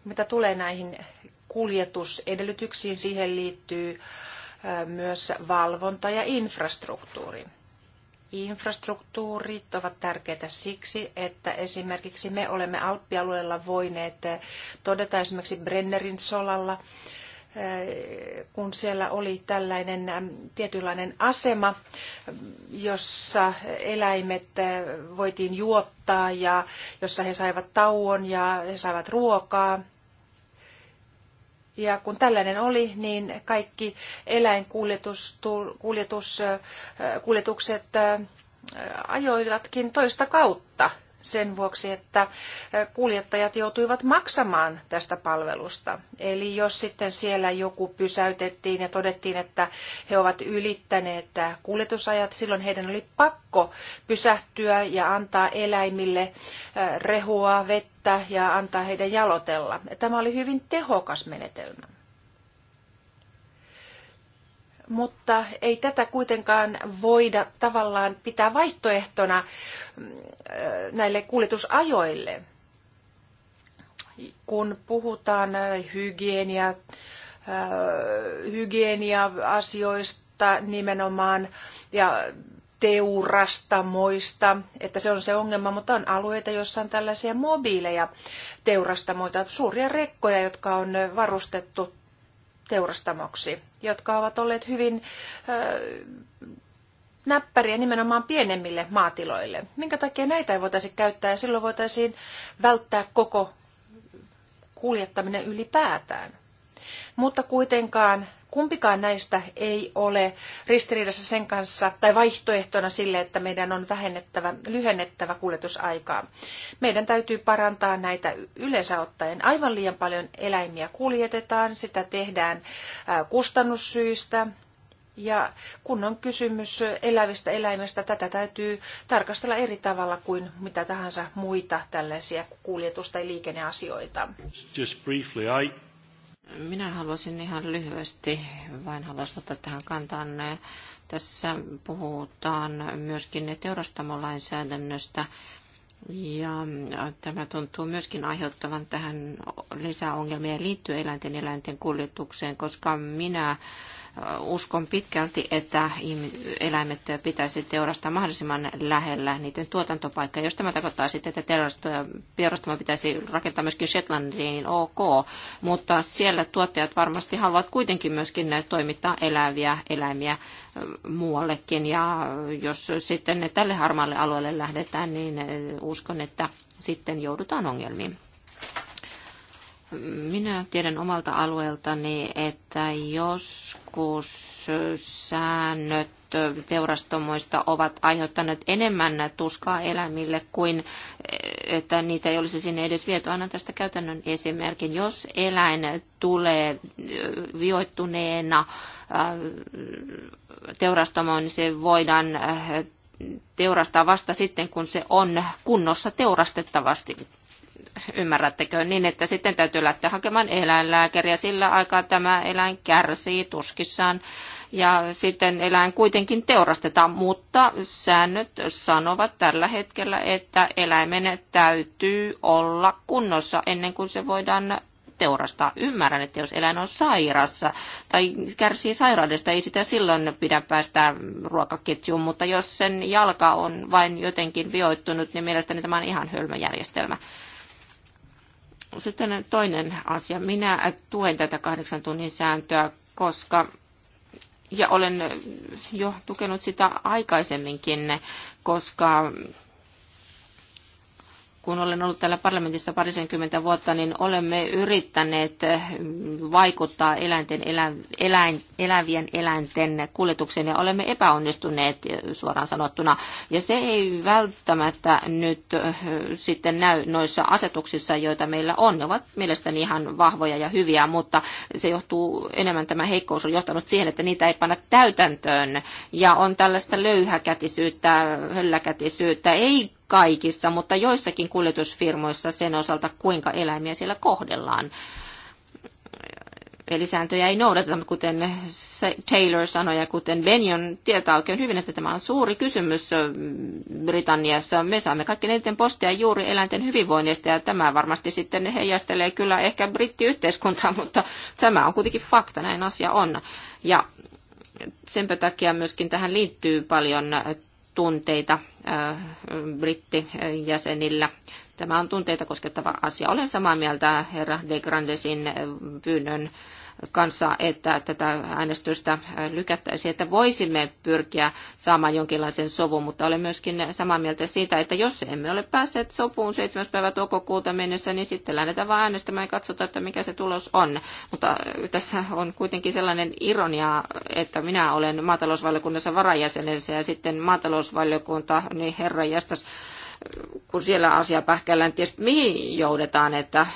Mitä tulee näihin kuljetusedellytyksiin, siihen liittyy myös valvonta ja infrastruktuuri. Infrastruktuurit ovat tärkeitä siksi, että esimerkiksi me olemme Alppialueella voineet todeta esimerkiksi Brennerin solalla, kun siellä oli tällainen tietynlainen asema, jossa eläimet voitiin juottaa ja jossa he saivat tauon ja he saivat ruokaa ja kun tällainen oli, niin kaikki eläinkuljetukset äh, äh, ajoivatkin toista kautta – sen vuoksi, että kuljettajat joutuivat maksamaan tästä palvelusta. Eli jos sitten siellä joku pysäytettiin ja todettiin, että he ovat ylittäneet kuljetusajat, silloin heidän oli pakko pysähtyä ja antaa eläimille rehua, vettä ja antaa heidän jalotella. Tämä oli hyvin tehokas menetelmä mutta ei tätä kuitenkaan voida tavallaan pitää vaihtoehtona mm, äh, näille kuljetusajoille. Kun puhutaan äh, hygienia, äh, hygienia-asioista nimenomaan ja teurastamoista, että se on se ongelma, mutta on alueita, joissa on tällaisia mobiileja teurastamoita, suuria rekkoja, jotka on varustettu teurastamoksi jotka ovat olleet hyvin näppäriä nimenomaan pienemmille maatiloille. Minkä takia näitä ei voitaisi käyttää ja silloin voitaisiin välttää koko kuljettaminen ylipäätään. Mutta kuitenkaan Kumpikaan näistä ei ole ristiriidassa sen kanssa tai vaihtoehtona sille, että meidän on vähennettävä, lyhennettävä kuljetusaikaa. Meidän täytyy parantaa näitä yleensä ottaen. Aivan liian paljon eläimiä kuljetetaan, sitä tehdään kustannussyistä, ja kun on kysymys elävistä eläimistä, tätä täytyy tarkastella eri tavalla kuin mitä tahansa muita tällaisia kuljetusta tai liikenneasioita. Just briefly, I minä haluaisin ihan lyhyesti, vain haluaisin ottaa tähän kantaan. Tässä puhutaan myöskin teurastamolainsäädännöstä. Ja tämä tuntuu myöskin aiheuttavan tähän lisää ongelmia liittyen eläinten eläinten kuljetukseen, koska minä uskon pitkälti, että eläimet pitäisi teurastaa mahdollisimman lähellä niiden tuotantopaikkaa. Jos tämä tarkoittaa sitten, että teurastama pitäisi rakentaa myöskin Shetlandiin, niin ok. Mutta siellä tuottajat varmasti haluavat kuitenkin myöskin toimittaa eläviä eläimiä muuallekin. Ja jos sitten tälle harmaalle alueelle lähdetään, niin uskon, että sitten joudutaan ongelmiin. Minä tiedän omalta alueeltani, että joskus säännöt teurastomoista ovat aiheuttaneet enemmän tuskaa eläimille kuin että niitä ei olisi sinne edes viety. Annan tästä käytännön esimerkin. Jos eläin tulee vioittuneena äh, teurastamoon, niin se voidaan äh, teurastaa vasta sitten, kun se on kunnossa teurastettavasti ymmärrättekö, niin että sitten täytyy lähteä hakemaan eläinlääkäriä. Sillä aikaa tämä eläin kärsii tuskissaan ja sitten eläin kuitenkin teurastetaan, mutta säännöt sanovat tällä hetkellä, että eläimen täytyy olla kunnossa ennen kuin se voidaan teurastaa. Ymmärrän, että jos eläin on sairassa tai kärsii sairaudesta, ei sitä silloin pidä päästä ruokaketjuun, mutta jos sen jalka on vain jotenkin vioittunut, niin mielestäni tämä on ihan hölmöjärjestelmä. järjestelmä. Sitten toinen asia. Minä tuen tätä kahdeksan tunnin sääntöä, koska ja olen jo tukenut sitä aikaisemminkin, koska kun olen ollut täällä parlamentissa parisenkymmentä vuotta, niin olemme yrittäneet eh, vaikuttaa eläinten, elä, eläin, elävien eläinten kuljetukseen ja olemme epäonnistuneet eh, suoraan sanottuna. Ja se ei välttämättä nyt eh, sitten näy noissa asetuksissa, joita meillä on. Ne ovat mielestäni ihan vahvoja ja hyviä, mutta se johtuu enemmän tämä heikkous on johtanut siihen, että niitä ei panna täytäntöön ja on tällaista löyhäkätisyyttä, hölläkätisyyttä. Ei kaikissa, mutta joissakin kuljetusfirmoissa sen osalta, kuinka eläimiä siellä kohdellaan. Eli sääntöjä ei noudateta, kuten Taylor sanoi ja kuten Benjon tietää oikein hyvin, että tämä on suuri kysymys Britanniassa. Me saamme kaikki eniten postia juuri eläinten hyvinvoinnista ja tämä varmasti sitten heijastelee kyllä ehkä brittiyhteiskuntaa, mutta tämä on kuitenkin fakta, näin asia on. Ja senpä takia myöskin tähän liittyy paljon tunteita brittijäsenillä. Tämä on tunteita koskettava asia. Olen samaa mieltä herra De Grandesin pyynnön kanssa, että tätä äänestystä lykättäisiin, että voisimme pyrkiä saamaan jonkinlaisen sovun, mutta olen myöskin samaa mieltä siitä, että jos emme ole päässeet sopuun 7. päivä toukokuuta mennessä, niin sitten lähdetään vaan äänestämään ja katsotaan, että mikä se tulos on. Mutta äh, tässä on kuitenkin sellainen ironia, että minä olen maatalousvaliokunnassa varajäsenensä ja sitten maatalousvaliokunta, niin herra jästäs, kun siellä asia pähkäillään, tietysti mihin joudetaan, että äh,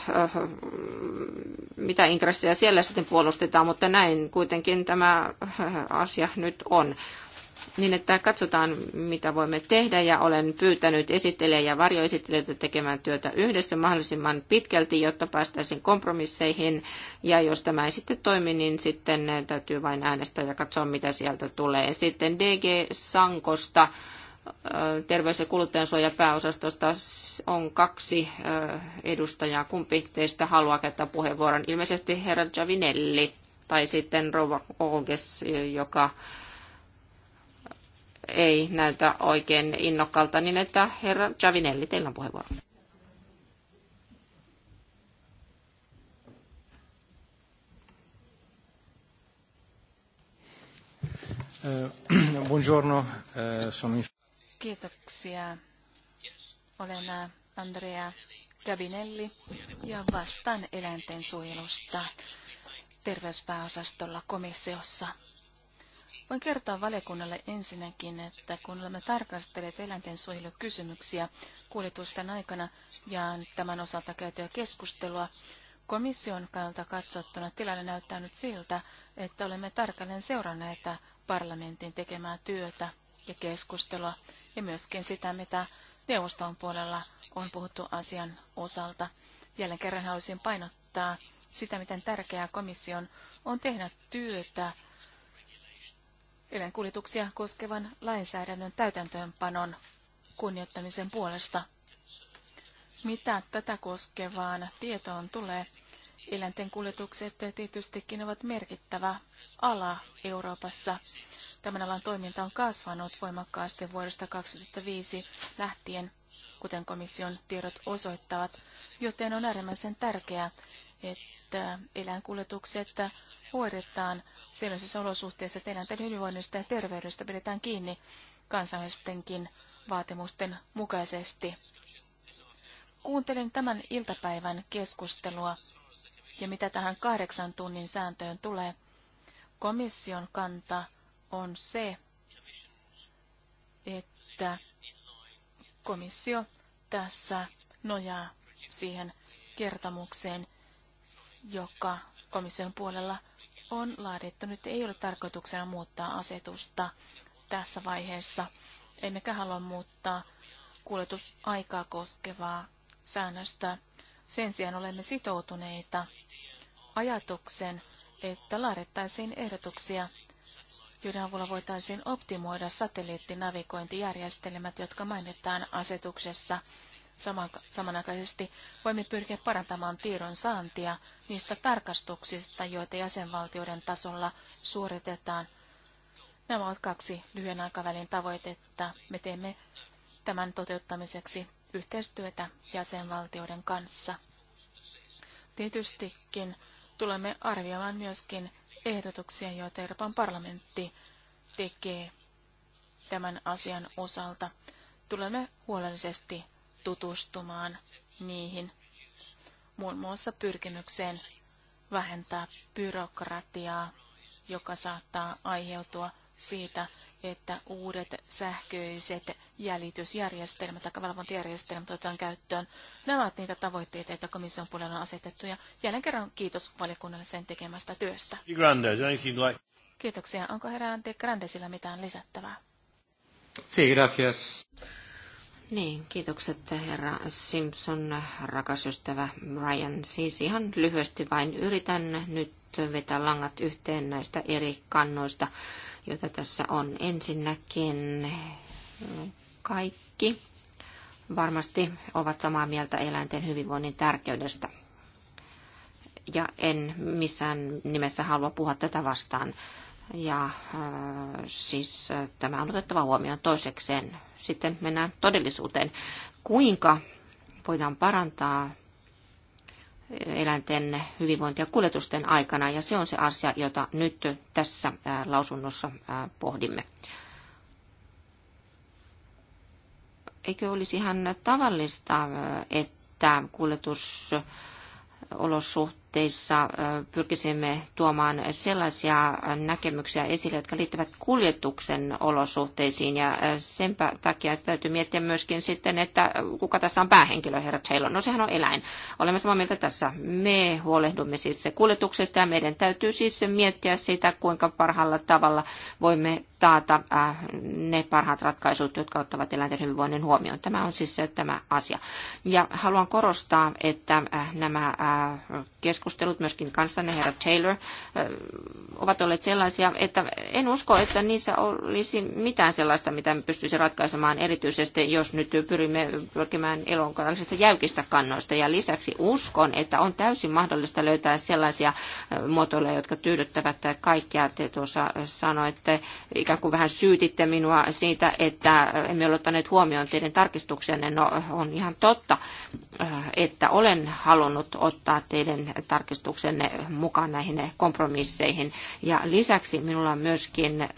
mitä intressejä siellä sitten puolustetaan, mutta näin kuitenkin tämä äh, asia nyt on niin että katsotaan, mitä voimme tehdä, ja olen pyytänyt esittelijä ja varjoesittelijöitä tekemään työtä yhdessä mahdollisimman pitkälti, jotta päästäisiin kompromisseihin, ja jos tämä ei sitten toimi, niin sitten täytyy vain äänestää ja katsoa, mitä sieltä tulee. Sitten DG Sankosta terveys- ja kuluttajansuojapääosastosta on kaksi edustajaa. Kumpi teistä haluaa käyttää puheenvuoron? Ilmeisesti herra Giavinelli tai sitten Rova Olges, joka ei näytä oikein innokkalta, niin että herra Giavinelli, teillä on puheenvuoro. Buongiorno, sono Kiitoksia. Olen äh, Andrea Gabinelli ja vastaan eläinten suojelusta terveyspääosastolla komissiossa. Voin kertoa valiokunnalle ensinnäkin, että kun olemme tarkastelleet eläinten suojelukysymyksiä kuljetusten aikana ja tämän osalta käytyä keskustelua, komission kannalta katsottuna tilanne näyttää nyt siltä, että olemme tarkalleen seuranneet parlamentin tekemää työtä ja keskustelua ja myöskin sitä, mitä neuvoston puolella on puhuttu asian osalta. Jälleen kerran haluaisin painottaa sitä, miten tärkeää komission on tehdä työtä eläinkuljetuksia koskevan lainsäädännön täytäntöönpanon kunnioittamisen puolesta. Mitä tätä koskevaan tietoon tulee, Eläinten kuljetukset tietystikin ovat merkittävä ala Euroopassa. Tämän alan toiminta on kasvanut voimakkaasti vuodesta 2005 lähtien, kuten komission tiedot osoittavat, joten on äärimmäisen tärkeää, että eläinkuljetukset hoidetaan sellaisissa olosuhteissa, että eläinten hyvinvoinnista ja terveydestä pidetään kiinni kansallistenkin vaatimusten mukaisesti. Kuuntelin tämän iltapäivän keskustelua ja mitä tähän kahdeksan tunnin sääntöön tulee, komission kanta on se, että komissio tässä nojaa siihen kertomukseen, joka komission puolella on laadittu. Nyt ei ole tarkoituksena muuttaa asetusta tässä vaiheessa. Emmekä halua muuttaa kuljetusaikaa koskevaa säännöstä sen sijaan olemme sitoutuneita ajatuksen, että laadettaisiin ehdotuksia, joiden avulla voitaisiin optimoida satelliittinavigointijärjestelmät, jotka mainitaan asetuksessa. Samanaikaisesti voimme pyrkiä parantamaan tiedon saantia niistä tarkastuksista, joita jäsenvaltioiden tasolla suoritetaan. Nämä ovat kaksi lyhyen aikavälin tavoitetta. Me teemme tämän toteuttamiseksi yhteistyötä jäsenvaltioiden kanssa. Tietystikin tulemme arvioimaan myöskin ehdotuksia, joita Euroopan parlamentti tekee tämän asian osalta. Tulemme huolellisesti tutustumaan niihin, muun muassa pyrkimykseen vähentää byrokratiaa, joka saattaa aiheutua siitä, että uudet sähköiset jäljitysjärjestelmät tai valvontajärjestelmät otetaan käyttöön. Nämä ovat niitä tavoitteita, joita komission puolella on asetettu. Ja jälleen kerran kiitos valiokunnalle sen tekemästä työstä. Kiitoksia. Onko herra Antti Grandesilla mitään lisättävää? Sí, gracias. Niin, kiitokset herra Simpson, rakas ystävä Ryan. Siis ihan lyhyesti vain yritän nyt vetää langat yhteen näistä eri kannoista joita tässä on. Ensinnäkin kaikki varmasti ovat samaa mieltä eläinten hyvinvoinnin tärkeydestä. Ja en missään nimessä halua puhua tätä vastaan. Ja äh, siis äh, tämä on otettava huomioon toisekseen. Sitten mennään todellisuuteen. Kuinka voidaan parantaa eläinten hyvinvointia kuljetusten aikana, ja se on se asia, jota nyt tässä lausunnossa pohdimme. Eikö olisi ihan tavallista, että kuljetusolosuhteet aloitteissa pyrkisimme tuomaan sellaisia näkemyksiä esille, jotka liittyvät kuljetuksen olosuhteisiin. Ja sen takia täytyy miettiä myöskin sitten, että kuka tässä on päähenkilö, herra Taylor. No sehän on eläin. Olemme samaa mieltä tässä. Me huolehdumme siis kuljetuksesta ja meidän täytyy siis miettiä sitä, kuinka parhaalla tavalla voimme taata ne parhaat ratkaisut, jotka ottavat eläinten hyvinvoinnin huomioon. Tämä on siis tämä asia. Ja haluan korostaa, että nämä kesk- keskustelut, myöskin kanssanne herra Taylor, ovat olleet sellaisia, että en usko, että niissä olisi mitään sellaista, mitä me pystyisi ratkaisemaan erityisesti, jos nyt pyrimme pyrkimään elon jäykistä kannoista. Ja lisäksi uskon, että on täysin mahdollista löytää sellaisia muotoiluja, jotka tyydyttävät kaikkia. Te tuossa sanoitte, ikään kuin vähän syytitte minua siitä, että emme ole ottaneet huomioon teidän tarkistuksenne. No on ihan totta, että olen halunnut ottaa teidän tarkistuksenne mukaan näihin kompromisseihin. Ja lisäksi minulla on myöskin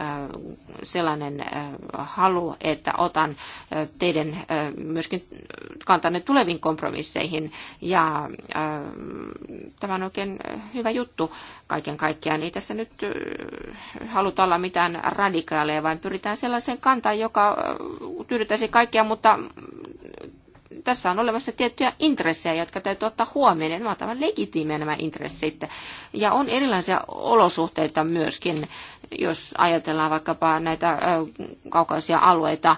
sellainen halu, että otan teidän myöskin kantanne tuleviin kompromisseihin. Ja tämä on oikein hyvä juttu kaiken kaikkiaan. Ei tässä nyt haluta olla mitään radikaaleja, vaan pyritään sellaiseen kantaan, joka tyydyttäisi kaikkia, mutta tässä on olemassa tiettyjä intressejä, jotka täytyy ottaa huomioon. Ja nämä ovat aivan legitiimejä nämä intressit. Ja on erilaisia olosuhteita myöskin, jos ajatellaan vaikkapa näitä kaukaisia alueita,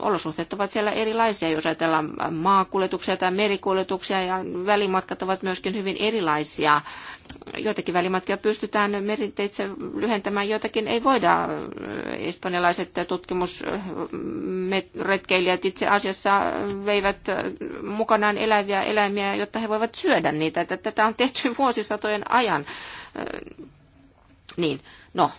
olosuhteet ovat siellä erilaisia, jos ajatellaan maakuljetuksia tai merikuljetuksia ja välimatkat ovat myöskin hyvin erilaisia joitakin välimatkia pystytään meriteitse lyhentämään, joitakin ei voida. Espanjalaiset tutkimusretkeilijät itse asiassa veivät mukanaan eläviä eläimiä, jotta he voivat syödä niitä. Tätä on tehty vuosisatojen ajan. Niin, no,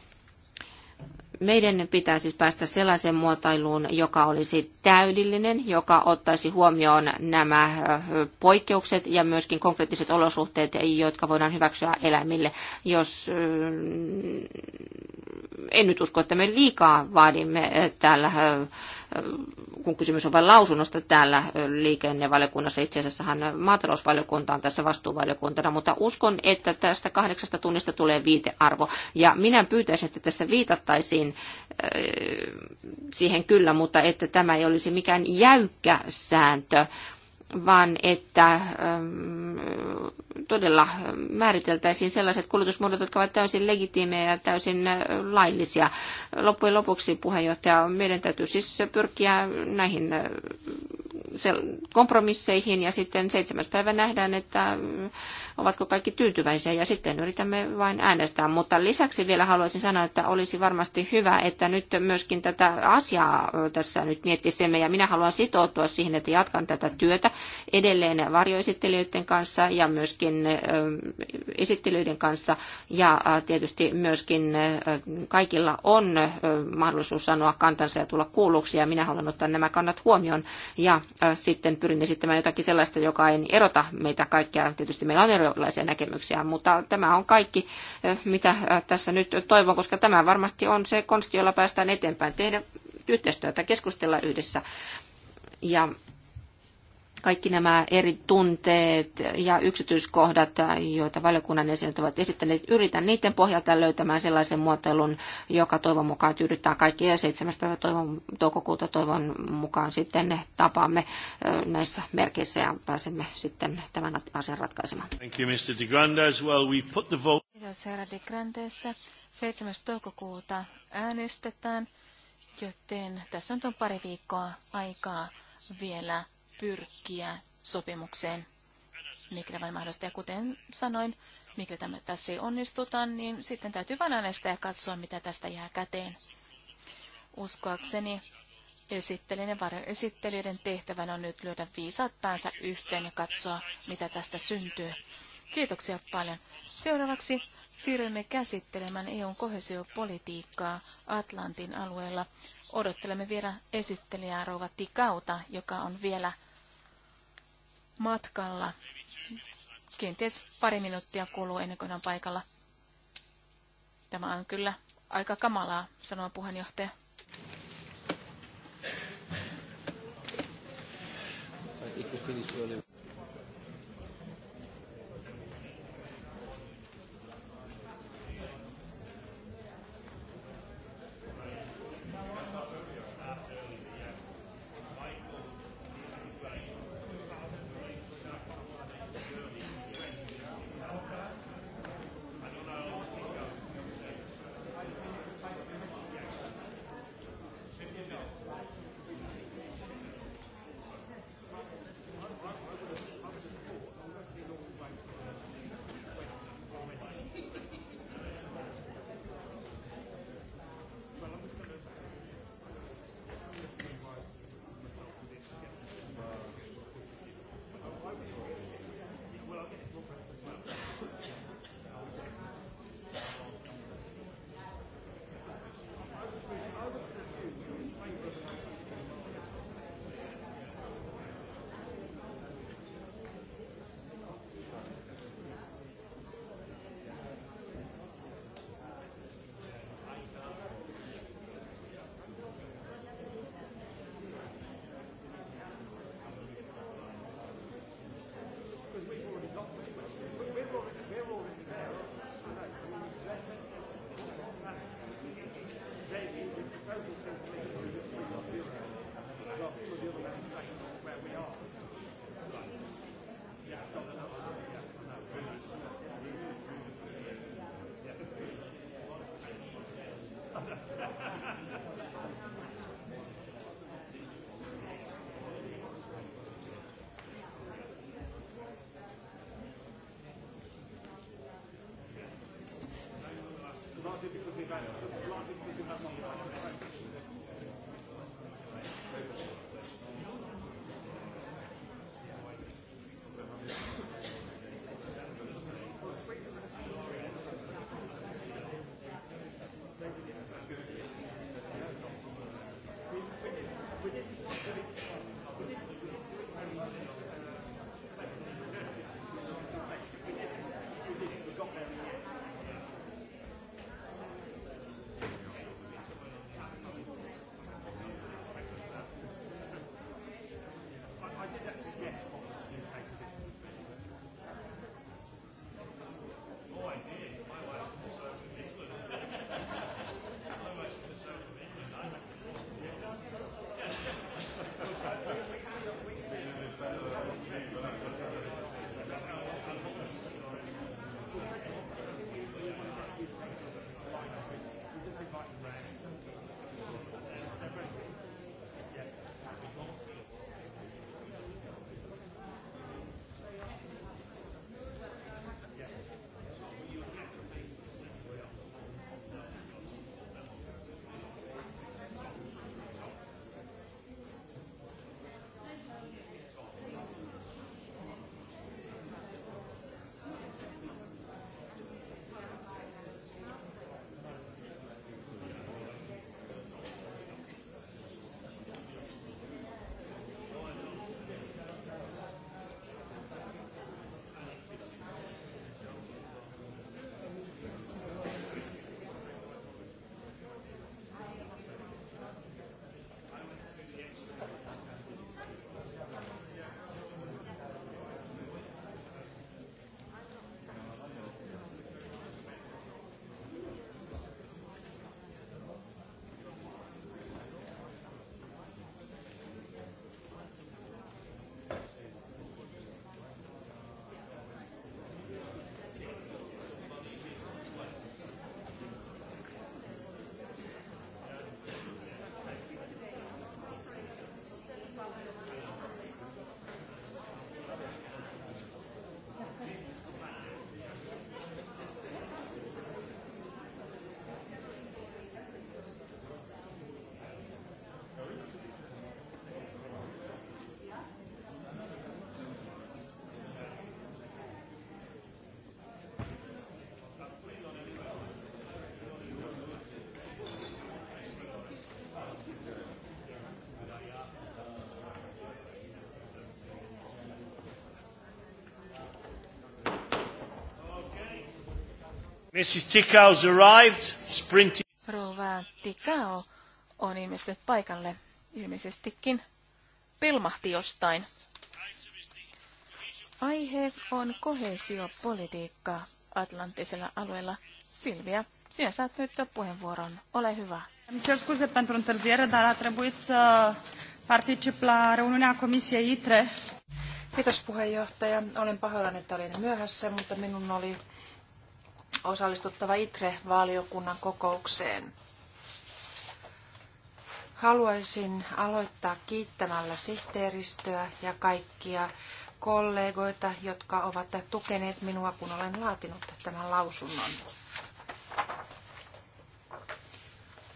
meidän pitää siis päästä sellaiseen muotoiluun, joka olisi täydellinen, joka ottaisi huomioon nämä poikkeukset ja myöskin konkreettiset olosuhteet, jotka voidaan hyväksyä eläimille. Jos en nyt usko, että me liikaa vaadimme täällä kun kysymys on vain lausunnosta täällä liikennevaliokunnassa, itse hän maatalousvaliokunta on tässä vastuuvaliokuntana, mutta uskon, että tästä kahdeksasta tunnista tulee viitearvo. Ja minä pyytäisin, että tässä viitattaisiin siihen kyllä, mutta että tämä ei olisi mikään jäykkä sääntö, vaan että ähm, todella määriteltäisiin sellaiset kulutusmuodot, jotka ovat täysin legitiimejä ja täysin äh, laillisia. Loppujen lopuksi, puheenjohtaja, meidän täytyy siis pyrkiä näihin äh, kompromisseihin ja sitten seitsemäs päivä nähdään, että ovatko kaikki tyytyväisiä ja sitten yritämme vain äänestää. Mutta lisäksi vielä haluaisin sanoa, että olisi varmasti hyvä, että nyt myöskin tätä asiaa tässä nyt miettisimme ja minä haluan sitoutua siihen, että jatkan tätä työtä edelleen varjoesittelijöiden kanssa ja myöskin esittelyiden kanssa ja tietysti myöskin kaikilla on mahdollisuus sanoa kantansa ja tulla kuulluksi ja minä haluan ottaa nämä kannat huomioon ja sitten pyrin esittämään jotakin sellaista, joka ei erota meitä kaikkia. Tietysti meillä on ero erilaisia näkemyksiä, mutta tämä on kaikki, eh, mitä eh, tässä nyt toivon, koska tämä varmasti on se konsti, jolla päästään eteenpäin, tehdä yhteistyötä, keskustella yhdessä. Ja kaikki nämä eri tunteet ja yksityiskohdat, joita valiokunnan jäsenet ovat esittäneet, yritän niiden pohjalta löytämään sellaisen muotoilun, joka toivon mukaan tyydyttää kaikkia. Ja 7. päivä toivon, toukokuuta toivon mukaan sitten tapaamme näissä merkeissä ja pääsemme sitten tämän asian ratkaisemaan. Thank you, Mr. De Grandes. Well, we've put the vote... Kiitos, herra De Grandes. 7. toukokuuta äänestetään, joten tässä on tuon pari viikkoa aikaa vielä pyrkiä sopimukseen, mikä vain mahdollista. Ja kuten sanoin, mikä tämä tässä ei onnistuta, niin sitten täytyy vain äänestää ja katsoa, mitä tästä jää käteen. Uskoakseni esittelijöiden, esittelijöiden tehtävänä on nyt lyödä viisaat päänsä yhteen ja katsoa, mitä tästä syntyy. Kiitoksia paljon. Seuraavaksi siirrymme käsittelemään EUn kohesiopolitiikkaa Atlantin alueella. Odottelemme vielä esittelijää Rouva Tikauta, joka on vielä matkalla. Kenties pari minuuttia kuluu ennen kuin on paikalla. Tämä on kyllä aika kamalaa, sanoo puheenjohtaja. If you finish early. Gracias. Mrs. Tickow's arrived, sprinting. Rouva Tikao on ilmestynyt paikalle. Ilmeisestikin pilmahti jostain. Aihe on kohesiopolitiikka Atlanttisella alueella. Silvia, sinä saat nyt puheenvuoron. Ole hyvä. E. Kiitos puheenjohtaja. Olen pahoillani, että olin myöhässä, mutta minun oli osallistuttava ITRE-valiokunnan kokoukseen. Haluaisin aloittaa kiittämällä sihteeristöä ja kaikkia kollegoita, jotka ovat tukeneet minua, kun olen laatinut tämän lausunnon.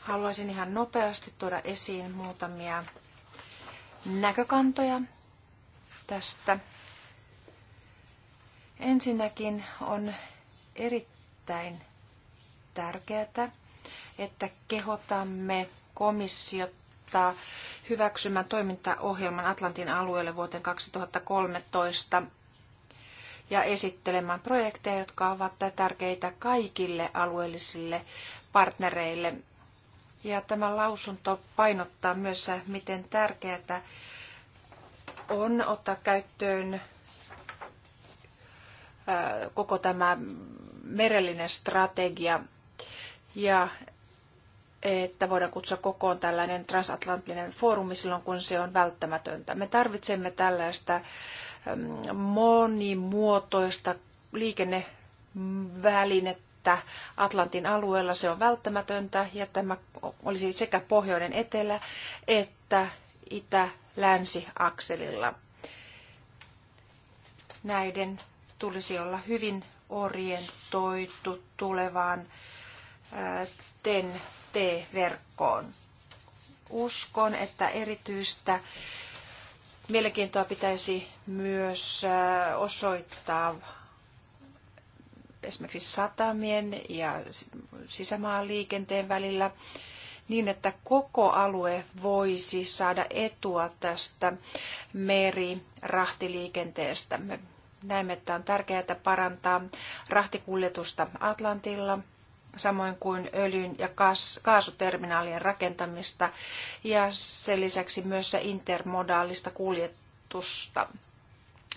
Haluaisin ihan nopeasti tuoda esiin muutamia näkökantoja tästä. Ensinnäkin on erittäin erittäin tärkeää, että kehotamme komissiota hyväksymään toimintaohjelman Atlantin alueelle vuoteen 2013 ja esittelemään projekteja, jotka ovat tärkeitä kaikille alueellisille partnereille. Ja tämä lausunto painottaa myös, miten tärkeää on ottaa käyttöön koko tämä merellinen strategia ja että voidaan kutsua kokoon tällainen transatlanttinen foorumi silloin, kun se on välttämätöntä. Me tarvitsemme tällaista monimuotoista liikennevälinettä Atlantin alueella. Se on välttämätöntä ja tämä olisi sekä pohjoinen etelä että itä-länsi-akselilla. Näiden tulisi olla hyvin orientoitu tulevaan TEN-T-verkkoon. Uskon, että erityistä mielenkiintoa pitäisi myös osoittaa esimerkiksi satamien ja sisämaan liikenteen välillä niin, että koko alue voisi saada etua tästä meri Me Näemme, että on tärkeää parantaa rahtikuljetusta Atlantilla, samoin kuin öljyn ja kaasuterminaalien rakentamista ja sen lisäksi myös intermodaalista kuljetusta.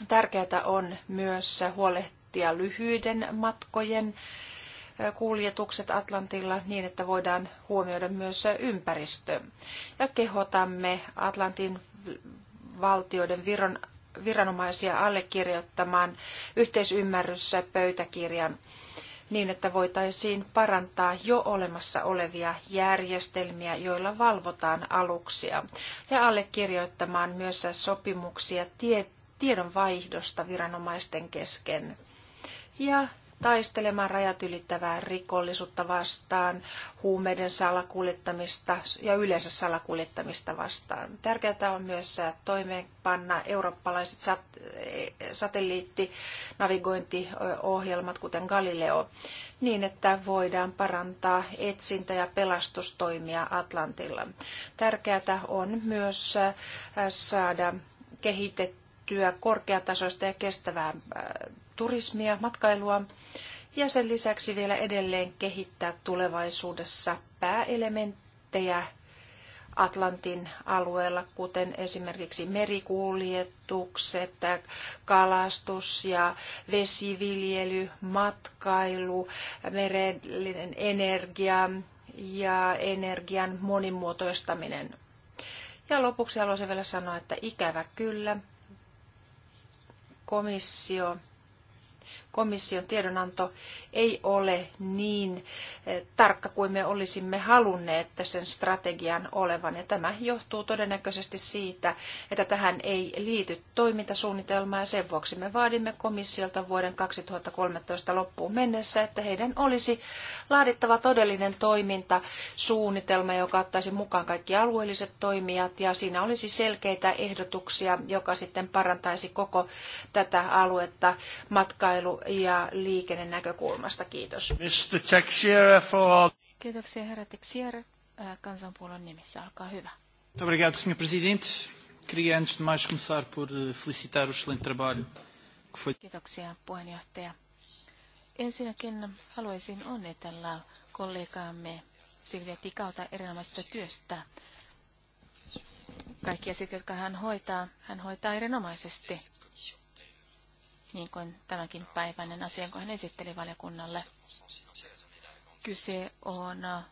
Tärkeää on myös huolehtia lyhyiden matkojen kuljetukset Atlantilla niin, että voidaan huomioida myös ympäristö. Ja kehotamme Atlantin valtioiden Viron, viranomaisia allekirjoittamaan yhteisymmärryssä pöytäkirjan niin, että voitaisiin parantaa jo olemassa olevia järjestelmiä, joilla valvotaan aluksia, ja allekirjoittamaan myös sopimuksia tie- tiedonvaihdosta viranomaisten kesken. Ja taistelemaan rajat ylittävää rikollisuutta vastaan, huumeiden salakuljettamista ja yleensä salakuljettamista vastaan. Tärkeää on myös toimeenpanna eurooppalaiset sat- satelliittinavigointiohjelmat, kuten Galileo, niin että voidaan parantaa etsintä- ja pelastustoimia Atlantilla. Tärkeää on myös äh, saada kehitettyä korkeatasoista ja kestävää äh, turismia, matkailua ja sen lisäksi vielä edelleen kehittää tulevaisuudessa pääelementtejä Atlantin alueella, kuten esimerkiksi merikuljetukset, kalastus ja vesiviljely, matkailu, merellinen energia ja energian monimuotoistaminen. Ja lopuksi haluaisin vielä sanoa, että ikävä kyllä komissio komission tiedonanto ei ole niin eh, tarkka kuin me olisimme halunneet sen strategian olevan. Ja tämä johtuu todennäköisesti siitä, että tähän ei liity toimintasuunnitelmaa ja sen vuoksi me vaadimme komissiolta vuoden 2013 loppuun mennessä, että heidän olisi laadittava todellinen toimintasuunnitelma, joka ottaisi mukaan kaikki alueelliset toimijat ja siinä olisi selkeitä ehdotuksia, joka sitten parantaisi koko tätä aluetta matkailu ja liikennenäkökulmasta. Kiitos. Mr. Texier for... Kiitoksia herra Texier. Kansanpuolueen nimissä, olkaa hyvä. Obrigado, Sr. Presidente. Queria antes de mais começar por eh, felicitar o excelente trabalho que foi... Kiitoksia puheenjohtaja. Ensinnäkin haluaisin onnitella kollegaamme Silvia Tikauta erinomaisesta työstä. Kaikki asiat, jotka hän hoitaa, hän hoitaa erinomaisesti niin kuin tämänkin päiväinen asia, kun hän esitteli valiokunnalle. Kyse on äh,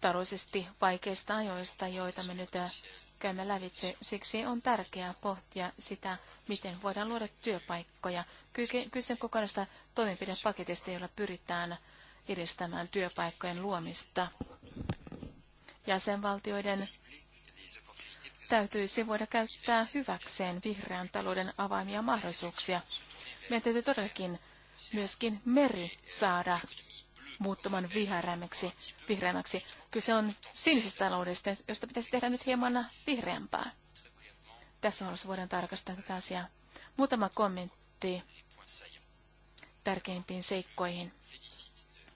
taloudellisesti vaikeista ajoista, joita me nyt äh, käymme lävitse. Siksi on tärkeää pohtia sitä, miten voidaan luoda työpaikkoja. Kyse kokonaista toimenpidepaketista, jolla pyritään edistämään työpaikkojen luomista. Jäsenvaltioiden täytyisi voida käyttää hyväkseen vihreän talouden avaimia mahdollisuuksia. Meidän täytyy todellakin myöskin meri saada muuttumaan vihreämmäksi. vihreämmäksi. Kyse on sinisestä taloudesta, josta pitäisi tehdä nyt hieman vihreämpää. Tässä haluaisin voidaan tarkastaa tätä asiaa. Muutama kommentti tärkeimpiin seikkoihin.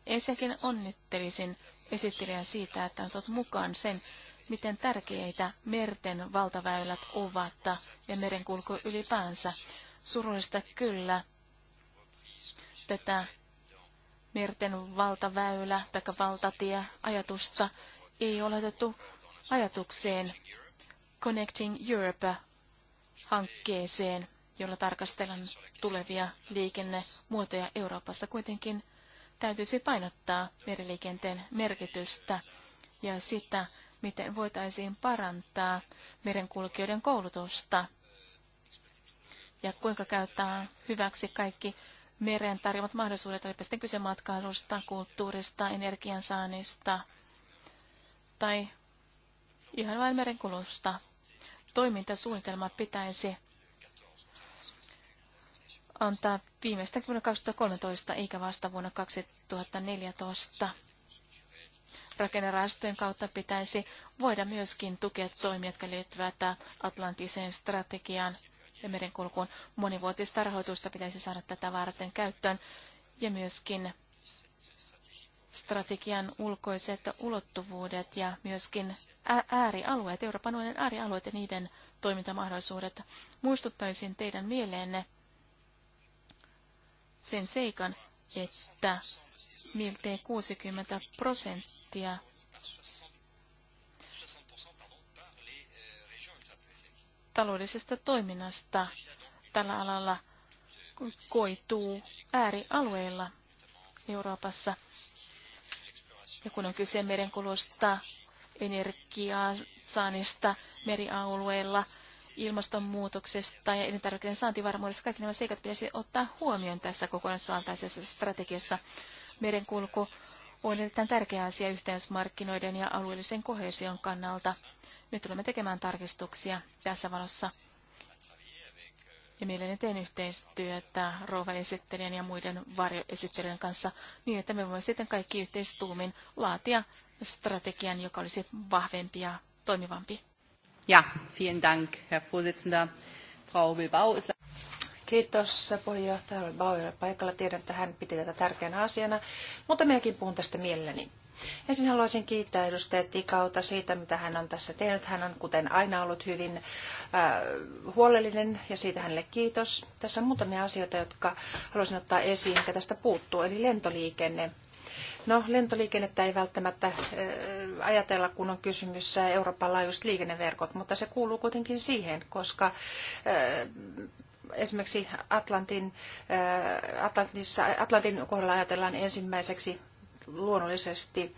Ensinnäkin onnittelisin esittelijän siitä, että on tuot mukaan sen, miten tärkeitä merten valtaväylät ovat ja merenkulku ylipäänsä. Surullista kyllä tätä merten valtaväylä tai valtatie ajatusta ei ole otettu ajatukseen Connecting Europe-hankkeeseen, jolla tarkastellaan tulevia liikennemuotoja Euroopassa. Kuitenkin täytyisi painottaa meriliikenteen merkitystä ja sitä, miten voitaisiin parantaa merenkulkijoiden koulutusta ja kuinka käyttää hyväksi kaikki meren tarjoamat mahdollisuudet, olipa sitten kyse matkailusta, kulttuurista, energiansaannista tai ihan vain merenkulusta. Toimintasuunnitelmat pitäisi antaa viimeistään vuonna 2013 eikä vasta vuonna 2014 rakennerahastojen kautta pitäisi voida myöskin tukea toimia, jotka liittyvät Atlantiseen strategiaan ja merenkulkuun. Monivuotista rahoitusta pitäisi saada tätä varten käyttöön ja myöskin strategian ulkoiset ulottuvuudet ja myöskin äärialueet, Euroopan unionin äärialueet ja niiden toimintamahdollisuudet. Muistuttaisin teidän mieleenne sen seikan, että miltei 60 prosenttia taloudellisesta toiminnasta tällä alalla koituu äärialueilla Euroopassa. Ja kun on kyse merenkulusta, energiaa saannista merialueilla, ilmastonmuutoksesta ja elintarvikkeiden saantivarmuudesta, kaikki nämä seikat pitäisi ottaa huomioon tässä kokonaisvaltaisessa strategiassa. Merenkulku on erittäin tärkeä asia yhteysmarkkinoiden ja alueellisen kohesion kannalta. Me tulemme tekemään tarkistuksia tässä valossa. Ja mielelläni teen yhteistyötä rouva-esittelijän ja muiden varjoesittelijän kanssa niin, että me voimme sitten kaikki yhteistuumin laatia strategian, joka olisi vahvempi ja toimivampi. Ja, vielen Dank, Herr Vorsitzender. Frau Bilbao Kiitos puheenjohtaja Bauer paikalla. Tiedän, että hän piti tätä tärkeänä asiana, mutta minäkin puhun tästä mielelläni. Ensin haluaisin kiittää edustaja Tikauta siitä, mitä hän on tässä tehnyt. Hän on kuten aina ollut hyvin äh, huolellinen ja siitä hänelle kiitos. Tässä on muutamia asioita, jotka haluaisin ottaa esiin, mikä tästä puuttuu, eli lentoliikenne. No, lentoliikennettä ei välttämättä äh, ajatella, kun on kysymys Euroopan laajuiset liikenneverkot, mutta se kuuluu kuitenkin siihen, koska äh, esimerkiksi Atlantin, äh, Atlantissa, Atlantin kohdalla ajatellaan ensimmäiseksi luonnollisesti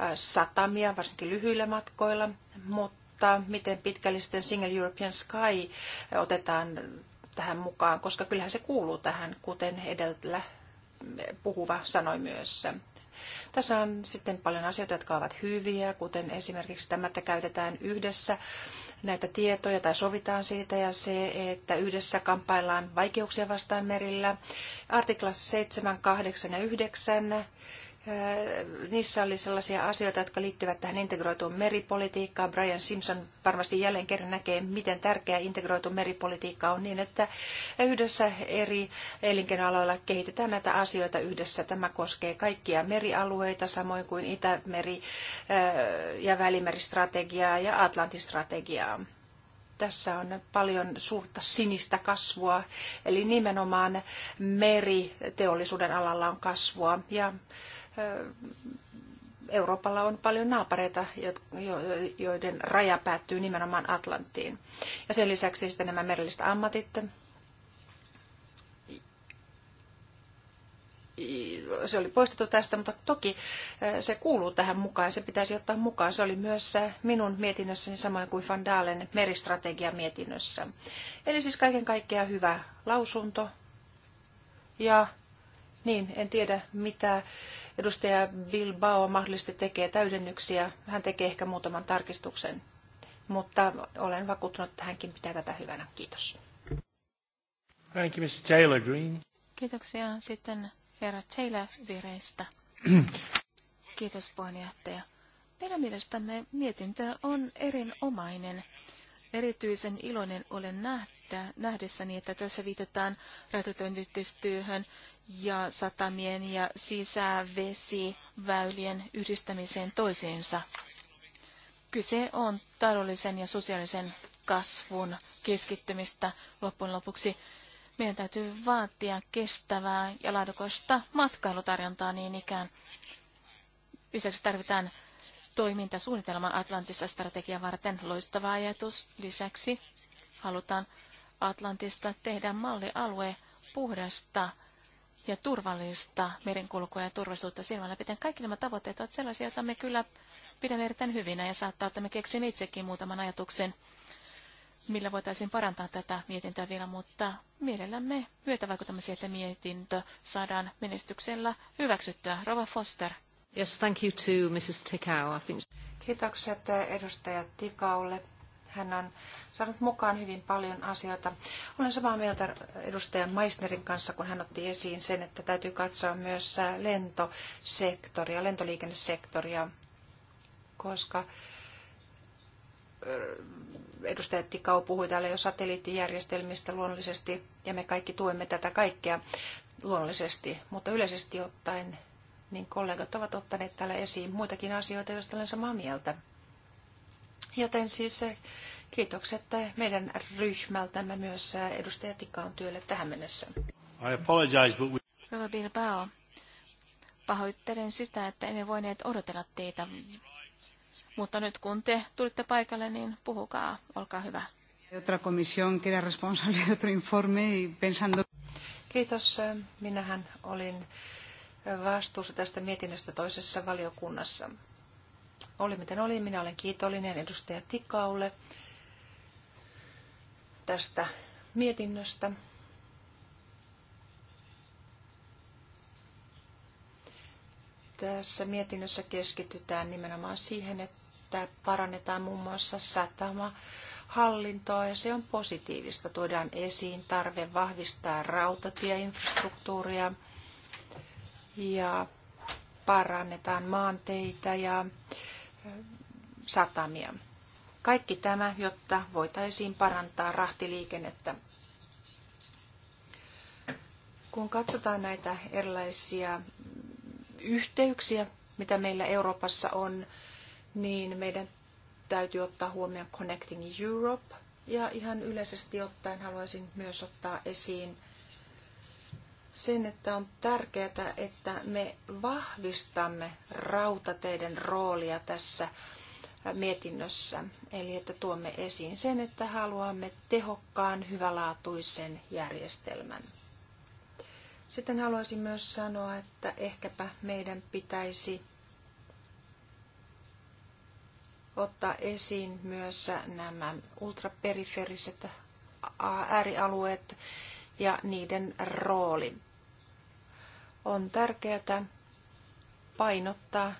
äh, satamia, varsinkin lyhyillä matkoilla, mutta miten pitkälle sitten Single European Sky äh, otetaan tähän mukaan, koska kyllähän se kuuluu tähän, kuten edellä puhuva sanoi myös. Tässä on sitten paljon asioita, jotka ovat hyviä, kuten esimerkiksi tämä, että käytetään yhdessä näitä tietoja tai sovitaan siitä ja se, että yhdessä kamppaillaan vaikeuksia vastaan merillä. Artiklas 7, 8 ja 9 Niissä oli sellaisia asioita, jotka liittyvät tähän integroituun meripolitiikkaan. Brian Simpson varmasti jälleen kerran näkee, miten tärkeä integroitu meripolitiikka on niin, että yhdessä eri elinkeinoaloilla kehitetään näitä asioita yhdessä. Tämä koskee kaikkia merialueita, samoin kuin Itämeri- ja Välimeristrategiaa ja Atlantistrategiaa tässä on paljon suurta sinistä kasvua, eli nimenomaan meriteollisuuden alalla on kasvua. Ja Euroopalla on paljon naapareita, joiden raja päättyy nimenomaan Atlanttiin. Ja sen lisäksi sitten nämä merelliset ammatit, se oli poistettu tästä, mutta toki se kuuluu tähän mukaan, se pitäisi ottaa mukaan. Se oli myös minun mietinnössäni samoin kuin Van Dalen meristrategia mietinnössä. Eli siis kaiken kaikkiaan hyvä lausunto. Ja niin, en tiedä mitä Edustaja Bilbao mahdollisesti tekee täydennyksiä. Hän tekee ehkä muutaman tarkistuksen, mutta olen vakuuttunut, että hänkin pitää tätä hyvänä. Kiitos. Thank you, Mr. Taylor Green. Kiitoksia sitten herra Taylor vireistä. Kiitos puheenjohtaja. Meidän mielestämme mietintö on erinomainen. Erityisen iloinen olen nähdä, nähdessäni, että tässä viitataan ratifiointiyhteistyöhön ja satamien ja sisävesiväylien yhdistämiseen toisiinsa. Kyse on taloudellisen ja sosiaalisen kasvun keskittymistä loppujen lopuksi. Meidän täytyy vaatia kestävää ja laadukasta matkailutarjontaa niin ikään. Lisäksi tarvitaan toimintasuunnitelma Atlantissa strategia varten. Loistava ajatus. Lisäksi halutaan Atlantista tehdä mallialue puhdasta ja turvallista merenkulkua ja turvallisuutta silmällä pitäen. Kaikki nämä tavoitteet ovat sellaisia, joita me kyllä pidämme erittäin hyvinä ja saattaa, että me keksimme itsekin muutaman ajatuksen, millä voitaisiin parantaa tätä mietintöä vielä, mutta mielellämme myötävaikutamme siihen, että mietintö saadaan menestyksellä hyväksyttyä. Rova Foster. Yes, thank you to Mrs. Tikau. I think... Kiitokset edustaja Tikaulle. Hän on saanut mukaan hyvin paljon asioita. Olen samaa mieltä edustajan Meissnerin kanssa, kun hän otti esiin sen, että täytyy katsoa myös lentosektoria, lentoliikennesektoria, koska edustaja Tikau puhui täällä jo satelliittijärjestelmistä luonnollisesti, ja me kaikki tuemme tätä kaikkea luonnollisesti, mutta yleisesti ottaen niin kollegat ovat ottaneet täällä esiin muitakin asioita, joista olen samaa mieltä. Joten siis eh, kiitokset eh, meidän ryhmältämme myös eh, edustaja Tikaan työlle tähän mennessä. I apologize, but we... Rova Bao, pahoittelen sitä, että emme voineet odotella teitä, mutta nyt kun te tulitte paikalle, niin puhukaa, olkaa hyvä. comisión que era responsable de otro informe y pensando... Kiitos. Minähän olin vastuussa tästä mietinnöstä toisessa valiokunnassa. Oli miten oli, minä olen kiitollinen edustaja Tikaulle tästä mietinnöstä. Tässä mietinnössä keskitytään nimenomaan siihen, että parannetaan muun muassa satama hallintoa ja se on positiivista. Tuodaan esiin tarve vahvistaa rautatieinfrastruktuuria ja parannetaan maanteitä ja satamia. Kaikki tämä, jotta voitaisiin parantaa rahtiliikennettä. Kun katsotaan näitä erilaisia yhteyksiä, mitä meillä Euroopassa on, niin meidän täytyy ottaa huomioon Connecting Europe. Ja ihan yleisesti ottaen haluaisin myös ottaa esiin sen, että on tärkeää, että me vahvistamme rautateiden roolia tässä mietinnössä. Eli että tuomme esiin sen, että haluamme tehokkaan, hyvälaatuisen järjestelmän. Sitten haluaisin myös sanoa, että ehkäpä meidän pitäisi ottaa esiin myös nämä ultraperiferiset äärialueet, ja niiden rooli. On tärkeää painottaa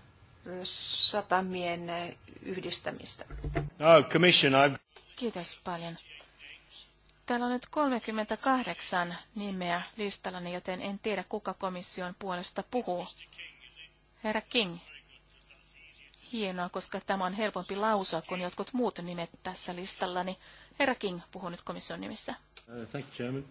satamien yhdistämistä. No, Kiitos paljon. Täällä on nyt 38 nimeä listallani, joten en tiedä, kuka komission puolesta puhuu. Herra King. Hienoa, koska tämä on helpompi lausua kuin jotkut muut nimet tässä listallani. Herra King puhuu nyt komission nimissä. Uh, thank you, Chairman.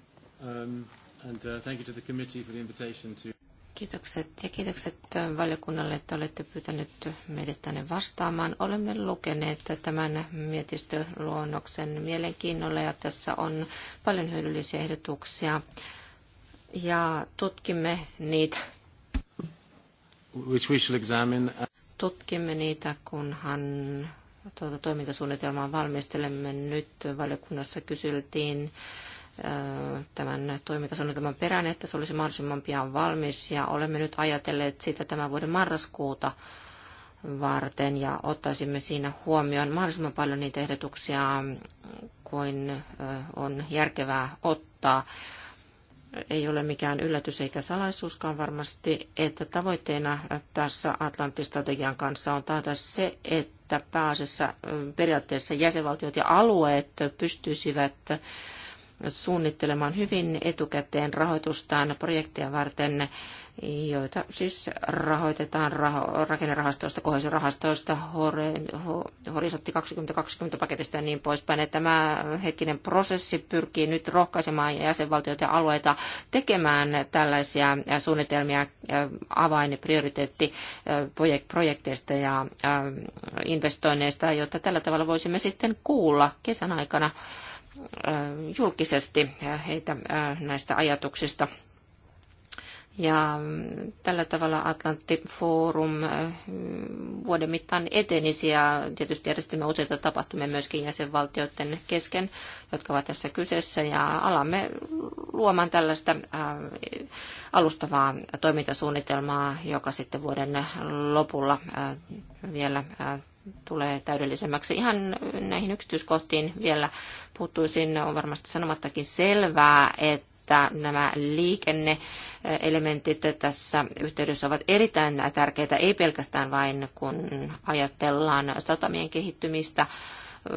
Kiitokset ja kiitokset äh, valiokunnalle, että olette pyytäneet meidät tänne vastaamaan. Olemme lukeneet tämän mietistöluonnoksen mielenkiinnolla ja tässä on paljon hyödyllisiä ehdotuksia ja tutkimme niitä. Which we shall examine. Tutkimme niitä, kunhan tuota toimintasuunnitelmaa valmistelemme nyt. Valiokunnassa kyseltiin tämän toimintasuunnitelman perään, että se olisi mahdollisimman pian valmis. Ja olemme nyt ajatelleet sitä tämän vuoden marraskuuta varten ja ottaisimme siinä huomioon mahdollisimman paljon niitä ehdotuksia kuin on järkevää ottaa. Ei ole mikään yllätys eikä salaisuuskaan varmasti, että tavoitteena tässä Atlantti-strategian kanssa on taata se, että pääasiassa periaatteessa jäsenvaltiot ja alueet pystyisivät suunnittelemaan hyvin etukäteen rahoitustaan projekteja varten, joita siis rahoitetaan raho- rakennerahastoista, kohesiorahastoista, horisontti 2020 paketista ja niin poispäin. Tämä hetkinen prosessi pyrkii nyt rohkaisemaan jäsenvaltioita ja alueita tekemään tällaisia suunnitelmia avainprioriteetti projekteista ja investoinneista, jotta tällä tavalla voisimme sitten kuulla kesän aikana julkisesti heitä näistä ajatuksista. Ja mm, tällä tavalla Atlantti Forum vuoden mittaan etenisi ja tietysti järjestimme useita tapahtumia myöskin jäsenvaltioiden kesken, jotka ovat tässä kyseessä ja alamme luomaan tällaista alustavaa toimintasuunnitelmaa, joka sitten vuoden lopulla vielä tulee täydellisemmäksi. Ihan näihin yksityiskohtiin vielä puuttuisin. On varmasti sanomattakin selvää, että että nämä liikenneelementit tässä yhteydessä ovat erittäin tärkeitä, ei pelkästään vain kun ajatellaan satamien kehittymistä.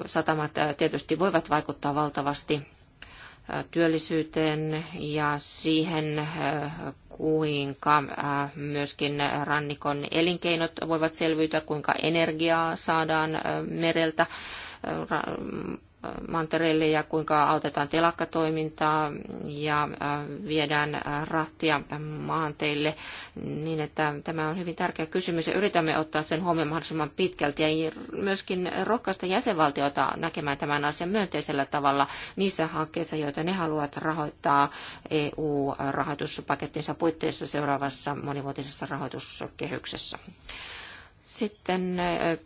Satamat tietysti voivat vaikuttaa valtavasti työllisyyteen ja siihen, äh, kuinka äh, myöskin rannikon elinkeinot voivat selviytyä, kuinka energiaa saadaan äh, mereltä mantereille ja kuinka autetaan telakkatoimintaa ja äh, viedään äh, rahtia maanteille, niin että tämä on hyvin tärkeä kysymys ja yritämme ottaa sen huomioon mahdollisimman pitkälti ja myöskin rohkaista jäsenvaltiota näkemään tämän asian myönteisellä tavalla niissä hankkeissa, joita ne haluavat rahoittaa EU-rahoituspakettinsa puitteissa seuraavassa monivuotisessa rahoituskehyksessä. Sitten äh,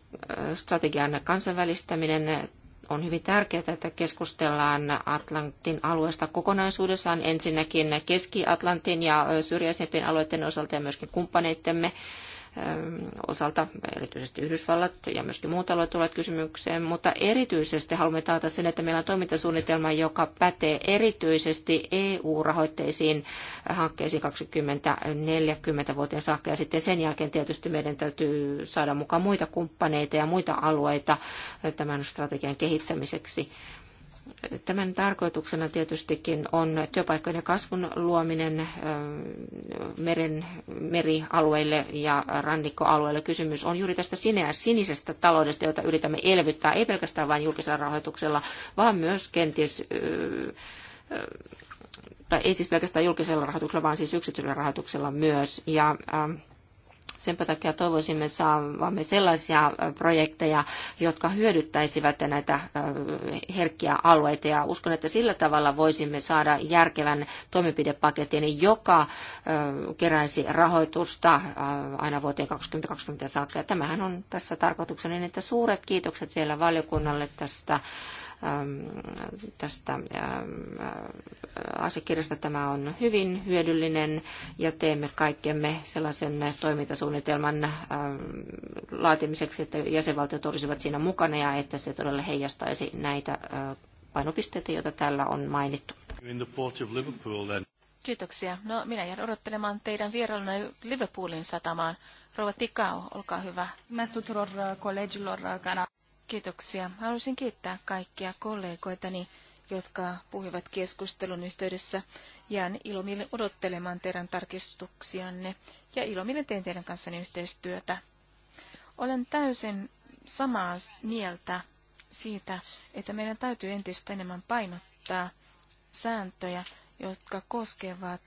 strategian kansainvälistäminen on hyvin tärkeää, että keskustellaan Atlantin alueesta kokonaisuudessaan ensinnäkin Keski-Atlantin ja syrjäisempien alueiden osalta ja myöskin kumppaneittemme osalta, erityisesti Yhdysvallat ja myöskin muut alueet tulevat kysymykseen, mutta erityisesti haluamme taata sen, että meillä on toimintasuunnitelma, joka pätee erityisesti EU-rahoitteisiin hankkeisiin 2040 vuoteen saakka, ja sitten sen jälkeen tietysti meidän täytyy saada mukaan muita kumppaneita ja muita alueita tämän strategian kehittämiseksi. Tämän tarkoituksena tietystikin on työpaikkojen kasvun luominen meren, merialueille ja rannikkoalueille. Kysymys on juuri tästä sinisestä taloudesta, jota yritämme elvyttää, ei pelkästään vain julkisella rahoituksella, vaan myös kenties tai ei siis pelkästään julkisella rahoituksella, vaan siis yksityisellä rahoituksella myös. Ja ähm, Senpä takia toivoisimme saavamme sellaisia projekteja, jotka hyödyttäisivät näitä herkkiä alueita. Ja uskon, että sillä tavalla voisimme saada järkevän toimenpidepaketin, joka keräisi rahoitusta aina vuoteen 2020 saakka. Ja tämähän on tässä tarkoituksena, niin että suuret kiitokset vielä valiokunnalle tästä Ähm, tästä ähm, äh, asiakirjasta. Tämä on hyvin hyödyllinen ja teemme kaikkemme sellaisen toimintasuunnitelman ähm, laatimiseksi, että jäsenvaltiot olisivat siinä mukana ja että se todella heijastaisi näitä äh, painopisteitä, joita täällä on mainittu. Kiitoksia. No, minä jään odottelemaan teidän vierailuna Liverpoolin satamaan. Rouva Tikao, olkaa hyvä. Mä tuturor kollegilor uh, uh, Kiitoksia. Haluaisin kiittää kaikkia kollegoitani, jotka puhuivat keskustelun yhteydessä. Jään ilomielin odottelemaan teidän tarkistuksianne ja ilomielin teen teidän kanssanne yhteistyötä. Olen täysin samaa mieltä siitä, että meidän täytyy entistä enemmän painottaa sääntöjä, jotka koskevat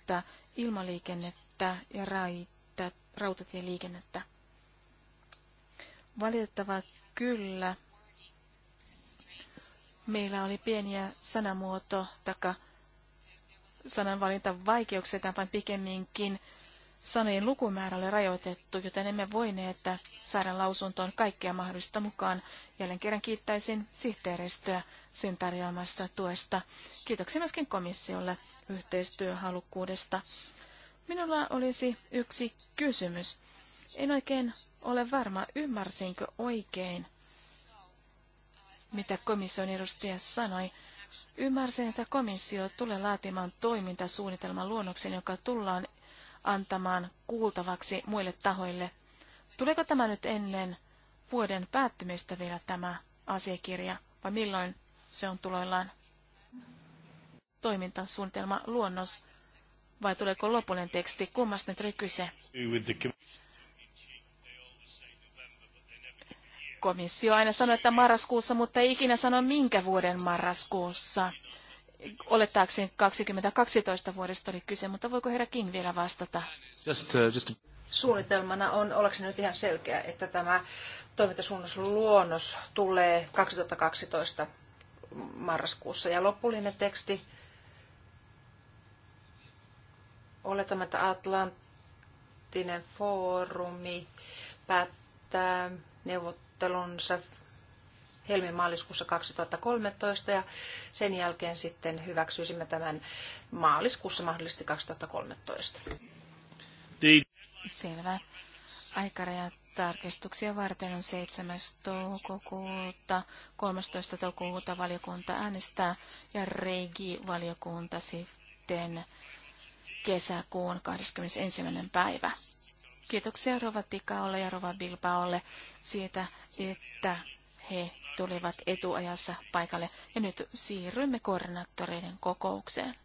ilmaliikennettä ja raita, rautatieliikennettä. Valitettava kyllä meillä oli pieniä sanamuoto- tai sananvalinta vaikeuksia, vaan pikemminkin sanojen lukumäärä oli rajoitettu, joten emme voineet saada lausuntoon kaikkea mahdollista mukaan. Jälleen kerran kiittäisin sihteeristöä sen tarjoamasta tuesta. Kiitoksia myöskin komissiolle yhteistyöhalukkuudesta. Minulla olisi yksi kysymys. En oikein ole varma, ymmärsinkö oikein mitä komission edustaja sanoi. Ymmärsin, että komissio tulee laatimaan toimintasuunnitelman luonnoksen, joka tullaan antamaan kuultavaksi muille tahoille. Tuleeko tämä nyt ennen vuoden päättymistä vielä tämä asiakirja, vai milloin se on tuloillaan? Toimintasuunnitelma luonnos, vai tuleeko lopullinen teksti? Kummasta nyt oli kyse? Komissio aina sanoo, että marraskuussa, mutta ei ikinä sano minkä vuoden marraskuussa. Olettaakseni 2012 vuodesta oli kyse, mutta voiko herra King vielä vastata? Just, uh, just... Suunnitelmana on, ollakseni nyt ihan selkeä, että tämä toimintasuunnitelmaluonnos tulee 2012 marraskuussa ja lopullinen teksti oletamme, että Atlanttinen foorumi päättää neuvottelua neuvottelunsa helmimaaliskuussa 2013 ja sen jälkeen sitten hyväksyisimme tämän maaliskuussa mahdollisesti 2013. Selvä. Aikaraja tarkistuksia varten on 7. toukokuuta, 13. toukokuuta valiokunta äänestää ja Regi-valiokunta sitten kesäkuun 21. päivä. Kiitoksia Rova Tikaolle ja Rova Bilbaolle siitä, että he tulivat etuajassa paikalle. Ja nyt siirrymme koordinaattoreiden kokoukseen.